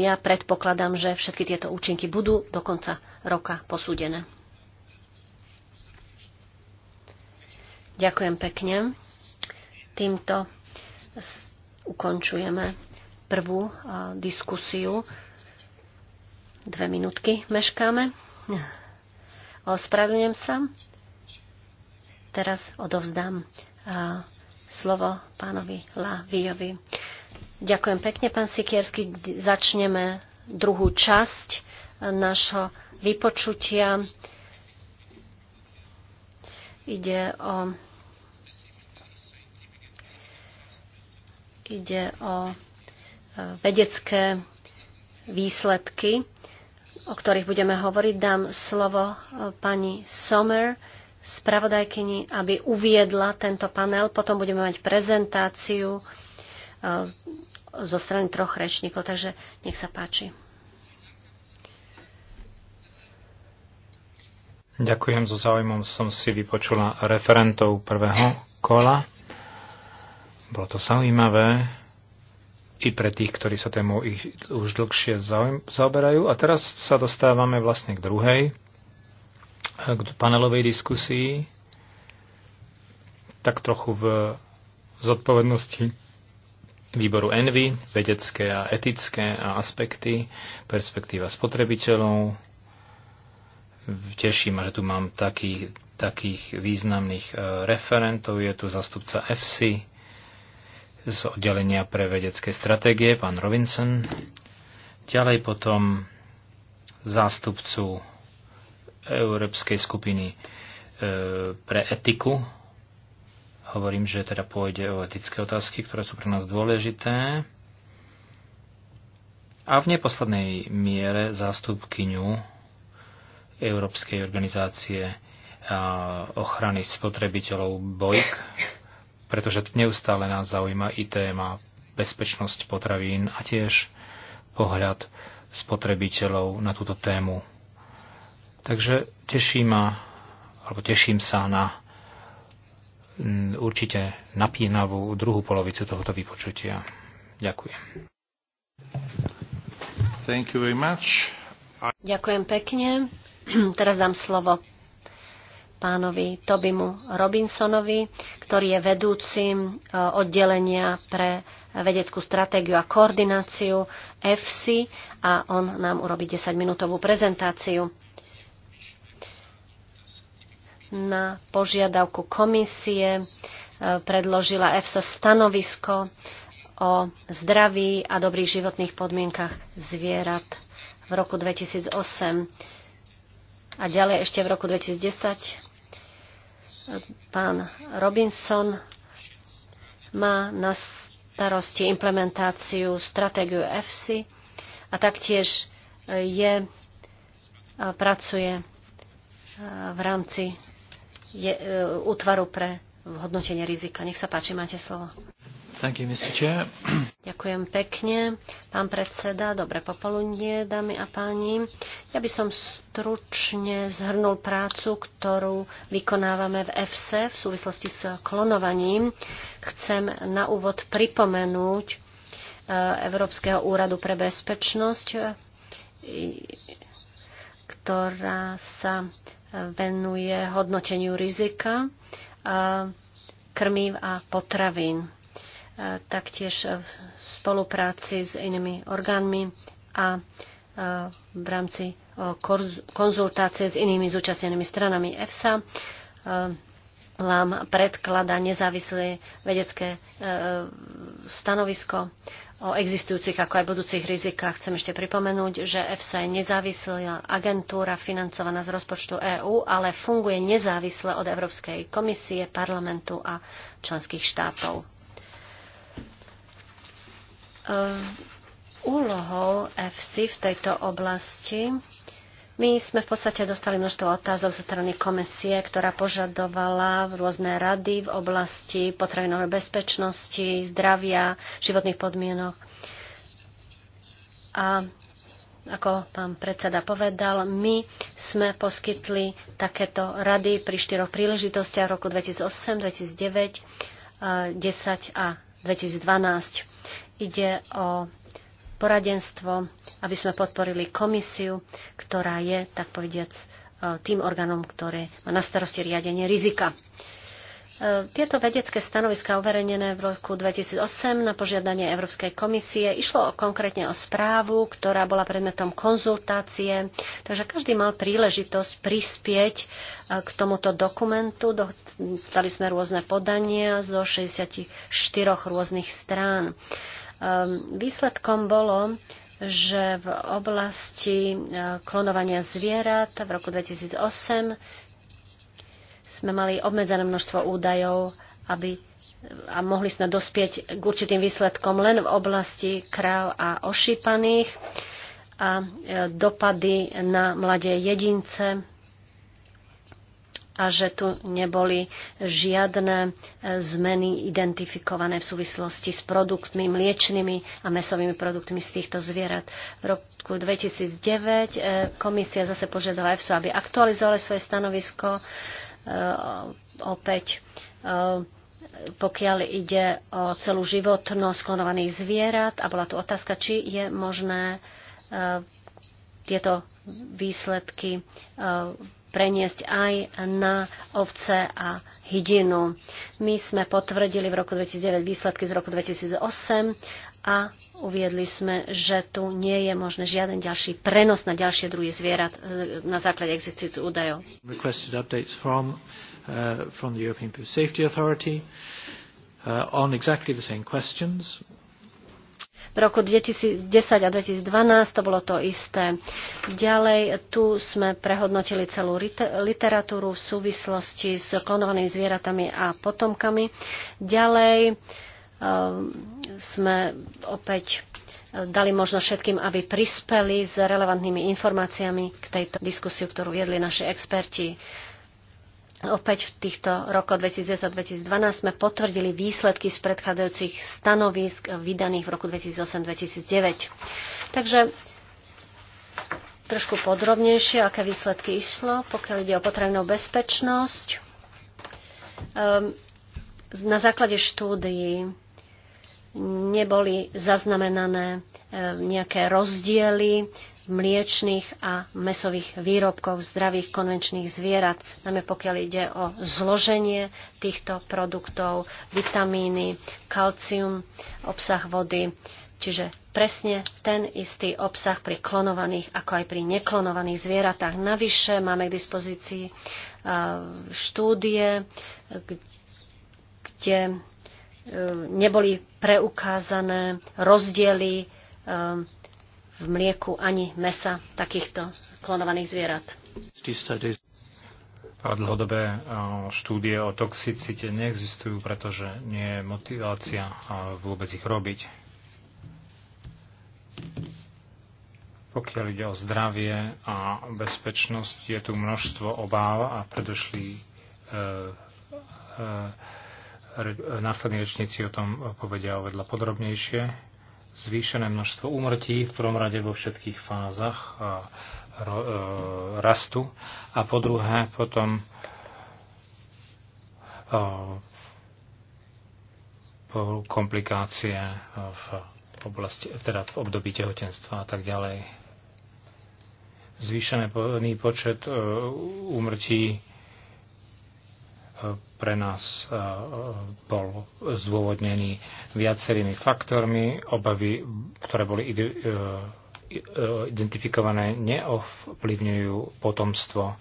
[SPEAKER 3] ja predpokladám, že všetky tieto účinky budú do konca roka posúdené. Ďakujem pekne. Týmto ukončujeme prvú diskusiu. Dve minútky meškáme. Ospravedlňujem sa. Teraz odovzdám slovo pánovi Lavíjovi. Ďakujem pekne, pán Sikiersky. Začneme druhú časť našho vypočutia. Ide o ide o vedecké výsledky o ktorých budeme hovoriť, dám slovo e, pani Sommer, spravodajkyni, aby uviedla tento panel. Potom budeme mať prezentáciu e, zo strany troch rečníkov, takže nech sa páči.
[SPEAKER 1] Ďakujem, so záujmom som si vypočula referentov prvého kola. Bolo to zaujímavé i pre tých, ktorí sa tému ich už dlhšie zaoberajú. A teraz sa dostávame vlastne k druhej, eh, k panelovej diskusii, tak trochu v zodpovednosti výboru Envy, vedecké a etické a aspekty, perspektíva spotrebiteľov. Teší ma, že tu mám takých, takých významných eh, referentov. Je tu zastupca EFSI, z oddelenia pre vedecké stratégie, pán Robinson. Ďalej potom zástupcu Európskej skupiny e, pre etiku. Hovorím, že teda pôjde o etické otázky, ktoré sú pre nás dôležité. A v neposlednej miere zástupkyňu Európskej organizácie ochrany spotrebiteľov BOIK pretože neustále nás zaujíma i téma bezpečnosť potravín a tiež pohľad spotrebiteľov na túto tému. Takže teší ma, alebo teším sa na mm, určite napínavú druhú polovicu tohoto vypočutia. Ďakujem. Thank you very much.
[SPEAKER 3] I... Ďakujem pekne. Teraz dám slovo pánovi Tobimu Robinsonovi, ktorý je vedúcim e, oddelenia pre vedeckú stratégiu a koordináciu EFSI a on nám urobí 10-minútovú prezentáciu. Na požiadavku komisie e, predložila EFSA stanovisko o zdraví a dobrých životných podmienkach zvierat v roku 2008 a ďalej ešte v roku 2010 Pán Robinson má na starosti implementáciu stratégiu EFSI a taktiež e, je, pracuje e, v rámci je, e, útvaru pre hodnotenie rizika. Nech sa páči, máte slovo. Thank you, Mr. Chair. Ďakujem pekne. Pán predseda, dobre popoludnie, dámy a páni. Ja by som stručne zhrnul prácu, ktorú vykonávame v EFSE v súvislosti s klonovaním. Chcem na úvod pripomenúť e, Európskeho úradu pre bezpečnosť, e, ktorá sa venuje hodnoteniu rizika e, krmív a potravín E, taktiež v spolupráci s inými orgánmi a e, v rámci konzultácie s inými zúčastnenými stranami EFSA vám e, predklada nezávislé vedecké stanovisko o existujúcich ako aj budúcich rizikách. Chcem ešte pripomenúť, že EFSA je nezávislá agentúra financovaná z rozpočtu EÚ, ale funguje nezávisle od Európskej komisie, parlamentu a členských štátov. Ehm, úlohou FC v tejto oblasti. My sme v podstate dostali množstvo otázok zo strany komisie, ktorá požadovala rôzne rady v oblasti potravinovej bezpečnosti, zdravia, životných podmienok. A ako pán predseda povedal, my sme poskytli takéto rady pri štyroch príležitostiach roku 2008, 2009, 2010 a 2012. Ide o poradenstvo, aby sme podporili komisiu, ktorá je, tak povediac, e, tým orgánom, ktoré má na starosti riadenie rizika. E, tieto vedecké stanoviská uverejnené v roku 2008 na požiadanie Európskej komisie išlo konkrétne o správu, ktorá bola predmetom konzultácie, takže každý mal príležitosť prispieť e, k tomuto dokumentu. Dostali sme rôzne podania zo 64 rôznych strán. Ehm, výsledkom bolo, že v oblasti e, klonovania zvierat v roku 2008 sme mali obmedzené množstvo údajov, aby a mohli sme dospieť k určitým výsledkom len v oblasti kráv a ošípaných a e, dopady na mladé jedince a že tu neboli žiadne e, zmeny identifikované v súvislosti s produktmi mliečnými a mesovými produktmi z týchto zvierat. V roku 2009 e, komisia zase požiadala EFSU, aby aktualizovala svoje stanovisko e, opäť pokiaľ ide o celú životnosť klonovaných zvierat a bola tu otázka, či je možné tieto výsledky preniesť aj na ovce a hydinu. My sme potvrdili v roku 2009 výsledky z roku 2008 a uviedli sme, že tu nie je možné žiaden ďalší prenos na ďalšie druhy zvierat e, na základe existujúcich údajov.
[SPEAKER 1] uh, from the European Food Safety Authority uh, on exactly the same questions
[SPEAKER 3] v roku 2010 a 2012 to bolo to isté. Ďalej tu sme prehodnotili celú literatúru v súvislosti s klonovanými zvieratami a potomkami. Ďalej e, sme opäť e, dali možnosť všetkým, aby prispeli s relevantnými informáciami k tejto diskusiu, ktorú viedli naši experti. Opäť v týchto rokoch 2010-2012 sme potvrdili výsledky z predchádzajúcich stanovisk vydaných v roku 2008-2009. Takže trošku podrobnejšie, aké výsledky išlo, pokiaľ ide o potravinovú bezpečnosť. Ehm, na základe štúdií neboli zaznamenané ehm, nejaké rozdiely mliečných a mesových výrobkov zdravých konvenčných zvierat, najmä pokiaľ ide o zloženie týchto produktov, vitamíny, kalcium, obsah vody, čiže presne ten istý obsah pri klonovaných ako aj pri neklonovaných zvieratách. Navyše máme k dispozícii e, štúdie, kde e, neboli preukázané rozdiely e, v mlieku ani mesa takýchto klonovaných zvierat.
[SPEAKER 1] A dlhodobé štúdie o toxicite neexistujú, pretože nie je motivácia vôbec ich robiť. Pokiaľ ide o zdravie a bezpečnosť, je tu množstvo obáv a predošli e, e, následní rečníci o tom povedia oveľa podrobnejšie zvýšené množstvo úmrtí, v prvom rade vo všetkých fázach a ro, e, rastu. A po druhé, potom e, po komplikácie v, oblasti, teda v období tehotenstva a tak ďalej. Zvýšený počet e, úmrtí pre nás e, e, bol zdôvodnený viacerými faktormi. Obavy, ktoré boli e, identifikované, neovplyvňujú potomstvo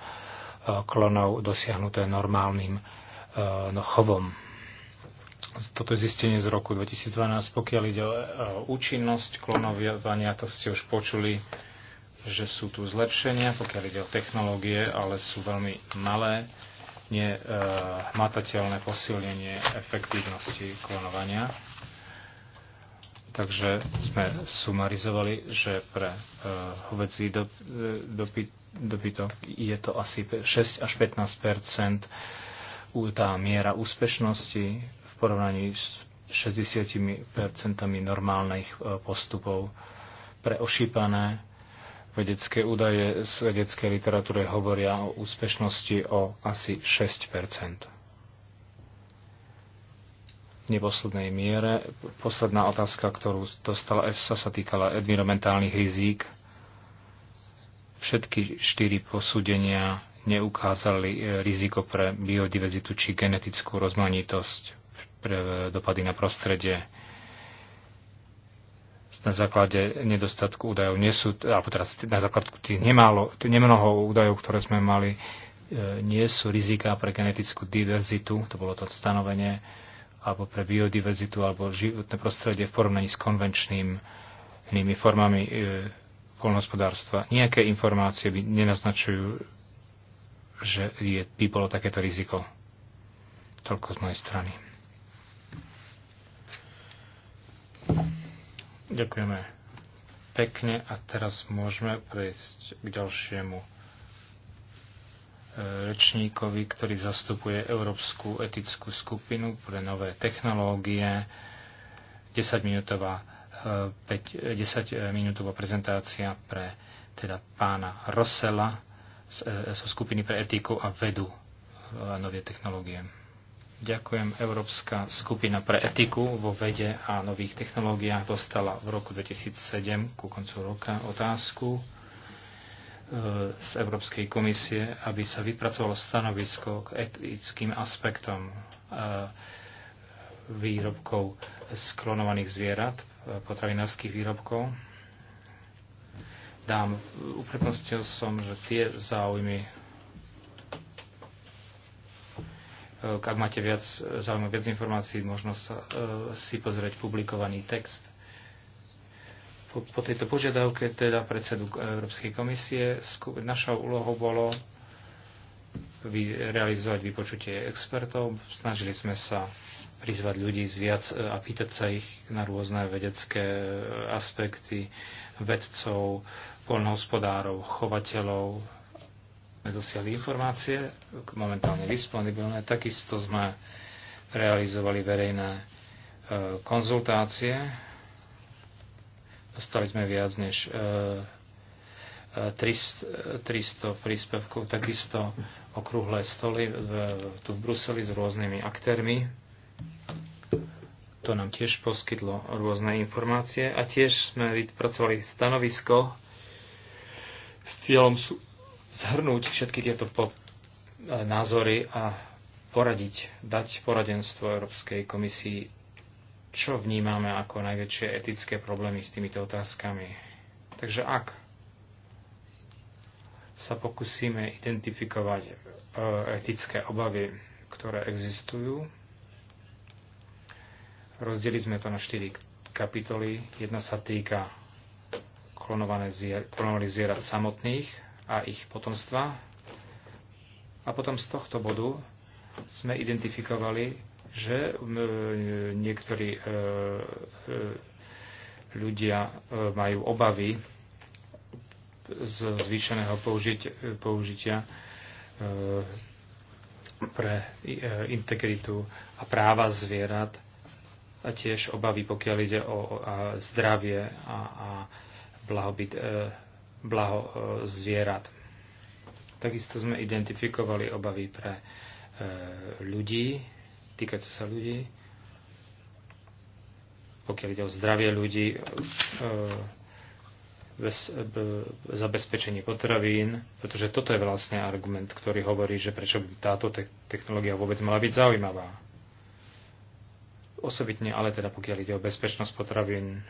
[SPEAKER 1] klonov dosiahnuté normálnym no, chovom. Toto je zistenie z roku 2012. Pokiaľ ide o účinnosť klonovania, to ste už počuli, že sú tu zlepšenia, pokiaľ ide o technológie, ale sú veľmi malé nehmatateľné vlastne, hmatateľné posilnenie efektívnosti klonovania. Takže sme sumarizovali, že pre e, hovedzí do, e, dopy, dobytok je to asi 6 až 15 tá miera úspešnosti v porovnaní s 60 normálnych e, postupov pre ošípané Vedecké údaje z vedeckej literatúry hovoria o úspešnosti o asi 6 V neposlednej miere posledná otázka, ktorú dostala EFSA, sa týkala environmentálnych rizík. Všetky štyri posúdenia neukázali e, riziko pre biodiverzitu či genetickú rozmanitosť, pre e, dopady na prostredie na základe nedostatku údajov nie sú, alebo teraz na základku tých nemálo, tých nemnoho údajov, ktoré sme mali, e, nie sú rizika pre genetickú diverzitu, to bolo to stanovenie, alebo pre biodiverzitu, alebo životné prostredie v porovnaní s konvenčnými formami e, poľnohospodárstva. Nejaké informácie by nenaznačujú, že je, by bolo takéto riziko. Toľko z mojej strany. Ďakujeme pekne a teraz môžeme prejsť k ďalšiemu e, rečníkovi, ktorý zastupuje Európsku etickú skupinu pre nové technológie. 10-minútová 5, e, 10 e, minútová prezentácia pre teda pána Rosela z, z skupiny pre etiku a vedu a nové technológie. Ďakujem. Európska skupina pre etiku vo vede a nových technológiách dostala v roku 2007 ku koncu roka otázku e, z Európskej komisie, aby sa vypracovalo stanovisko k etickým aspektom e, výrobkov sklonovaných zvierat, e, potravinárskych výrobkov. Dám uprednosťou som, že tie záujmy Ak máte viac záujem, viac informácií, možno sa, e, si pozrieť publikovaný text. Po, po tejto požiadavke teda predsedu Európskej komisie našou úlohou bolo realizovať vypočutie expertov. Snažili sme sa prizvať ľudí z viac e, a pýtať sa ich na rôzne vedecké e, aspekty vedcov, poľnohospodárov, chovateľov, sme dosiali informácie, momentálne disponibilné. Takisto sme realizovali verejné e, konzultácie. Dostali sme viac než 300 e, e, príspevkov, takisto okrúhle stoly tu v Bruseli s rôznymi aktérmi. To nám tiež poskytlo rôzne informácie a tiež sme vypracovali stanovisko s cieľom zhrnúť všetky tieto po, e, názory a poradiť, dať poradenstvo Európskej komisii, čo vnímame ako najväčšie etické problémy s týmito otázkami. Takže ak sa pokúsime identifikovať e, etické obavy, ktoré existujú, rozdeli sme to na 4 kapitoly. Jedna sa týka klonovaných zvierat, samotných, a ich potomstva. A potom z tohto bodu sme identifikovali, že e, niektorí e, e, ľudia majú obavy z zvýšeného použitia pre integritu a práva zvierat a tiež obavy, pokiaľ ide o zdravie a, a blahobyt blaho e, zvierat. Takisto sme identifikovali obavy pre e, ľudí, týkať sa ľudí, pokiaľ ide o zdravie ľudí, e, bez, zabezpečenie potravín, pretože toto je vlastne argument, ktorý hovorí, že prečo by táto te- technológia vôbec mala byť zaujímavá. Osobitne ale teda pokiaľ ide o bezpečnosť potravín,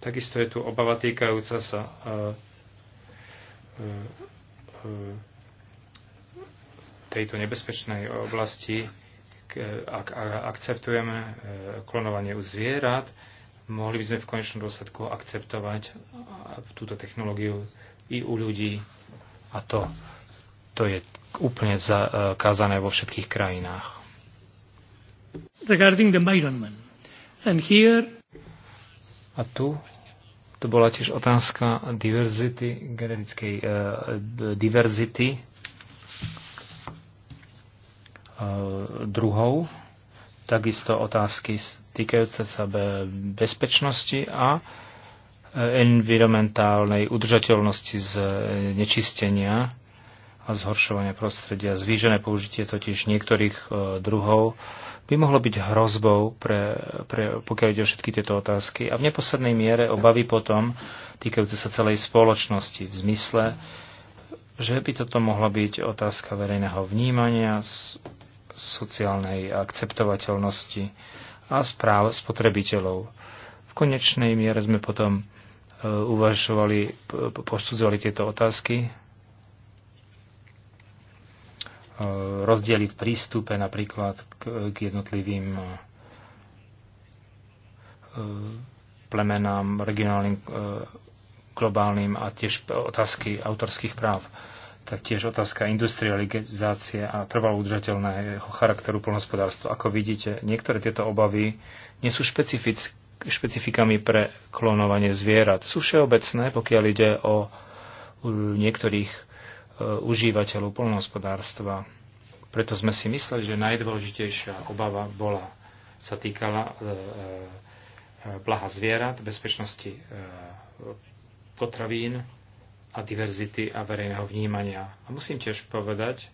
[SPEAKER 1] Takisto je tu obava týkajúca sa e, e, e, tejto nebezpečnej oblasti, ak akceptujeme klonovanie u zvierat, mohli by sme v konečnom dôsledku akceptovať túto technológiu i u ľudí. A to, to je úplne zakázané vo všetkých krajinách. Regarding the environment. And here a tu to bola tiež otázka diverzity, generickej uh, e, e, diverzity uh, druhov, takisto otázky týkajúce sa bezpečnosti a environmentálnej udržateľnosti z nečistenia a zhoršovania prostredia. Zvýšené použitie totiž niektorých e, druhov by mohlo byť hrozbou, pre, pre, pokiaľ ide o všetky tieto otázky. A v neposlednej miere obavy potom týkajúce sa celej spoločnosti v zmysle, že by toto mohla byť otázka verejného vnímania, sociálnej akceptovateľnosti a správ spotrebiteľov. V konečnej miere sme potom e, uvažovali, posudzovali tieto otázky rozdiely v prístupe napríklad k, k jednotlivým e, plemenám, regionálnym, e, globálnym a tiež otázky autorských práv. Taktiež otázka industrializácie a trvalo udržateľného charakteru plnospodárstva. Ako vidíte, niektoré tieto obavy nie sú špecifikami pre klonovanie zvierat. Sú všeobecné, pokiaľ ide o niektorých užívateľov polnohospodárstva. Preto sme si mysleli, že najdôležitejšia obava bola, sa týkala blaha e, e, zvierat, bezpečnosti e, potravín a diverzity a verejného vnímania. A musím tiež povedať,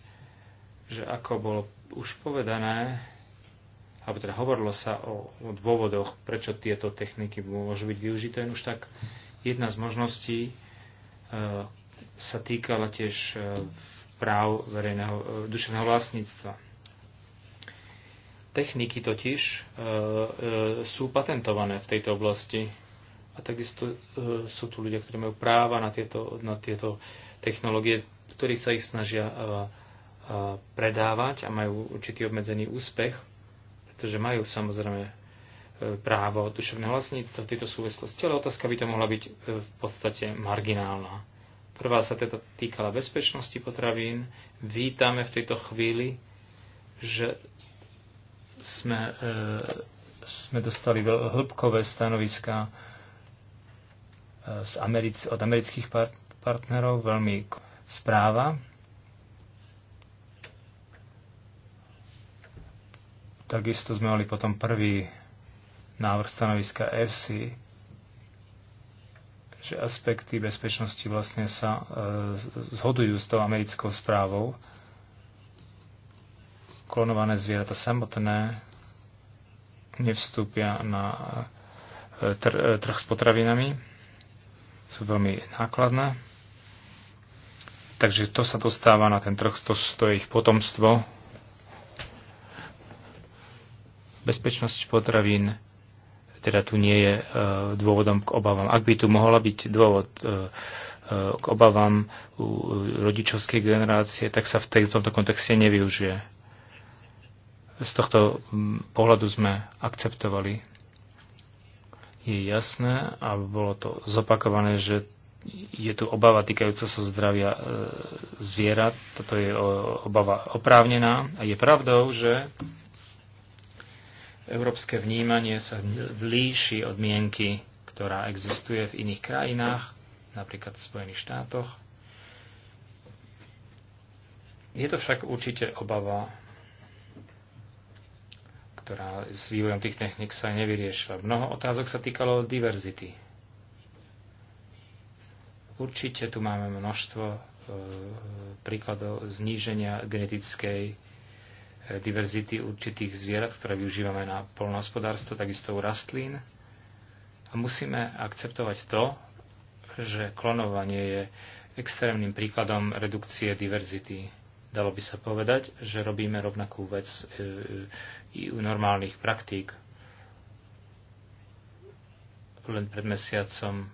[SPEAKER 1] že ako bolo už povedané, alebo teda hovorilo sa o, o dôvodoch, prečo tieto techniky môžu byť využité, no už tak jedna z možností, sa týkala tiež e, práv verejného e, duševného vlastníctva. Techniky totiž e, sú patentované v tejto oblasti a takisto sú tu ľudia, ktorí majú práva na tieto, na tieto technológie, ktorí sa ich snažia predávať a majú určitý obmedzený úspech, pretože majú samozrejme právo duševného vlastníctva v tejto súvislosti, ale otázka by to mohla byť v podstate marginálna Prvá sa teda týkala bezpečnosti potravín. Vítame v tejto chvíli, že sme, e, sme dostali hĺbkové stanoviska e, z Americ- od amerických par- partnerov, veľmi správa. Takisto sme mali potom prvý návrh stanoviska FC že aspekty bezpečnosti vlastne sa e, zhodujú s tou americkou správou. Klonované zvieratá samotné nevstúpia na e, tr- e, trh s potravinami, sú veľmi nákladné. Takže to sa dostáva na ten trh, to, to je ich potomstvo. Bezpečnosť potravín teda tu nie je e, dôvodom k obavám. Ak by tu mohla byť dôvod e, e, k obavám rodičovskej generácie, tak sa v, tej, v tomto kontexte nevyužije. Z tohto pohľadu sme akceptovali. Je jasné a bolo to zopakované, že je tu obava týkajúca sa zdravia zvierat. Toto je obava oprávnená a je pravdou, že Európske vnímanie sa líši od mienky, ktorá existuje v iných krajinách, napríklad v Spojených štátoch. Je to však určite obava, ktorá s vývojom tých technik sa nevyriešila. Mnoho otázok sa týkalo diverzity. Určite tu máme množstvo e, príkladov zníženia genetickej diverzity určitých zvierat, ktoré využívame na polnohospodárstvo, takisto u rastlín. A musíme akceptovať to, že klonovanie je extrémnym príkladom redukcie diverzity. Dalo by sa povedať, že robíme rovnakú vec e, e, i u normálnych praktík. Len pred mesiacom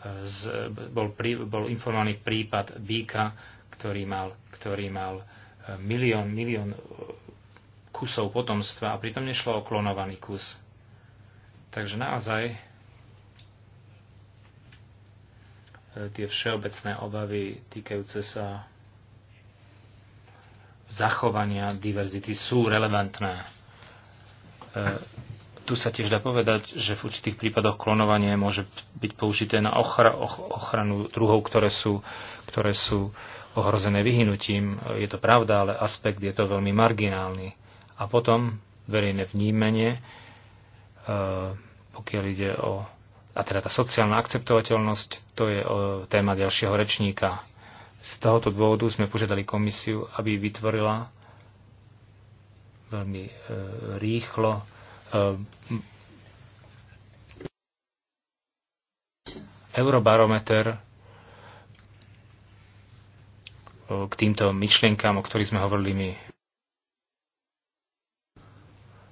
[SPEAKER 1] e, bol, prí, bol informovaný prípad býka, ktorý mal, ktorý mal milión, milión e, kusov potomstva a pritom nešlo o klonovaný kus. Takže naozaj e, tie všeobecné obavy týkajúce sa zachovania diverzity sú relevantné. E, tu sa tiež dá povedať, že v určitých prípadoch klonovanie môže byť použité na ochra, ochranu druhov, ktoré sú, ktoré sú ohrozené vyhnutím. Je to pravda, ale aspekt je to veľmi marginálny. A potom verejné vnímenie, e, pokiaľ ide o... A teda tá sociálna akceptovateľnosť, to je e, téma ďalšieho rečníka. Z tohoto dôvodu sme požiadali komisiu, aby vytvorila veľmi e, rýchlo Ehm, Eurobarometer ehm, k týmto myšlienkám, o ktorých sme hovorili my.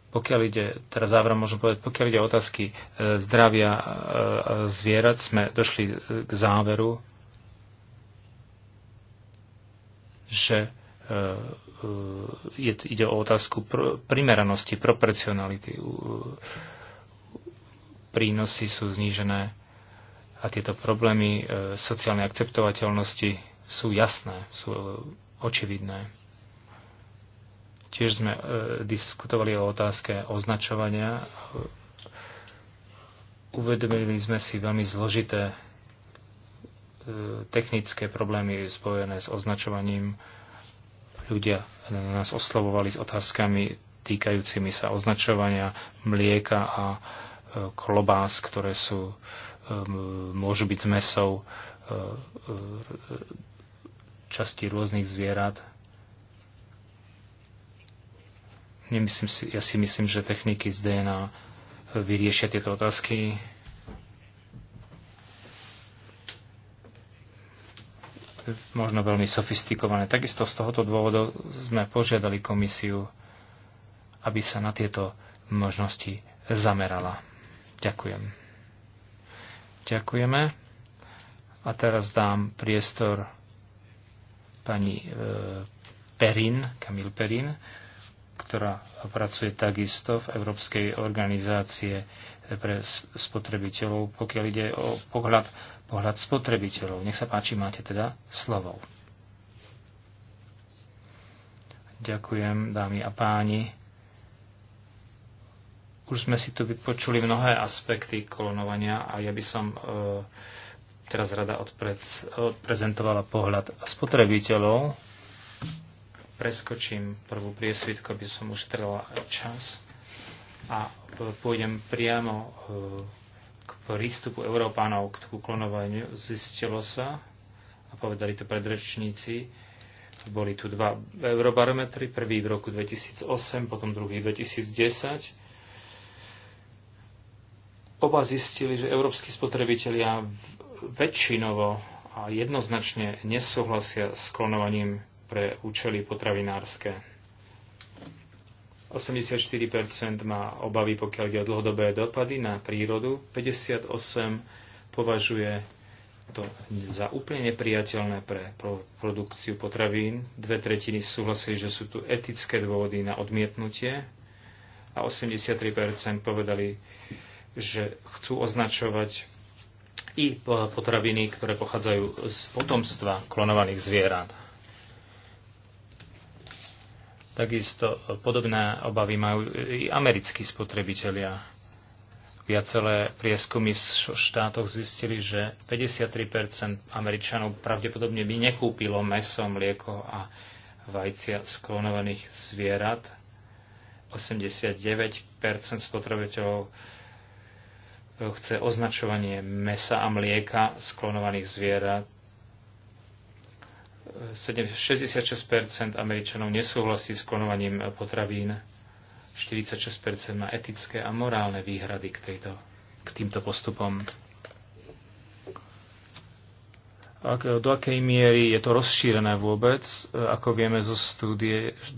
[SPEAKER 1] Pokiaľ ide, teraz závra môžem povedať, pokiaľ ide o otázky ehm, zdravia zvierat, sme došli k záveru, že E, je, ide o otázku pr- primeranosti, proporcionality. Prínosy sú znížené a tieto problémy e, sociálnej akceptovateľnosti sú jasné, sú e, očividné. Tiež sme e, diskutovali o otázke označovania. Uvedomili sme si veľmi zložité e, technické problémy spojené s označovaním e, Ľudia nás oslovovali s otázkami týkajúcimi sa označovania mlieka a e, klobás, ktoré sú, e, môžu byť zmesou e, časti rôznych zvierat. Nemyslím si, ja si myslím, že techniky z DNA vyriešia tieto otázky. možno veľmi sofistikované. Takisto z tohoto dôvodu sme požiadali komisiu, aby sa na tieto možnosti zamerala. Ďakujem. Ďakujeme. A teraz dám priestor pani e, Perin, Kamil Perin, ktorá pracuje takisto v Európskej organizácie pre spotrebiteľov, pokiaľ ide o pohľad pohľad spotrebiteľov. Nech sa páči, máte teda slovo. Ďakujem, dámy a páni. Už sme si tu vypočuli mnohé aspekty kolonovania a ja by som e, teraz rada odprezentovala pohľad spotrebiteľov. Preskočím prvú priesvitku, aby som ušetrila čas a pôjdem priamo e, prístupu Európanov k klonovaniu zistilo sa, a povedali to predrečníci, boli tu dva eurobarometry, prvý v roku 2008, potom druhý v 2010. Oba zistili, že európsky spotrebitelia väčšinovo a jednoznačne nesúhlasia s klonovaním pre účely potravinárske. 84% má obavy, pokiaľ ide o dlhodobé dopady na prírodu, 58% považuje to za úplne nepriateľné pre produkciu potravín. Dve tretiny súhlasili, že sú tu etické dôvody na odmietnutie a 83% povedali, že chcú označovať i potraviny, ktoré pochádzajú z potomstva klonovaných zvierat. Takisto e, podobné obavy majú i americkí spotrebitelia. Viacelé prieskumy v štátoch zistili, že 53 Američanov pravdepodobne by nekúpilo meso, mlieko a vajcia sklonovaných zvierat. 89 spotrebiteľov e, chce označovanie mesa a mlieka sklonovaných zvierat 66 Američanov nesúhlasí s klonovaním potravín, 46 má etické a morálne výhrady k, tejto, k týmto postupom. Ak, do akej miery je to rozšírené vôbec, ako vieme zo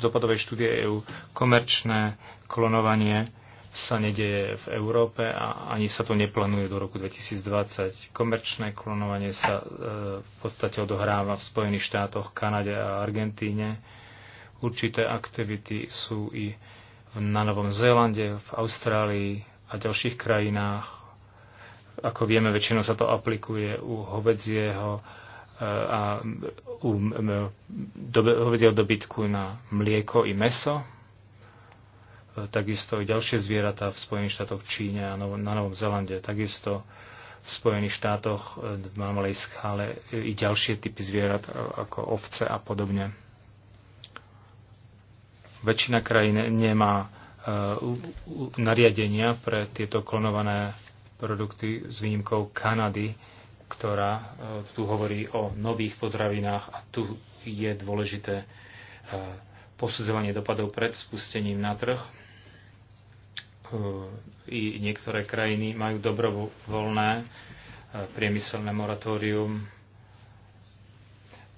[SPEAKER 1] dopadovej štúdie EU, komerčné klonovanie sa nedeje v Európe a ani sa to neplánuje do roku 2020. Komerčné klonovanie sa e, v podstate odohráva v Spojených štátoch, Kanade a Argentíne. Určité aktivity sú i na Novom Zélande, v Austrálii a ďalších krajinách. Ako vieme, väčšinou sa to aplikuje u hovedzieho e, a u hovedzieho dobytku na mlieko i meso takisto i ďalšie zvieratá v Spojených štátoch, Číne a na Novom Zelande, takisto v Spojených štátoch eh, na malej skále eh, i ďalšie typy zvierat eh, ako ovce a podobne. Väčšina krajín nemá nariadenia pre tieto klonované produkty s výnimkou Kanady, ktorá tu hovorí o nových potravinách a tu je dôležité posudzovanie dopadov pred spustením na trh E, i niektoré krajiny majú dobrovoľné e, priemyselné moratórium,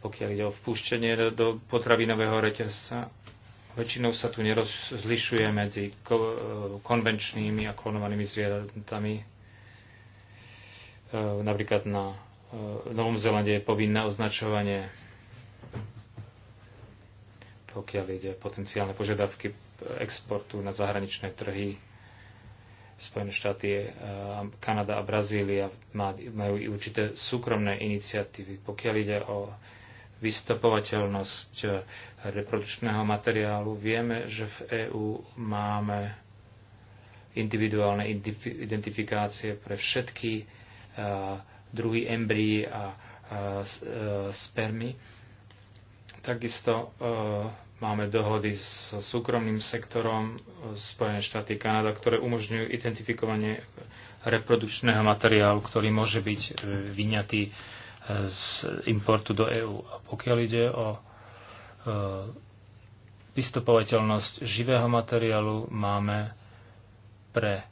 [SPEAKER 1] pokiaľ ide o vpúštenie do potravinového reťazca. Väčšinou sa tu nerozlišuje medzi e, konvenčnými a klonovanými zvieratami. Napríklad na Novom Zelande je povinné označovanie, pokiaľ ide potenciálne požiadavky exportu na zahraničné trhy Spojené štáty, eh, Kanada a Brazília majú i určité súkromné iniciatívy. Pokiaľ ide o vystopovateľnosť eh, reprodukčného materiálu, vieme, že v EÚ máme individuálne identifikácie pre všetky eh, druhy embryí a spermy. Takisto Máme dohody s súkromným sektorom Spojené štáty Kanada, ktoré umožňujú identifikovanie reprodukčného materiálu, ktorý môže byť e, vyňatý e, z importu do EÚ. A pokiaľ ide o e, vystupovateľnosť živého materiálu, máme pre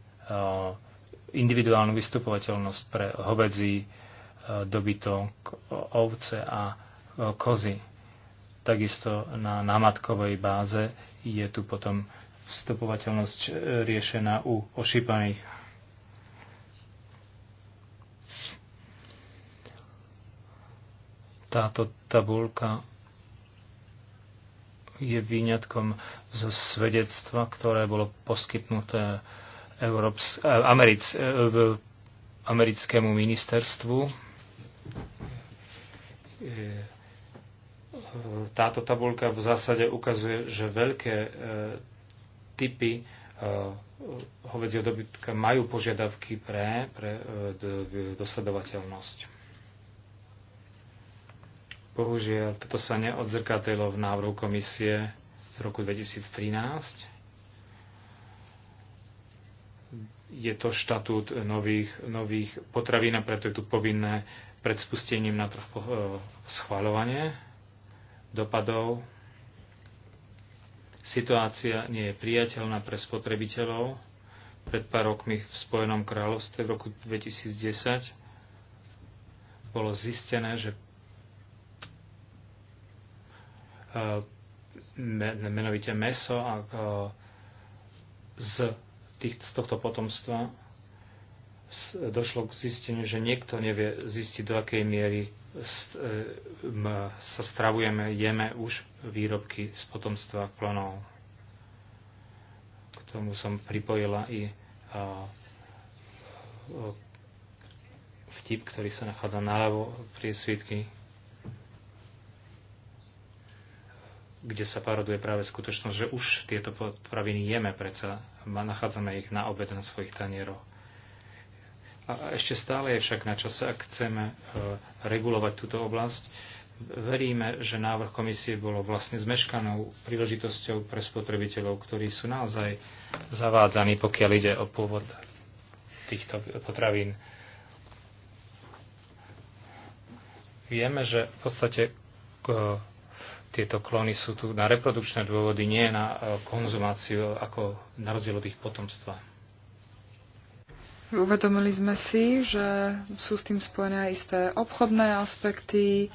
[SPEAKER 1] individuálnu vystupovateľnosť pre hovedzí, dobytok, ovce a kozy Takisto na námatkovej báze je tu potom vstupovateľnosť e, riešená u ošípaných. Táto tabulka je výňatkom zo svedectva, ktoré bolo poskytnuté Európs- e, Americ, e, americkému ministerstvu táto tabulka v zásade ukazuje, že veľké e, typy e, hovedzieho dobytka majú požiadavky pre, pre e, dosledovateľnosť. Bohužiaľ, toto sa neodzrkadlilo v návrhu komisie z roku 2013. Je to štatút nových, nových potravín a preto je tu povinné pred spustením na trh schváľovanie dopadov. Situácia nie je priateľná pre spotrebiteľov. Pred pár rokmi v Spojenom kráľovstve v roku 2010 bolo zistené, že eh, menovite meso a eh, z, tých, z tohto potomstva došlo k zisteniu, že niekto nevie zistiť, do akej miery e, sa stravujeme, jeme už výrobky z potomstva klonov. K tomu som pripojila i vtip, ktorý sa nachádza naľavo svítky, kde sa paroduje práve skutočnosť, že už tieto potraviny jeme, predsa nachádzame ich na obed na svojich tanieroch a ešte stále je však na čase, ak chceme e, regulovať túto oblasť. Veríme, že návrh komisie bolo vlastne zmeškanou príležitosťou pre spotrebiteľov, ktorí sú naozaj zavádzaní, pokiaľ ide o pôvod týchto potravín. Vieme, že v podstate e, tieto klony sú tu na reprodukčné dôvody, nie na e, konzumáciu, ako na rozdiel od ich potomstva.
[SPEAKER 2] Uvedomili sme si, že sú s tým spojené isté obchodné aspekty.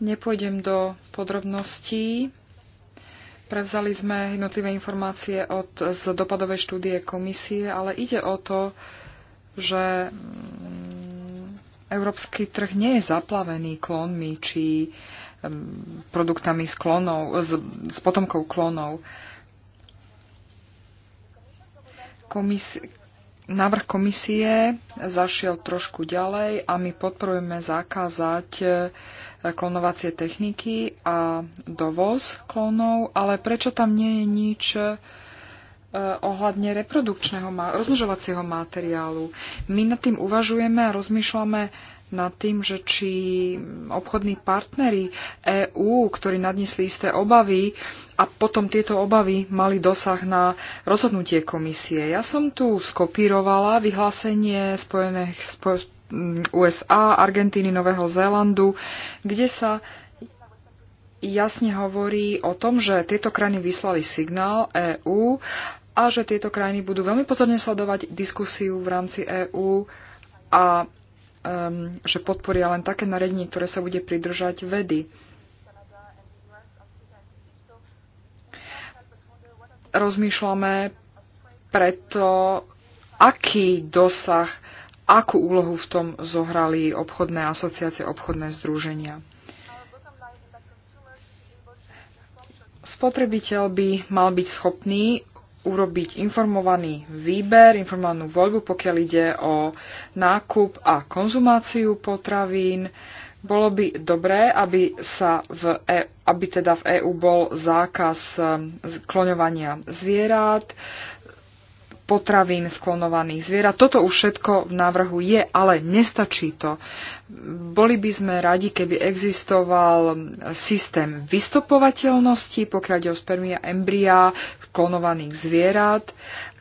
[SPEAKER 2] Nepôjdem do podrobností. Prevzali sme jednotlivé informácie od, z dopadovej štúdie komisie, ale ide o to, že mm, európsky trh nie je zaplavený klonmi či mm, produktami s, klonou, s, s potomkov klonov. Návrh komisie zašiel trošku ďalej a my podporujeme zakázať e, klonovacie techniky a dovoz klonov, ale prečo tam nie je nič e, ohľadne reprodukčného, rozmnožovacieho materiálu. My nad tým uvažujeme a rozmýšľame nad tým, že či obchodní partnery EÚ, ktorí nadnesli isté obavy a potom tieto obavy mali dosah na rozhodnutie komisie. Ja som tu skopírovala vyhlásenie Spojených spo, USA, Argentíny, Nového Zélandu, kde sa jasne hovorí o tom, že tieto krajiny vyslali signál EÚ a že tieto krajiny budú veľmi pozorne sledovať diskusiu v rámci EÚ a um, že podporia len také nariadenie, ktoré sa bude pridržať vedy. Rozmýšľame preto, aký dosah, akú úlohu v tom zohrali obchodné asociácie, obchodné združenia. Spotrebiteľ by mal byť schopný urobiť informovaný výber, informovanú voľbu, pokiaľ ide o nákup a konzumáciu potravín. Bolo by dobré, aby, sa v e, aby teda v EÚ bol zákaz ehm, kloňovania zvierat, potravín sklonovaných zvierat. Toto už všetko v návrhu je, ale nestačí to. Boli by sme radi, keby existoval systém vystopovateľnosti, pokiaľ ide o spermia embriá klonovaných zvierat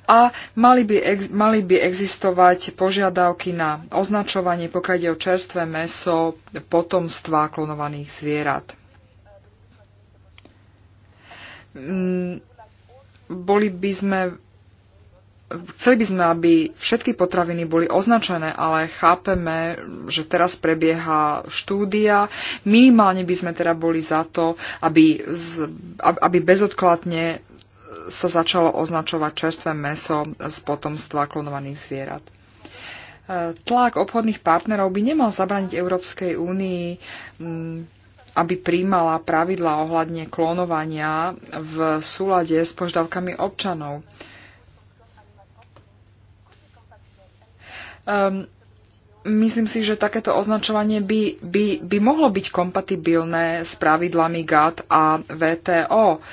[SPEAKER 2] a mali by, ex, mali by existovať požiadavky na označovanie, pokiaľ ide o čerstvé meso potomstva klonovaných zvierat. Mm, boli by sme Chceli by sme, aby všetky potraviny boli označené, ale chápeme, že teraz prebieha štúdia. Minimálne by sme teda boli za to, aby, aby bezodkladne sa začalo označovať čerstvé meso z potomstva klonovaných zvierat. E, tlak obchodných partnerov by nemal zabraniť Európskej únii, mm, aby príjmala pravidla ohľadne klonovania v súlade s požiadavkami občanov. Um, myslím si, že takéto označovanie by, by, by mohlo byť kompatibilné s pravidlami GATT a VTO.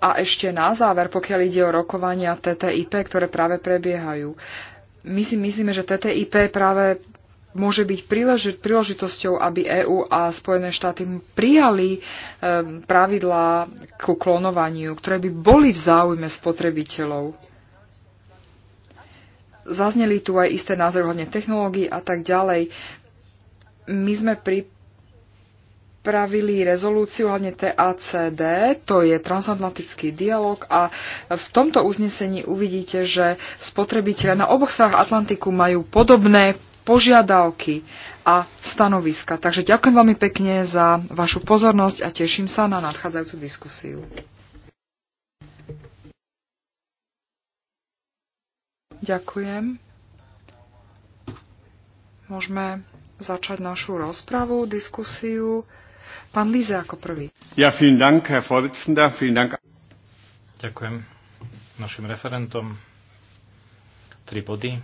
[SPEAKER 2] A ešte na záver, pokiaľ ide o rokovania TTIP, ktoré práve prebiehajú. My si myslíme, že TTIP práve môže byť príležitosťou, aby EÚ a Spojené štáty prijali ehm, pravidlá ku klonovaniu, ktoré by boli v záujme spotrebiteľov zazneli tu aj isté názory hodne technológií a tak ďalej. My sme pripravili rezolúciu hlavne TACD, to je transatlantický dialog a v tomto uznesení uvidíte, že spotrebitelia na oboch stranách Atlantiku majú podobné požiadavky a stanoviska. Takže ďakujem veľmi pekne za vašu pozornosť a teším sa na nadchádzajúcu diskusiu. Ďakujem. Môžeme začať našu rozpravu, diskusiu. Pán Líze ako prvý.
[SPEAKER 3] Ja, vielen Dank,
[SPEAKER 1] Herr Vorsitzender, vielen Dank. Ďakujem našim referentom. Tri body.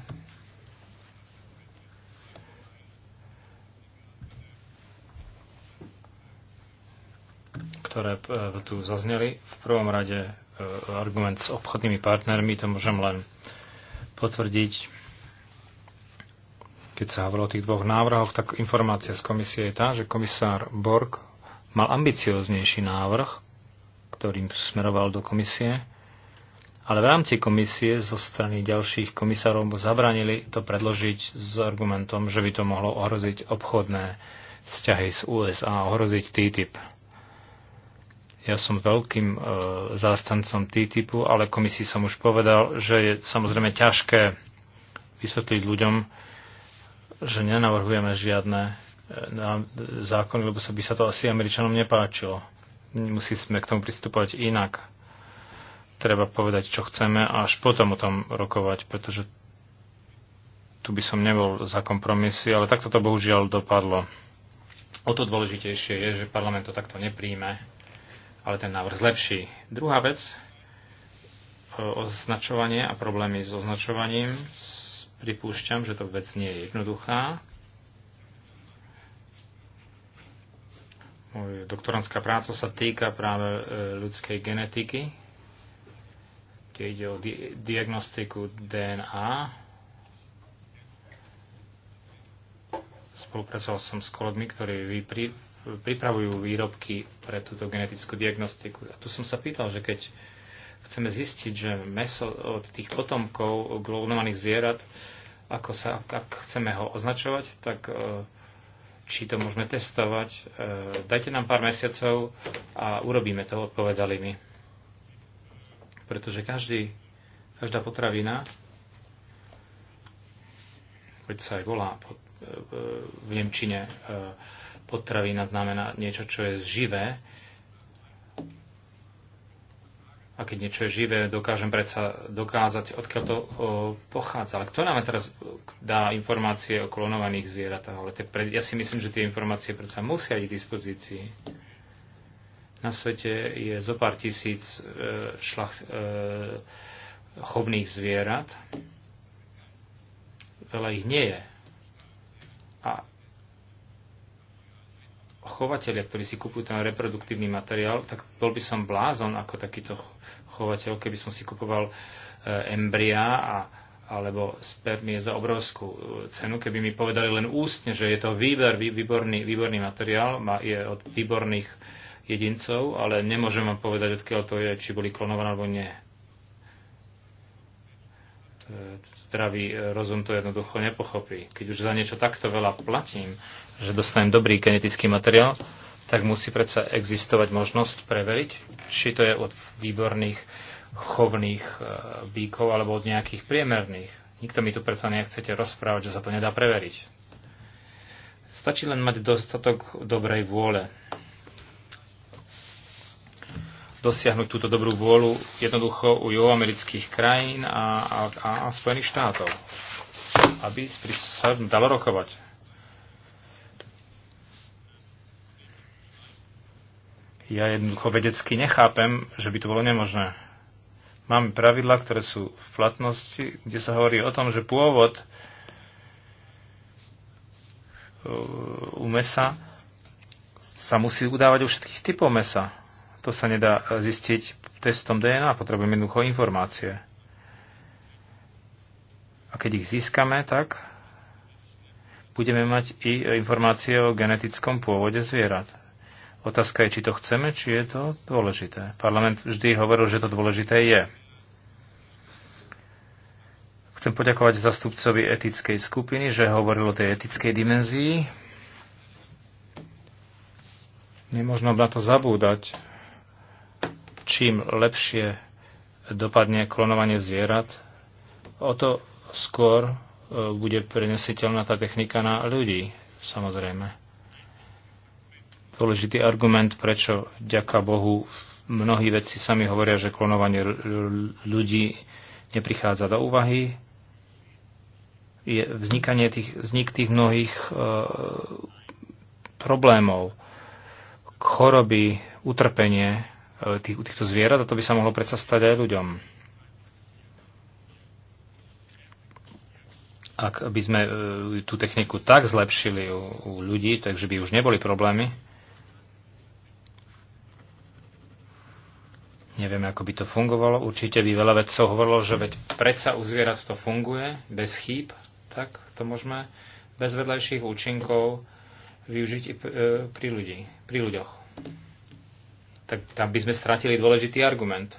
[SPEAKER 1] ktoré e, tu zazneli. V prvom rade e, argument s obchodnými partnermi, to môžem len potvrdiť, keď sa hovorilo o tých dvoch návrhoch, tak informácia z komisie je tá, že komisár Borg mal ambicioznejší návrh, ktorým smeroval do komisie, ale v rámci komisie zo strany ďalších komisárov mu zabranili to predložiť s argumentom, že by to mohlo ohroziť obchodné vzťahy z USA, ohroziť TTIP. Ja som veľkým e, zástancom TTIPu, ale komisii som už povedal, že je samozrejme ťažké vysvetliť ľuďom, že nenavrhujeme žiadne e, zákony, lebo sa by sa to asi Američanom nepáčilo. Musí sme k tomu pristupovať inak. Treba povedať, čo chceme a až potom o tom rokovať, pretože tu by som nebol za kompromisy, ale takto to bohužiaľ dopadlo. O to dôležitejšie je, že parlament to takto nepríjme ale ten návrh zlepší. Druhá vec, e, označovanie a problémy s označovaním. Pripúšťam, že to vec nie je jednoduchá. Moja doktorantská práca sa týka práve e, ľudskej genetiky, kde ide o di- diagnostiku DNA. Spolupracoval som s kolegmi, ktorí vypri- pripravujú výrobky pre túto genetickú diagnostiku. A tu som sa pýtal, že keď chceme zistiť, že meso od tých potomkov klonovaných zvierat, ako sa, ak chceme ho označovať, tak e, či to môžeme testovať. E, dajte nám pár mesiacov a urobíme to, odpovedali mi. Pretože každý, každá potravina, keď sa aj volá e, v Nemčine, Potravina znamená niečo, čo je živé. A keď niečo je živé, dokážem predsa dokázať, odkiaľ to o, pochádza. Ale kto nám teraz dá informácie o klonovaných zvieratách? Ale pre, ja si myslím, že tie informácie predsa musia ísť k dispozícii. Na svete je zo pár tisíc e, šlach, e, chovných zvierat. Veľa ich nie je. A chovateľia, ktorí si kupujú ten reproduktívny materiál, tak bol by som blázon ako takýto chovateľ, keby som si kupoval e, embriá a, alebo spermie za obrovskú e, cenu, keby mi povedali len ústne, že je to výber, výborný, výborný materiál, má, je od výborných jedincov, ale nemôžem vám povedať, odkiaľ to je, či boli klonované alebo nie zdravý rozum to jednoducho nepochopí. Keď už za niečo takto veľa platím, že dostanem dobrý genetický materiál, tak musí predsa existovať možnosť preveriť, či to je od výborných chovných e, bíkov alebo od nejakých priemerných. Nikto mi tu predsa nechcete rozprávať, že sa to nedá preveriť. Stačí len mať dostatok dobrej vôle dosiahnuť túto dobrú vôľu jednoducho u juhoamerických krajín a, a, a, a Spojených štátov, aby sa dalo rokovať. Ja jednoducho vedecky nechápem, že by to bolo nemožné. Máme pravidla, ktoré sú v platnosti, kde sa hovorí o tom, že pôvod e, u mesa sa musí udávať u všetkých typov mesa to sa nedá e, zistiť testom DNA, potrebujeme jednoducho informácie. A keď ich získame, tak budeme mať i informácie o genetickom pôvode zvierat. Otázka je, či to chceme, či je to dôležité. Parlament vždy hovoril, že to dôležité je. Chcem poďakovať zastupcovi etickej skupiny, že hovoril o tej etickej dimenzii. Nemôžno na to zabúdať čím lepšie dopadne klonovanie zvierat, o to skôr e, bude prenesiteľná tá technika na ľudí, samozrejme. Dôležitý argument, prečo, ďaká Bohu, mnohí vedci sami hovoria, že klonovanie ľudí neprichádza do úvahy, je vznikanie tých, vznik tých mnohých e, problémov, choroby, utrpenie, E, tých, týchto zvierat a to by sa mohlo predsa stať aj ľuďom. Ak by sme e, tú techniku tak zlepšili u, u ľudí, takže by už neboli problémy, Neviem, ako by to fungovalo. Určite by veľa vedcov hovorilo, že veď predsa u zvierat to funguje, bez chýb, tak to môžeme bez vedľajších účinkov využiť i e, pri, ľudí, pri ľuďoch tak tam by sme stratili dôležitý argument.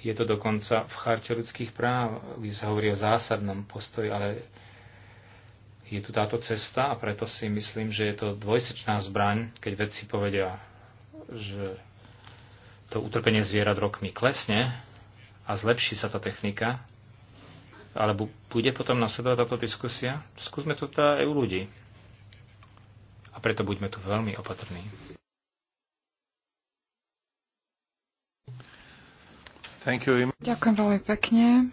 [SPEAKER 1] Je to dokonca v charte ľudských práv, kde sa hovorí o zásadnom postoji, ale je tu táto cesta a preto si myslím, že je to dvojsečná zbraň, keď vedci povedia, že to utrpenie zvierat rokmi klesne a zlepší sa tá technika, alebo bude potom nasledovať táto diskusia? Skúsme to teda aj u ľudí. A preto buďme tu veľmi opatrní.
[SPEAKER 2] Ďakujem veľmi pekne.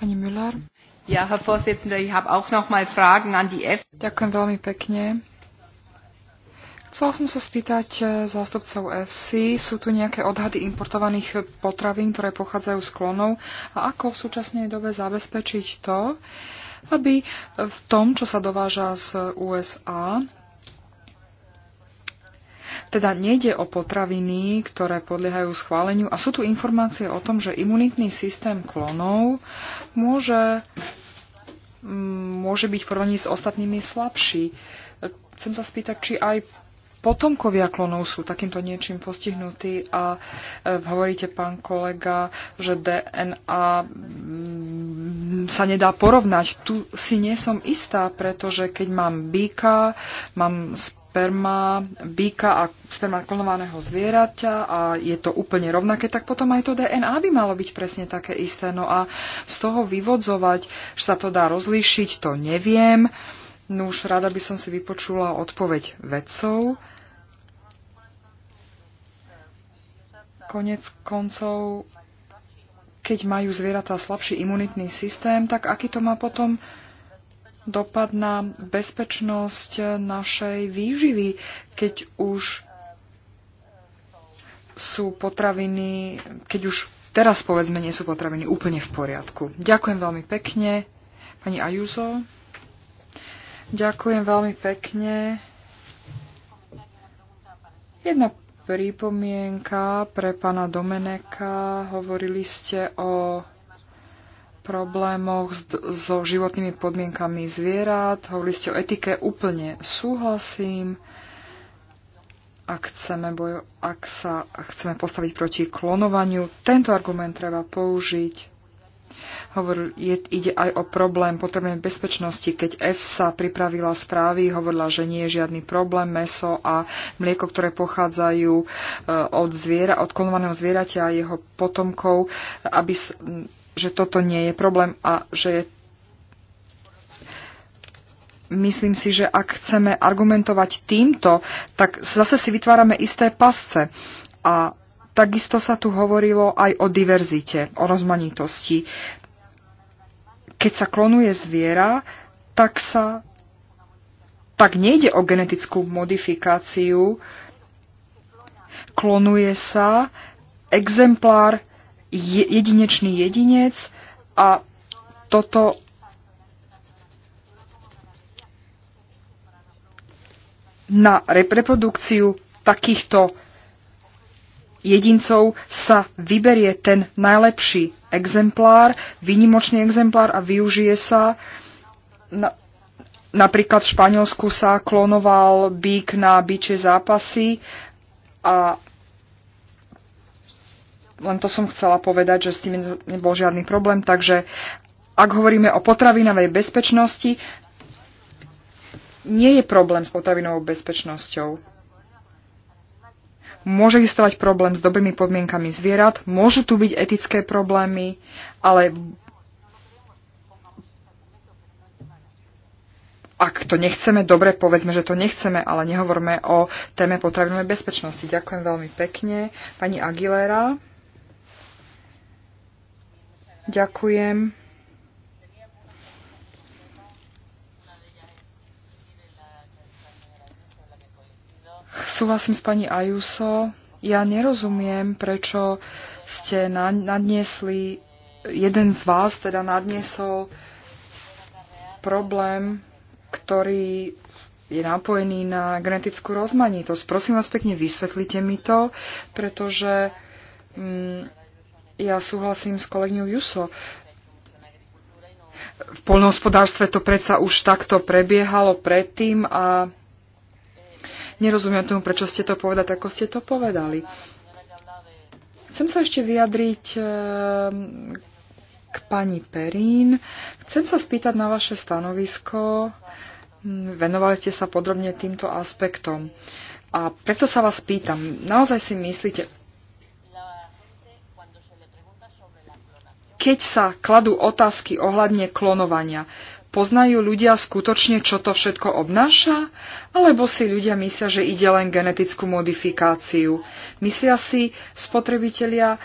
[SPEAKER 2] Pani Müller. Ja, Herr Vorsitzender, ich habe auch noch mal Fragen an die F. Ďakujem veľmi pekne. Chcela som sa spýtať eh, zástupcov FC, sú tu nejaké odhady importovaných potravín, ktoré pochádzajú z klonov a ako v súčasnej dobe zabezpečiť to, aby v tom, čo sa dováža z USA, teda nejde o potraviny, ktoré podliehajú schváleniu a sú tu informácie o tom, že imunitný systém klonov môže, mm, môže byť v porovnaní s ostatnými slabší. Chcem sa spýtať, či aj potomkovia klonov sú takýmto niečím postihnutí a e, hovoríte, pán kolega, že DNA m, mm, sa nedá porovnať. Tu si nie som istá, pretože keď mám býka, mám sp- sperma býka a sperma klonovaného zvieraťa a je to úplne rovnaké, tak potom aj to DNA by malo byť presne také isté. No a z toho vyvodzovať, že sa to dá rozlíšiť, to neviem. No už rada by som si vypočula odpoveď vedcov. Konec koncov, keď majú zvieratá slabší imunitný systém, tak aký to má potom dopad na bezpečnosť našej výživy, keď už sú potraviny, keď už teraz povedzme nie sú potraviny úplne v poriadku. Ďakujem veľmi pekne, pani Ajuzo. Ďakujem veľmi pekne. Jedna pripomienka pre pána Domeneka. Hovorili ste o problémoch so životnými podmienkami zvierat, hovorili ste o etike, úplne súhlasím. Ak, chceme bojo, ak sa ak chceme postaviť proti klonovaniu, tento argument treba použiť. Hovoril, je, ide aj o problém potrebnej bezpečnosti. Keď EFSA pripravila správy, hovorila, že nie je žiadny problém. Meso a mlieko, ktoré pochádzajú e, od, zviera, od klonovaného zvieratia a jeho potomkov, aby že toto nie je problém a že je myslím si, že ak chceme argumentovať týmto, tak zase si vytvárame isté pasce. A takisto sa tu hovorilo aj o diverzite, o rozmanitosti. Keď sa klonuje zviera, tak sa tak nejde o genetickú modifikáciu, klonuje sa exemplár jedinečný jedinec a toto na reprodukciu takýchto jedincov sa vyberie ten najlepší exemplár, výnimočný exemplár a využije sa. Na, napríklad v Španielsku sa klonoval bík na biče zápasy a len to som chcela povedať, že s tým nebol žiadny problém, takže ak hovoríme o potravinovej bezpečnosti, nie je problém s potravinovou bezpečnosťou môže existovať problém s dobrými podmienkami zvierat, môžu tu byť etické problémy, ale ak to nechceme, dobre povedzme, že to nechceme, ale nehovorme o téme potravinovej bezpečnosti. Ďakujem veľmi pekne. Pani Aguilera. Ďakujem. Súhlasím s pani Ajuso. Ja nerozumiem, prečo ste nadniesli, jeden z vás teda nadniesol problém, ktorý je napojený na genetickú rozmanitosť. Prosím vás pekne, vysvetlite mi to, pretože mm, ja súhlasím s kolegňou Juso. V polnohospodárstve to predsa už takto prebiehalo predtým a nerozumiem tomu, prečo ste to povedali, ako ste to povedali. Chcem sa ešte vyjadriť ehm, k pani Perín. Chcem sa spýtať na vaše stanovisko. Hm, venovali ste sa podrobne týmto aspektom. A preto sa vás pýtam, naozaj si myslíte, keď sa kladú otázky ohľadne klonovania. Poznajú ľudia skutočne, čo to všetko obnáša? Alebo si ľudia myslia, že ide len genetickú modifikáciu? Myslia si spotrebitelia,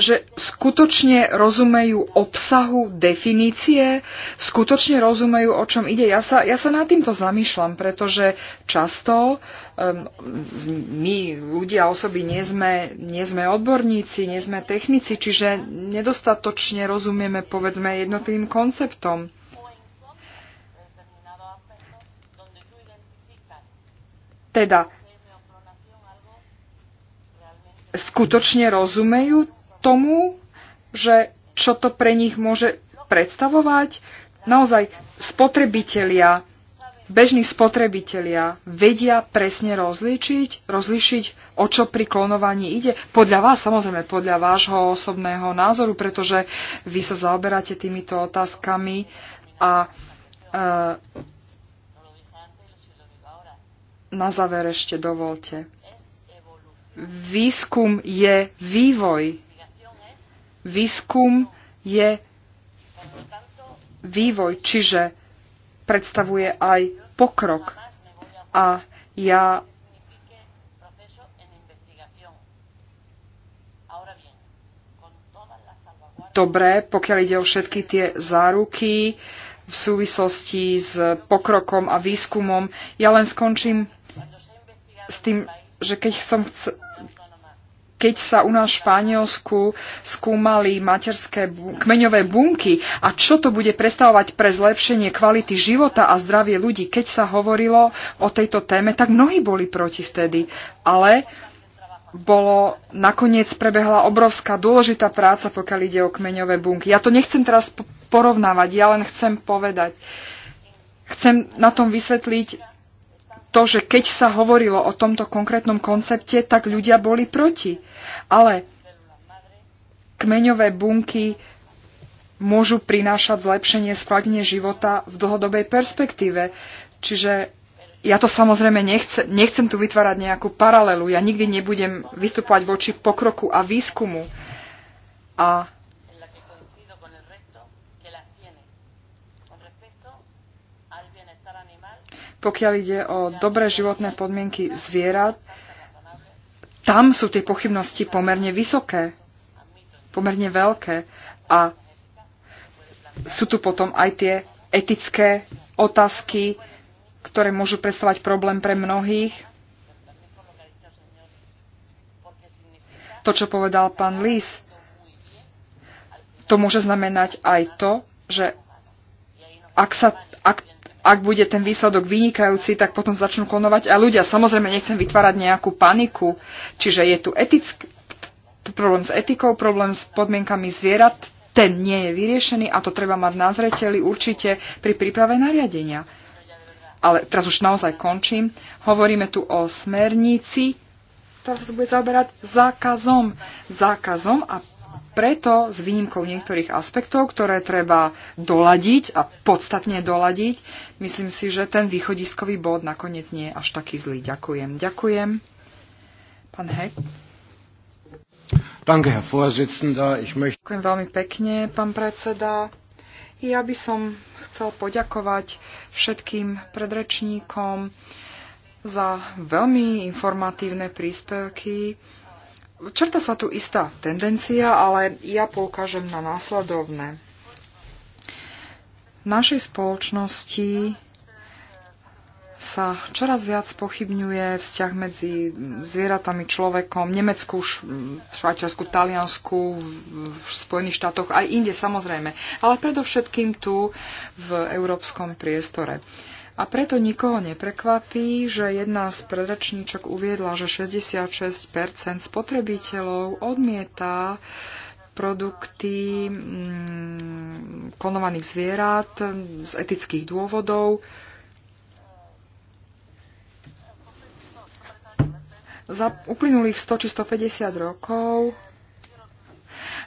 [SPEAKER 2] že skutočne rozumejú obsahu definície, skutočne rozumejú, o čom ide. Ja sa, ja sa nad týmto zamýšľam, pretože často um, my ľudia, osoby, nie sme, nie sme odborníci, nie sme technici, čiže nedostatočne rozumieme, povedzme, jednotlivým konceptom. Teda, skutočne rozumejú tomu, že čo to pre nich môže predstavovať. Naozaj spotrebitelia, bežní spotrebitelia vedia presne rozlíčiť, rozlíšiť, o čo pri klonovaní ide. Podľa vás, samozrejme, podľa vášho osobného názoru, pretože vy sa zaoberáte týmito otázkami a e, na záver ešte dovolte. Výskum je vývoj, Výskum je vývoj, čiže predstavuje aj pokrok. A ja Dobre, pokiaľ ide o všetky tie záruky v súvislosti s pokrokom a výskumom, ja len skončím s tým, že keď som chcel, keď sa u nás v Španielsku skúmali materské kmeňové bunky a čo to bude predstavovať pre zlepšenie kvality života a zdravie ľudí, keď sa hovorilo o tejto téme, tak mnohí boli proti vtedy. Ale bolo, nakoniec prebehla obrovská dôležitá práca, pokiaľ ide o kmeňové bunky. Ja to nechcem teraz porovnávať, ja len chcem povedať. Chcem na tom vysvetliť, to, že keď sa hovorilo o tomto konkrétnom koncepte, tak ľudia boli proti. Ale kmeňové bunky môžu prinášať zlepšenie skladenie života v dlhodobej perspektíve. Čiže ja to samozrejme nechcem, nechcem tu vytvárať nejakú paralelu. Ja nikdy nebudem vystupovať voči pokroku a výskumu. A pokiaľ ide o dobré životné podmienky zvierat, tam sú tie pochybnosti pomerne vysoké, pomerne veľké. A sú tu potom aj tie etické otázky, ktoré môžu predstavať problém pre mnohých. To, čo povedal pán Lís, to môže znamenať aj to, že ak, sa, ak ak bude ten výsledok vynikajúci, tak potom začnú klonovať a ľudia. Samozrejme, nechcem vytvárať nejakú paniku. Čiže je tu etick- problém s etikou, problém s podmienkami zvierat, ten nie je vyriešený a to treba mať na zreteli určite pri príprave nariadenia. Ale teraz už naozaj končím. Hovoríme tu o smernici, ktorá sa bude zaoberať zákazom. Zákazom a preto s výnimkou niektorých aspektov, ktoré treba doladiť a podstatne doladiť, myslím si, že ten východiskový bod nakoniec nie je až taký zlý. Ďakujem. Ďakujem. Pán Heck.
[SPEAKER 1] Danke, Herr Vorsitzender. Ich möchte...
[SPEAKER 2] Ďakujem veľmi pekne, pán predseda. Ja by som chcel poďakovať všetkým predrečníkom za veľmi informatívne príspevky. Črta sa tu istá tendencia, ale ja poukážem na následovné. V našej spoločnosti sa čoraz viac pochybňuje vzťah medzi zvieratami, človekom, Nemecku, Švajčiarsku, Taliansku, v Spojených štátoch, aj inde samozrejme, ale predovšetkým tu v európskom priestore. Uh, a preto nikoho neprekvapí, že jedna z predračníčok uviedla, že 66 spotrebiteľov odmieta produkty mm, zvierat z etických dôvodov. Za uplynulých 100 či 150 rokov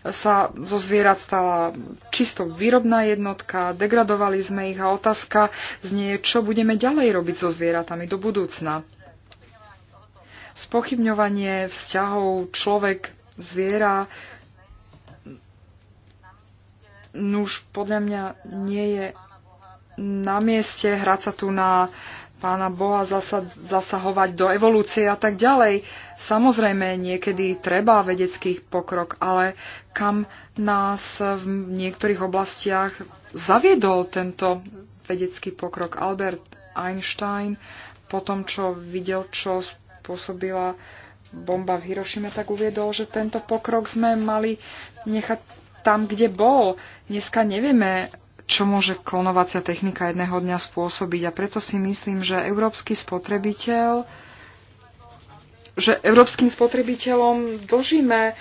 [SPEAKER 2] sa zo zvierat stala čisto výrobná jednotka, degradovali sme ich a otázka znie, čo budeme ďalej robiť so zvieratami do budúcna. Spochybňovanie vzťahov človek zviera už podľa mňa nie je na mieste hrať sa tu na uh, pána Boha zasa, zasahovať do evolúcie a tak ďalej. Samozrejme, niekedy treba vedecký pokrok, ale kam nás v niektorých oblastiach zaviedol tento vedecký pokrok Albert Einstein po tom, čo videl, čo spôsobila bomba v Hirošime, tak uviedol, že tento pokrok sme mali nechať tam, kde bol. Dneska nevieme, čo môže klonovacia technika jedného dňa spôsobiť. A preto si myslím, že európsky spotrebiteľ že európskym spotrebiteľom dožíme e,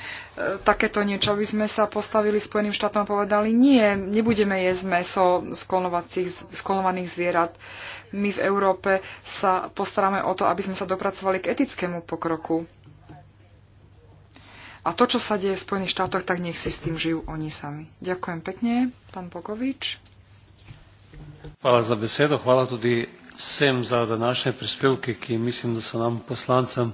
[SPEAKER 2] takéto niečo, aby sme sa postavili Spojeným štátom a povedali, nie, nebudeme jesť meso z klonovaných zvierat. My v Európe sa postaráme o to, aby sme sa dopracovali k etickému pokroku. A to, čo sa deje v Spojených štátoch, tak nech si s tým žijú oni sami. Ďakujem pekne, pán Bogovič.
[SPEAKER 1] Hvala za besedo, hvala tudi vsem za današnje prispevke, ki mislim, da so nam poslancem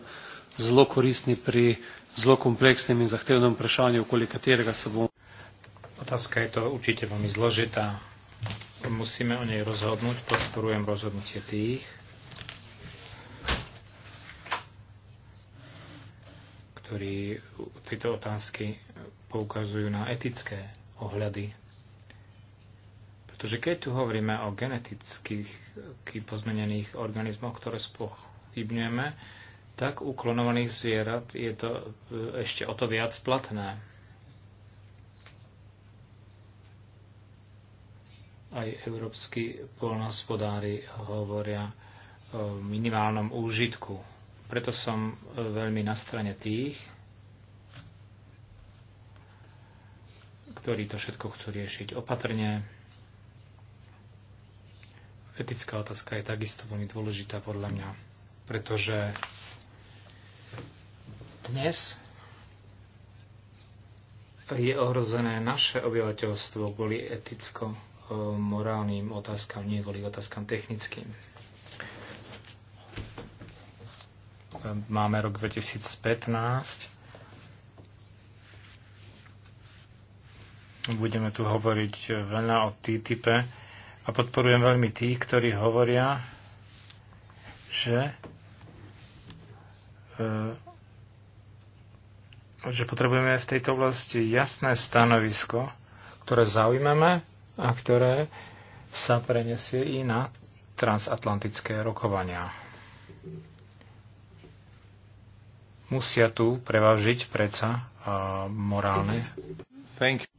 [SPEAKER 1] zelo koristni pri zelo kompleksnem in zahtevnem vprašanju, okoli katerega se bomo. Otázka je to určite veľmi zložitá. Musíme o nej rozhodnúť. Podporujem rozhodnutie tých, ktorí tieto otázky poukazujú na etické ohľady. Pretože keď tu hovoríme o genetických pozmenených organizmoch, ktoré spochybňujeme, tak u klonovaných zvierat je to e, ešte o to viac platné. Aj európsky polnohospodári hovoria o minimálnom úžitku preto som e, veľmi na strane tých, ktorí to všetko chcú riešiť opatrne. Etická otázka je takisto veľmi dôležitá podľa mňa, pretože dnes je ohrozené naše obyvateľstvo kvôli eticko-morálnym e, otázkam, nie kvôli otázkam technickým. Máme rok 2015. budeme tu hovoriť e, veľa o TTIP a podporujem veľmi tých, ktorí hovoria, že, e, že potrebujeme v tejto oblasti jasné stanovisko, ktoré zaujmeme a ktoré sa prenesie i na transatlantické rokovania. Musia tu prevážiť predsa a morálne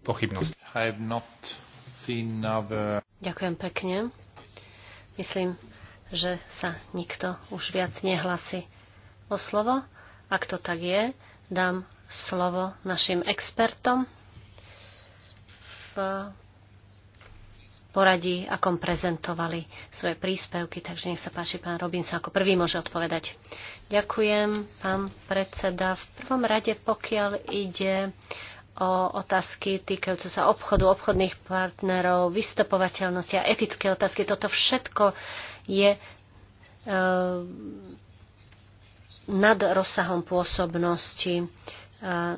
[SPEAKER 1] pochybnosti.
[SPEAKER 3] Ďakujem pekne. Myslím, že sa nikto už viac nehlasí o slovo. Ak to tak je, dám slovo našim expertom v poradí, akom prezentovali svoje príspevky. Takže nech sa páči, pán sa ako prvý môže odpovedať. Ďakujem, pán predseda. V prvom rade, pokiaľ ide o otázky týkajúce sa obchodu, obchodných partnerov, vystopovateľnosti a etické otázky, toto všetko je e, nad rozsahom pôsobnosti e,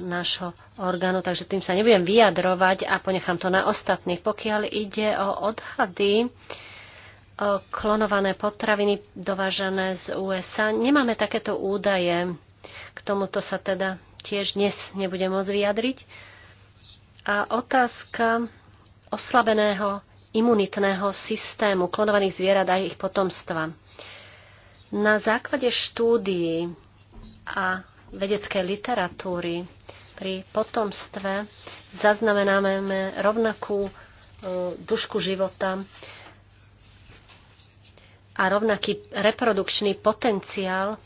[SPEAKER 3] nášho orgánu, takže tým sa nebudem vyjadrovať a ponechám to na ostatných. Pokiaľ ide o odhady, e, klonované potraviny dovážané z USA. Nemáme takéto údaje. K tomuto sa teda tiež dnes nebudem môcť vyjadriť. A otázka oslabeného imunitného systému klonovaných zvierat a ich potomstva. Na základe štúdií a vedeckej literatúry pri potomstve zaznamenáme rovnakú e, dušku života a rovnaký reprodukčný potenciál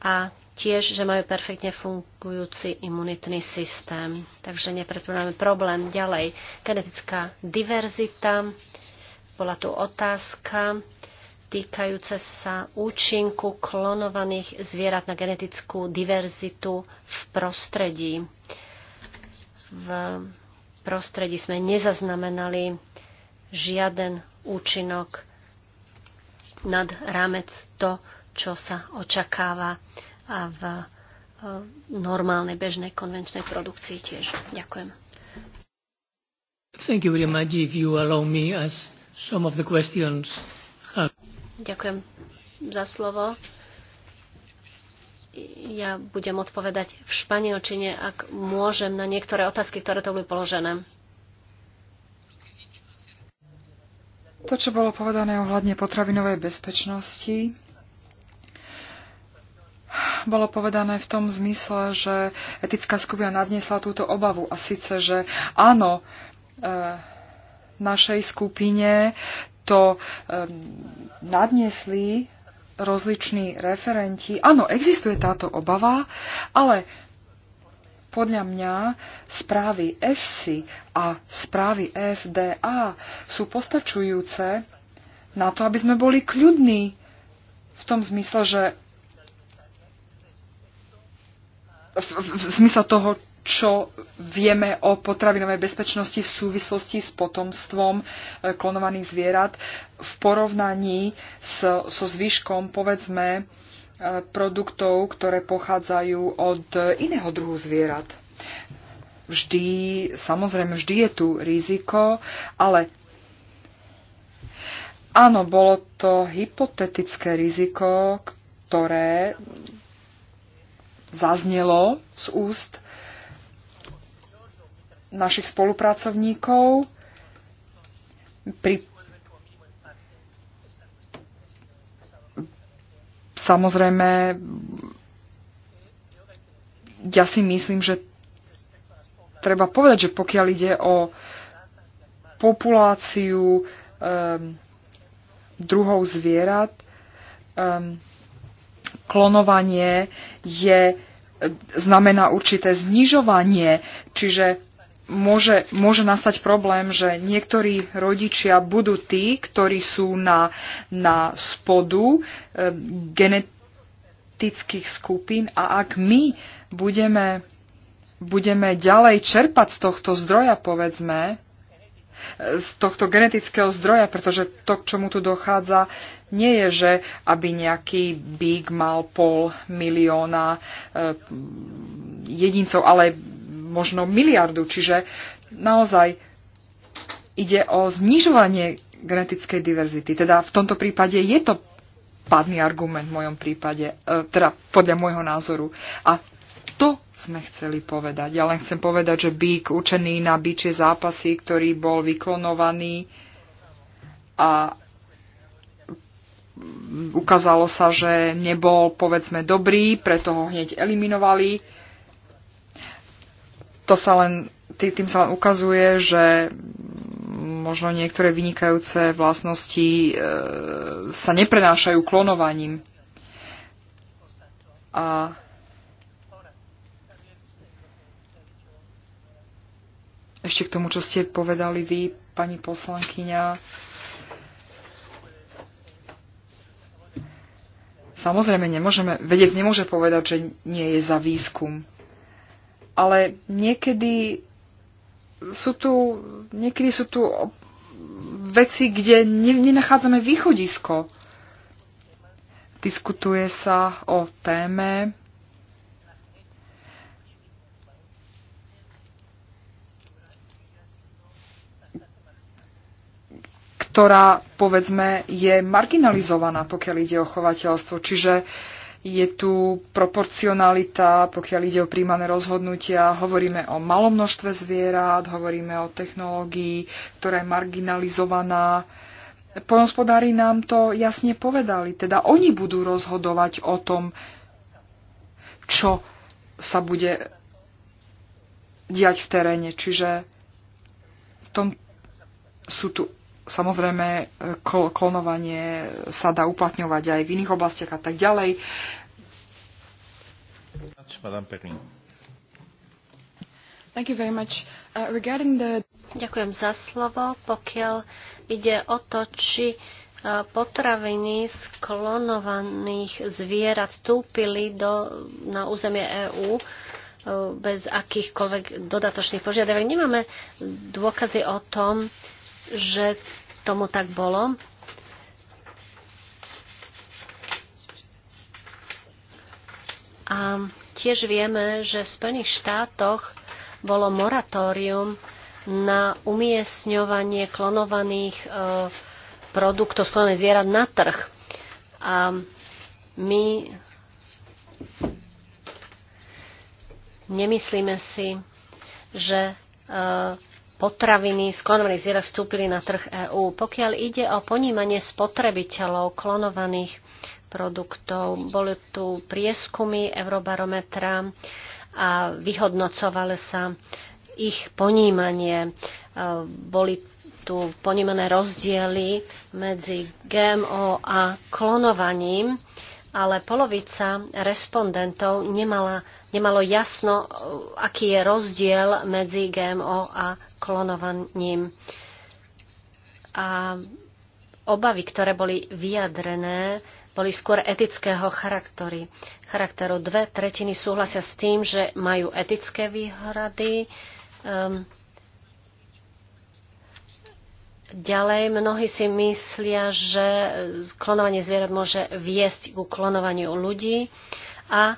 [SPEAKER 3] a tiež, že majú perfektne fungujúci imunitný systém. Takže nepredpokladáme problém. Ďalej, genetická diverzita. Bola tu otázka týkajúce sa účinku klonovaných zvierat na genetickú diverzitu v prostredí. V prostredí sme nezaznamenali žiaden účinok nad rámec to, čo sa očakáva a v e, normálnej, bežnej, konvenčnej produkcii tiež. Ďakujem. Thank
[SPEAKER 1] you very much if you allow me as some of the questions have...
[SPEAKER 3] Ďakujem za slovo. Ja budem odpovedať v španielčine, ak môžem, na niektoré otázky, ktoré to boli položené.
[SPEAKER 2] To, čo bolo povedané ohľadne potravinovej bezpečnosti, bolo povedané v tom zmysle, že etická skupina nadniesla túto obavu a síce, že áno, e, našej skupine to e, nadniesli rozliční referenti. Áno, existuje táto obava, ale podľa mňa správy EFSI a správy FDA sú postačujúce na to, aby sme boli kľudní v tom zmysle, že v, zmysle toho, čo vieme o potravinovej bezpečnosti v súvislosti s potomstvom e, klonovaných zvierat v porovnaní so, so zvyškom, povedzme, produktov, ktoré pochádzajú od iného druhu zvierat. Vždy, samozrejme, vždy je tu riziko, ale áno, bolo to hypotetické riziko, ktoré zaznelo z úst našich spolupracovníkov pri Samozrejme, ja si myslím, že treba povedať, že pokiaľ ide o populáciu um, druhov zvierat, um, klonovanie je, e, znamená určité znižovanie, čiže môže, môže nastať problém, že niektorí rodičia budú tí, ktorí sú na, na spodu e, genetických skupín a ak my budeme, budeme ďalej čerpať z tohto zdroja, povedzme, eh, z tohto genetického zdroja, pretože to, k čomu tu dochádza, nie je, že aby nejaký big mal pol milióna e, jedincov, ale možno miliardu. Čiže naozaj ide o znižovanie genetickej diverzity. Teda v tomto prípade je to pádny argument v mojom prípade, e, teda podľa môjho názoru. A to sme chceli povedať. Ja len chcem povedať, že bík učený na biče zápasy, ktorý bol vyklonovaný a ukázalo sa, že nebol povedzme dobrý, preto ho hneď eliminovali to sa len, tým sa len ukazuje, že možno niektoré vynikajúce vlastnosti e, sa neprenášajú klonovaním. A ešte k tomu, čo ste povedali vy, pani poslankyňa. Samozrejme, nemôžeme, vedec nemôže povedať, že nie je za výskum ale niekedy sú tu, niekedy sú tu veci, kde nenachádzame východisko. Diskutuje sa o téme, ktorá, povedzme, je marginalizovaná, pokiaľ ide o chovateľstvo. Čiže uh, je tu proporcionalita, pokiaľ ide o príjmané rozhodnutia. Hovoríme o malom množstve zvierat, hovoríme o technológii, ktorá je marginalizovaná. Poľnospodári nám to jasne povedali, teda oni budú rozhodovať o tom, čo sa bude diať v teréne. Čiže v tom sú tu Samozrejme, e, klonovanie sa dá uplatňovať aj v iných oblastiach a tak ďalej.
[SPEAKER 3] Thank you very much. Uh, regarding the... Ďakujem za slovo. Pokiaľ ide o to, či uh, potraviny z klonovaných zvierat vstúpili na územie EÚ, uh, bez akýchkoľvek dodatočných požiadaviek. Nemáme dôkazy o tom, že tomu tak bolo. A tiež vieme, že v Spojených štátoch bolo moratórium na umiestňovanie klonovaných e, produktov z klonovaných zvierat na trh. A my nemyslíme si, že e, potraviny z klonovaných zvierat vstúpili na trh EÚ. Pokiaľ ide o ponímanie spotrebiteľov klonovaných produktov, boli tu prieskumy Eurobarometra a vyhodnocovali sa ich ponímanie. E, boli tu ponímané rozdiely medzi GMO a klonovaním ale polovica respondentov nemala, nemalo jasno, aký je rozdiel medzi GMO a klonovaním. A obavy, ktoré boli vyjadrené, boli skôr etického charaktery. charakteru. Dve tretiny súhlasia s tým, že majú etické výhrady. Um, Ďalej, mnohí si myslia, že klonovanie zvierat môže viesť ku klonovaniu ľudí a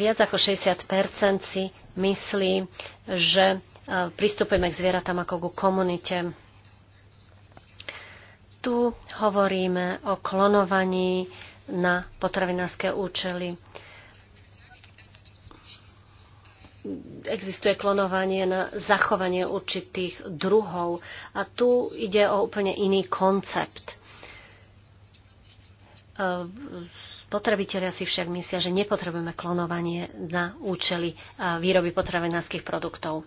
[SPEAKER 3] viac ako 60 si myslí, že e, pristupujeme k zvieratám ako ku komunite. Tu hovoríme o klonovaní na potravinárske účely. existuje klonovanie na zachovanie určitých druhov. A tu ide o úplne iný koncept. Ehm, spotrebitelia si však myslia, že nepotrebujeme klonovanie na účely e, výroby potravinárskych produktov.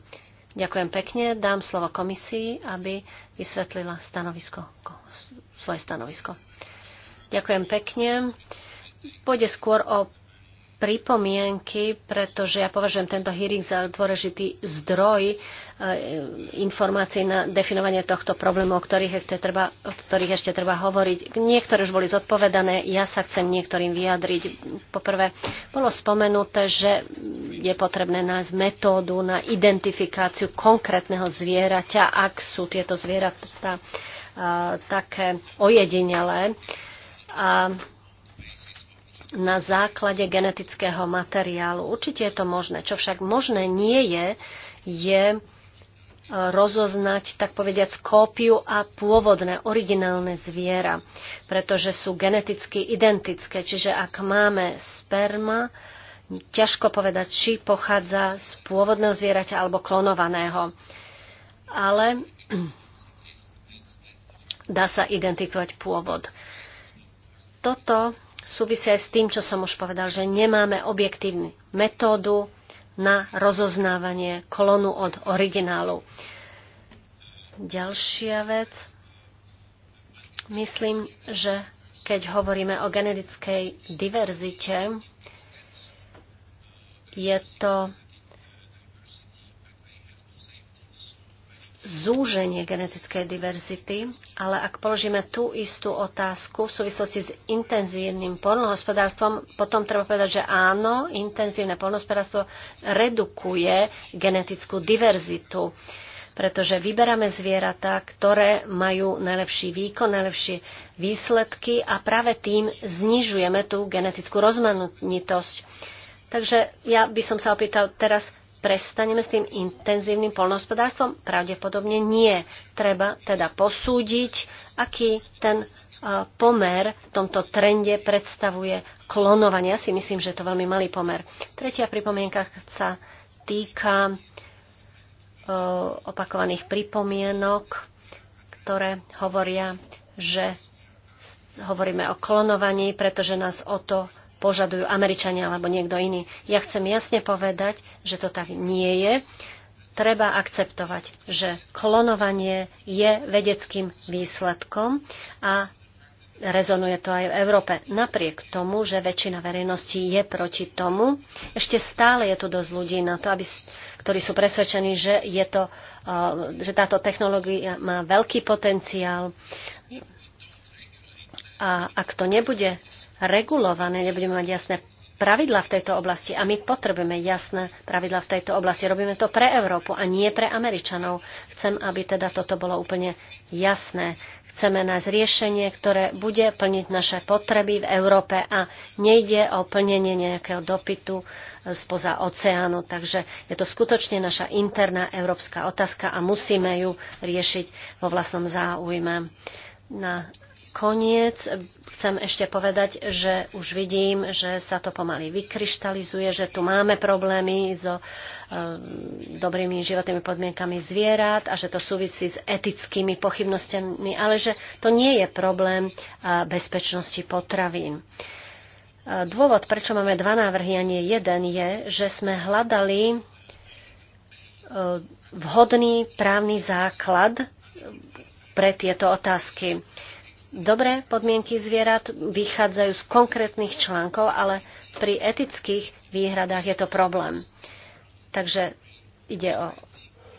[SPEAKER 3] Ďakujem pekne. Dám slovo komisii, aby vysvetlila stanovisko, svoje stanovisko. Ďakujem pekne. Pôjde skôr o pripomienky, pretože ja považujem tento hearing za dôležitý zdroj e, informácií na definovanie tohto problému, o ktorých, ešte treba, o ktorých ešte treba hovoriť. Niektoré už boli zodpovedané, ja sa chcem niektorým vyjadriť. Poprvé, bolo spomenuté, že je potrebné nájsť metódu na identifikáciu konkrétneho zvieraťa, ak sú tieto zvieratá e, také ojedinelé. A na základe genetického materiálu. Určite je to možné. Čo však možné nie je, je e, rozoznať, tak povediať, kópiu a pôvodné, originálne zviera, pretože sú geneticky identické. Čiže ak máme sperma, ťažko povedať, či pochádza z pôvodného zvieraťa alebo klonovaného. Ale dá sa identifikovať pôvod. Toto súvisia aj s tým, čo som už povedal, že nemáme objektívnu metódu na rozoznávanie klonu od originálu. Ďalšia vec. Myslím, že keď hovoríme o genetickej diverzite, je to zúženie genetickej diverzity, ale ak položíme tú istú otázku v súvislosti s intenzívnym polnohospodárstvom, potom treba povedať, že áno, intenzívne polnohospodárstvo redukuje genetickú diverzitu, pretože vyberáme zvieratá, ktoré majú najlepší výkon, najlepšie výsledky a práve tým znižujeme tú genetickú rozmanitosť. Takže ja by som sa opýtal teraz, prestaneme s tým intenzívnym polnohospodárstvom? Pravdepodobne nie. Treba teda posúdiť, aký ten e, pomer v tomto trende predstavuje klonovanie. Ja si myslím, že je to veľmi malý pomer. Tretia pripomienka sa týka e, opakovaných pripomienok, ktoré hovoria, že hovoríme o klonovaní, pretože nás o to požadujú Američania alebo niekto iný. Ja chcem jasne povedať, že to tak nie je. Treba akceptovať, že klonovanie je vedeckým výsledkom a rezonuje to aj v Európe. Napriek tomu, že väčšina verejnosti je proti tomu, ešte stále je tu dosť ľudí na to, aby, ktorí sú presvedčení, že, je to, eh, že táto technológia má veľký potenciál. A ak to nebude regulované, nebudeme mať jasné pravidla v tejto oblasti a my potrebujeme jasné pravidla v tejto oblasti. Robíme to pre Európu a nie pre Američanov. Chcem, aby teda toto bolo úplne jasné. Chceme nájsť riešenie, ktoré bude plniť naše potreby v Európe a nejde o plnenie nejakého dopytu e, spoza oceánu. Takže je to skutočne naša interná európska otázka a musíme ju riešiť vo vlastnom záujme. Na koniec chcem ešte povedať, že už vidím, že sa to pomaly vykryštalizuje, že tu máme problémy so e, dobrými životnými podmienkami zvierat a že to súvisí s etickými pochybnostiami, ale že to nie je problém e, bezpečnosti potravín. E, dôvod, prečo máme dva návrhy a nie jeden, je, že sme hľadali vhodný právny základ pre tieto otázky. Dobré podmienky zvierat vychádzajú z konkrétnych článkov, ale pri etických výhradách je to problém. Takže ide o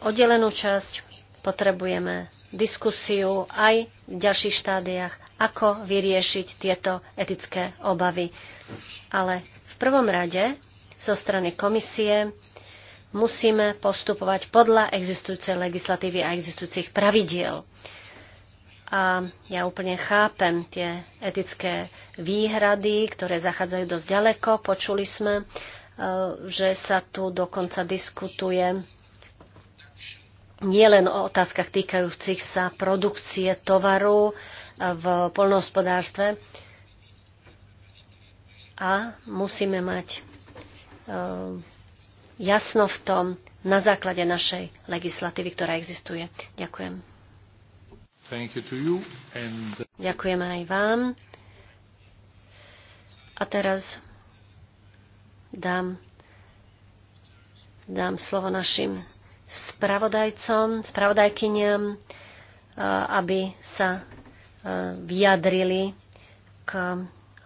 [SPEAKER 3] oddelenú časť, potrebujeme diskusiu aj v ďalších štádiách, ako vyriešiť tieto etické obavy. Ale v prvom rade zo strany komisie musíme postupovať podľa existujúcej legislatívy a existujúcich pravidiel. A ja úplne chápem tie etické výhrady, ktoré zachádzajú dosť ďaleko. Počuli sme, e, že sa tu dokonca diskutuje nie len o otázkach týkajúcich sa produkcie tovaru e, v polnohospodárstve. A musíme mať e, jasno v tom na základe našej legislatívy, ktorá existuje. Ďakujem. Ďakujem aj vám. A teraz dám, dám slovo našim spravodajcom, spravodajkyniam, aby sa vyjadrili k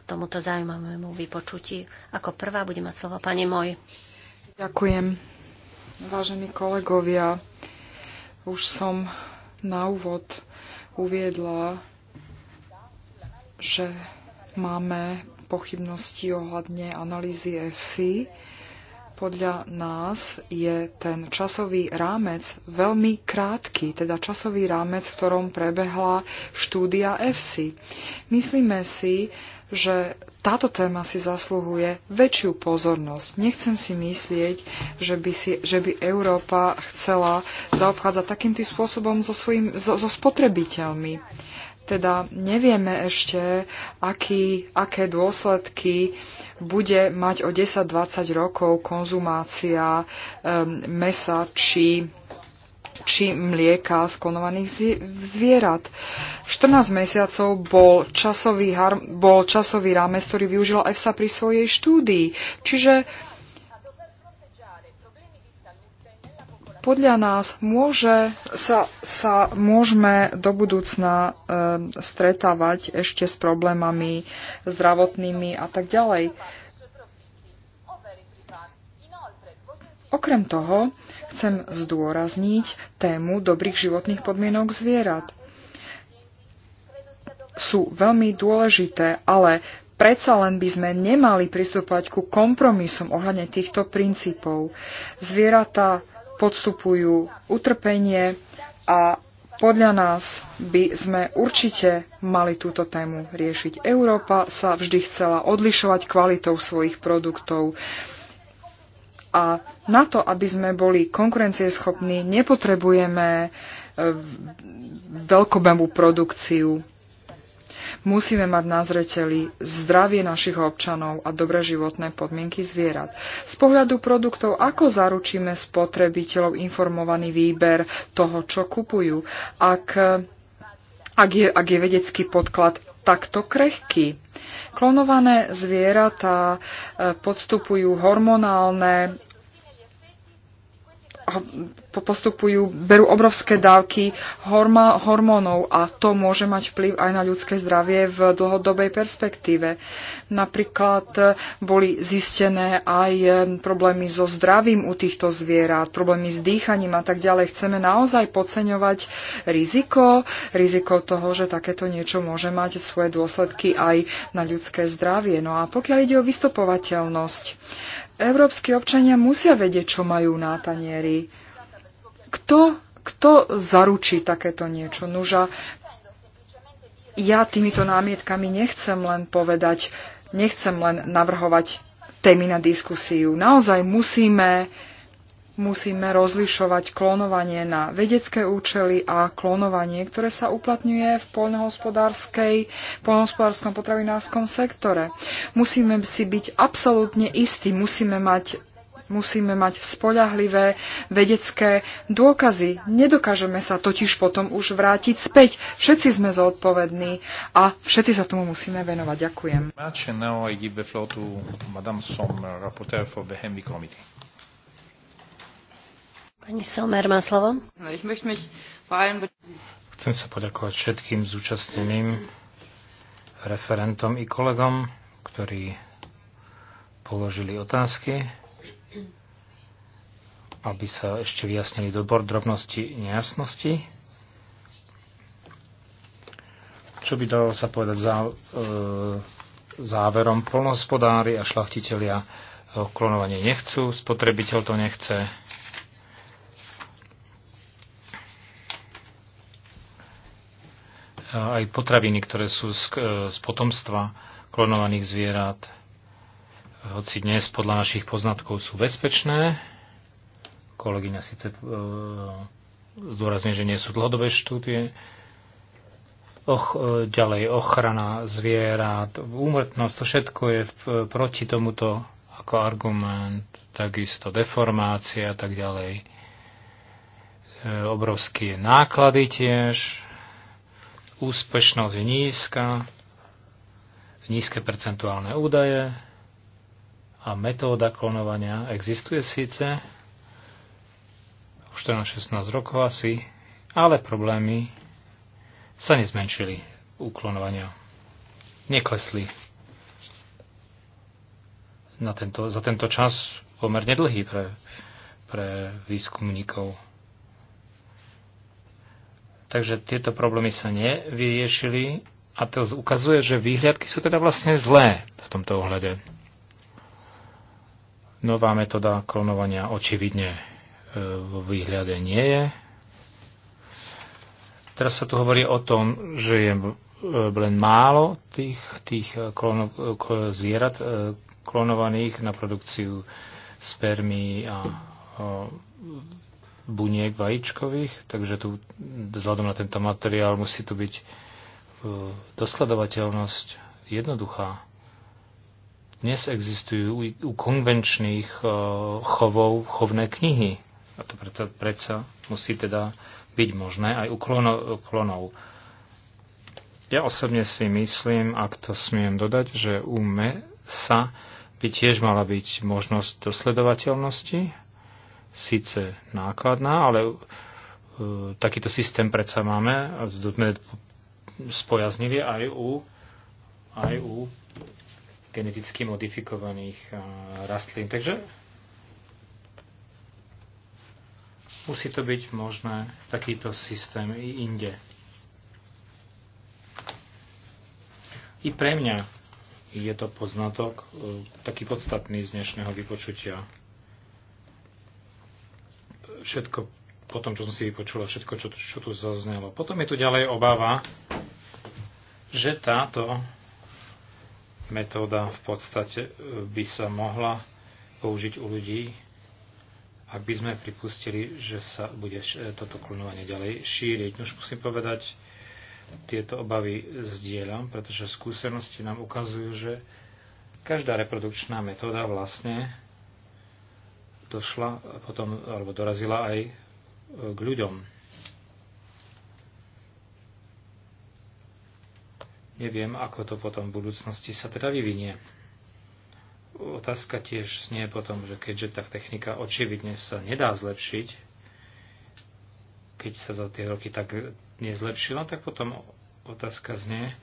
[SPEAKER 3] tomuto zaujímavému vypočutí. Ako prvá bude mať slovo pani Moj. Ďakujem.
[SPEAKER 2] Vážení kolegovia, už som na úvod uviedla, že máme pochybnosti ohľadne analýzy FC. Podľa nás je ten časový rámec veľmi krátky, teda časový rámec, v ktorom prebehla štúdia FC. Myslíme si, že táto téma si zasluhuje väčšiu pozornosť. Nechcem si myslieť, že by, si, že by Európa chcela zaobchádzať takýmto spôsobom so, svojim, so, so spotrebiteľmi. Teda nevieme ešte, aký, aké dôsledky bude mať o 10-20 rokov konzumácia um, mesa či či mlieka z klonovaných zvierat. 14 mesiacov bol časový, bol časový rámec, ktorý využila EFSA pri svojej štúdii. Čiže podľa nás môže, sa, sa môžeme do budúcna e, stretávať ešte s problémami zdravotnými a tak ďalej. Okrem toho, chcem zdôrazniť tému dobrých životných podmienok zvierat. Sú veľmi dôležité, ale Predsa len by sme nemali pristúpať ku kompromisom ohľadne týchto princípov. Zvieratá podstupujú utrpenie a podľa nás by sme určite mali túto tému riešiť. Európa sa vždy chcela odlišovať kvalitou svojich produktov. A na to, aby sme boli konkurencieschopní, nepotrebujeme e, veľkobemú produkciu. Musíme mať na zreteli zdravie našich občanov a dobré životné podmienky zvierat. Z pohľadu produktov, ako zaručíme spotrebiteľov informovaný výber toho, čo kupujú, ak, e, ak, je, ak je vedecký podklad takto krehký. Klonované zvieratá e, podstupujú hormonálne postupujú, berú obrovské dávky hormónov a to môže mať vplyv aj na ľudské zdravie v dlhodobej perspektíve. Napríklad eh, boli zistené aj eh, problémy so zdravím u týchto zvierat, problémy s dýchaním a tak ďalej. Chceme naozaj podceňovať riziko, riziko toho, že takéto niečo môže mať svoje dôsledky aj na ľudské zdravie. No a pokiaľ ide o vystupovateľnosť, Európsky občania musia vedieť, čo majú na tanieri. Kto, kto zaručí takéto niečo? Nuža, ja týmito námietkami nechcem len povedať, nechcem len navrhovať témy na diskusiu. Naozaj musíme musíme rozlišovať klonovanie na vedecké účely a klonovanie, ktoré sa uplatňuje v poľnohospodárskom potravinárskom sektore. Musíme si byť absolútne istí, musíme mať musíme mať spoľahlivé vedecké dôkazy. Nedokážeme sa totiž potom už vrátiť späť. Všetci sme zodpovední a všetci sa tomu musíme venovať. Ďakujem.
[SPEAKER 3] Pani má slovo.
[SPEAKER 1] Chcem sa poďakovať všetkým zúčastneným referentom i kolegom, ktorí položili otázky, aby sa ešte vyjasnili dobor drobnosti nejasnosti. Čo by dalo sa povedať za, e, záverom? Polnohospodári a šlachtitelia e, klonovanie nechcú, spotrebiteľ to nechce, aj potraviny, ktoré sú z, e, z potomstva klonovaných zvierat, hoci dnes podľa našich poznatkov sú bezpečné. Kolegyňa síce e, zdôrazňuje, že nie sú dlhodobé štúdie. Och, e, ďalej ochrana zvierat, úmrtnosť, to všetko je v, proti tomuto ako argument, takisto deformácia a tak ďalej. E, obrovské náklady tiež Úspešnosť je nízka, nízke percentuálne údaje a metóda klonovania existuje síce už 14-16 rokov asi, ale problémy sa nezmenšili u klonovania. Neklesli. Na tento, za tento čas pomerne dlhý pre, pre výskumníkov Takže tieto problémy sa nevyriešili a to ukazuje, že výhľadky sú teda vlastne zlé v tomto ohľade. Nová metóda klonovania očividne e, v výhľade nie je. Teraz sa tu hovorí o tom, že je e, len málo tých, tých e, klono, zvierat klonovaných na produkciu spermí a buniek vajíčkových, takže tu vzhľadom na tento materiál musí tu byť e, dosledovateľnosť jednoduchá. Dnes existujú u konvenčných e, chovov chovné knihy. A to preto, predsa musí teda byť možné aj u klonov. Ja osobne si myslím, ak to smiem dodať, že u mesa by tiež mala byť možnosť dosledovateľnosti, síce nákladná, ale e, takýto systém predsa máme, a sme spojaznili aj u, aj u geneticky modifikovaných e, rastlín. Takže musí to byť možné takýto systém i inde. I pre mňa je to poznatok e, taký podstatný z dnešného vypočutia všetko po tom, čo som si vypočula, všetko, čo, čo tu zaznelo. Potom je tu ďalej obava, že táto metóda v podstate e, by sa mohla použiť u ľudí, ak by sme pripustili, že sa bude e, toto klonovanie ďalej šíriť. Už musím povedať, tieto obavy zdieľam, pretože skúsenosti nám ukazujú, že každá reprodukčná metóda vlastne došla potom, alebo dorazila aj e, k ľuďom. Neviem, ako to potom v budúcnosti sa teda vyvinie. Otázka tiež znie potom, že keďže tá technika očividne sa nedá zlepšiť, keď sa za tie roky tak nezlepšila, tak potom otázka znie,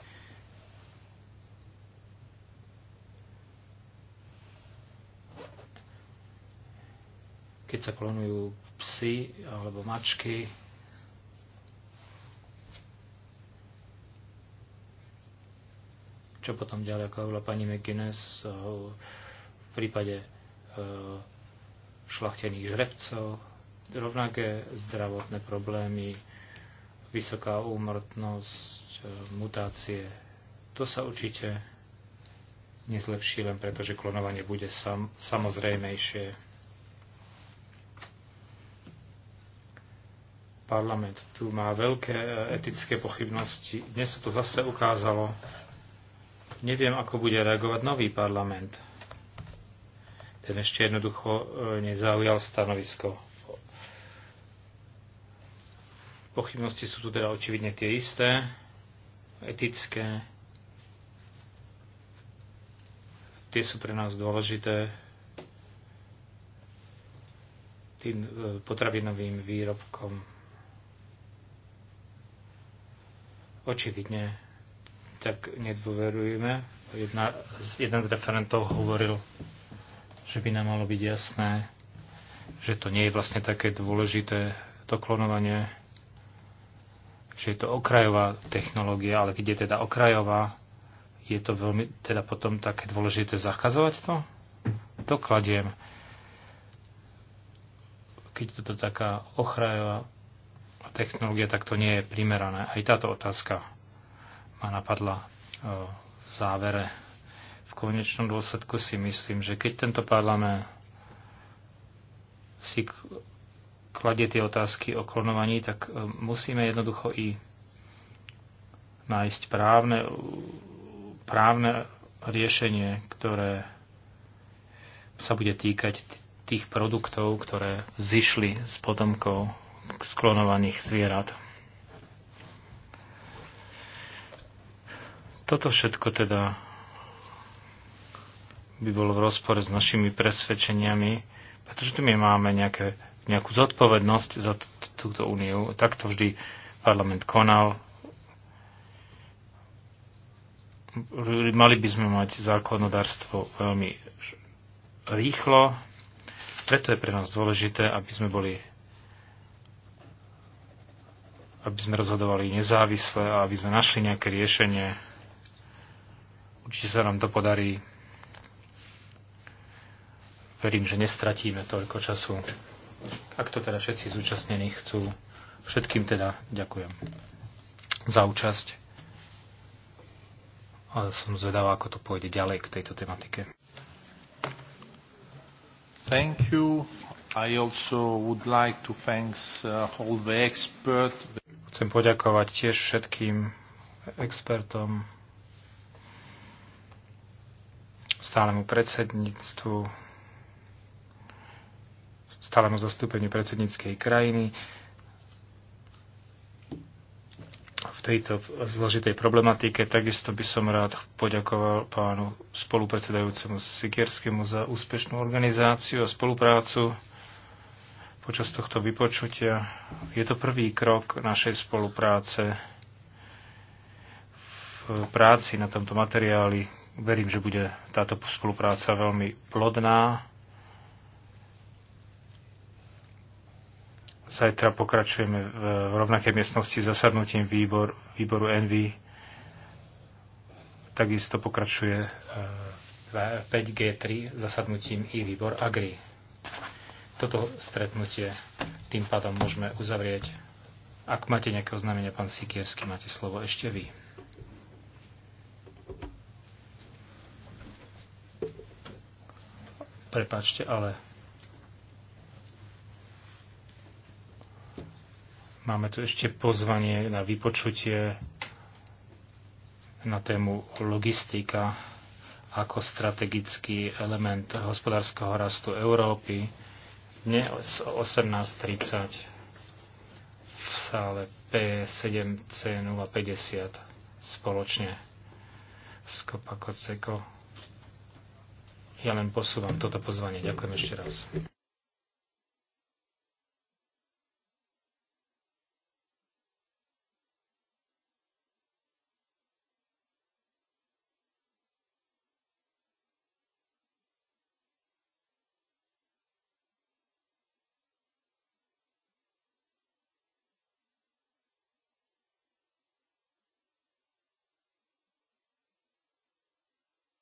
[SPEAKER 1] keď sa klonujú psy alebo mačky. Čo potom ďalej, ako hovorila pani McGuinness, eh, v prípade eh, šlachtených žrebcov, rovnaké zdravotné problémy, vysoká úmrtnosť, eh, mutácie. To sa určite nezlepší len preto, že klonovanie bude sam, samozrejmejšie. Parlament tu má veľké e, etické pochybnosti. Dnes sa to zase ukázalo. Neviem, ako bude reagovať nový parlament. Ten ešte jednoducho e, nezaujal stanovisko. Pochybnosti sú tu teda očividne tie isté, etické. Tie sú pre nás dôležité, tým e, potravinovým výrobkom. Očividne tak nedôverujeme. Jedna, jeden z referentov hovoril, že by nám malo byť jasné, že to nie je vlastne také dôležité, to klonovanie, že je to okrajová technológia, ale keď je teda okrajová, je to veľmi teda potom také dôležité zakazovať to? To kladiem. Keď to teda taká ochrajová technológia, tak to nie je primerané. Aj táto otázka ma napadla e, v závere. V konečnom dôsledku si myslím, že keď tento parlament si kladie tie otázky o klonovaní, tak e, musíme jednoducho i nájsť právne, právne riešenie, ktoré sa bude týkať tých produktov, ktoré zišli s potomkov sklonovaných zvierat. Toto všetko teda by bolo v rozpore s našimi presvedčeniami, pretože tu my máme nejaké, nejakú zodpovednosť za túto úniu. Takto vždy parlament konal. Mali by sme mať zákonodárstvo veľmi rýchlo, preto je pre nás dôležité, aby sme boli aby sme rozhodovali nezávisle a aby sme našli nejaké riešenie. Určite sa nám to podarí. Verím, že nestratíme toľko času. Ak to teda všetci zúčastnení chcú, všetkým teda ďakujem za účasť. A som zvedavá, ako to pôjde ďalej k tejto tematike. Thank you. I also would like to thanks uh, all the experts. Chcem poďakovať tiež všetkým expertom, stálemu predsedníctvu, stálemu zastúpeniu predsedníckej krajiny v tejto zložitej problematike. Takisto by som rád poďakoval pánu spolupredsedajúcemu Sikierskému za úspešnú organizáciu a spoluprácu počas tohto vypočutia. Je to prvý krok našej spolupráce v práci na tomto materiáli. Verím, že bude táto spolupráca veľmi plodná. Zajtra pokračujeme v rovnakej miestnosti zasadnutím výbor, výboru NV. Takisto pokračuje 5G3 e, zasadnutím i výbor Agri. Toto stretnutie tým pádom môžeme uzavrieť. Ak máte nejaké oznámenie, pán Sikierský, máte slovo ešte vy. Prepačte, ale Máme tu ešte pozvanie na vypočutie na tému logistika ako strategický element hospodárskeho rastu Európy dne 18.30 v sále P7C050 spoločne s Kopakoceko. Ja len posúvam toto pozvanie. Ďakujem ešte raz.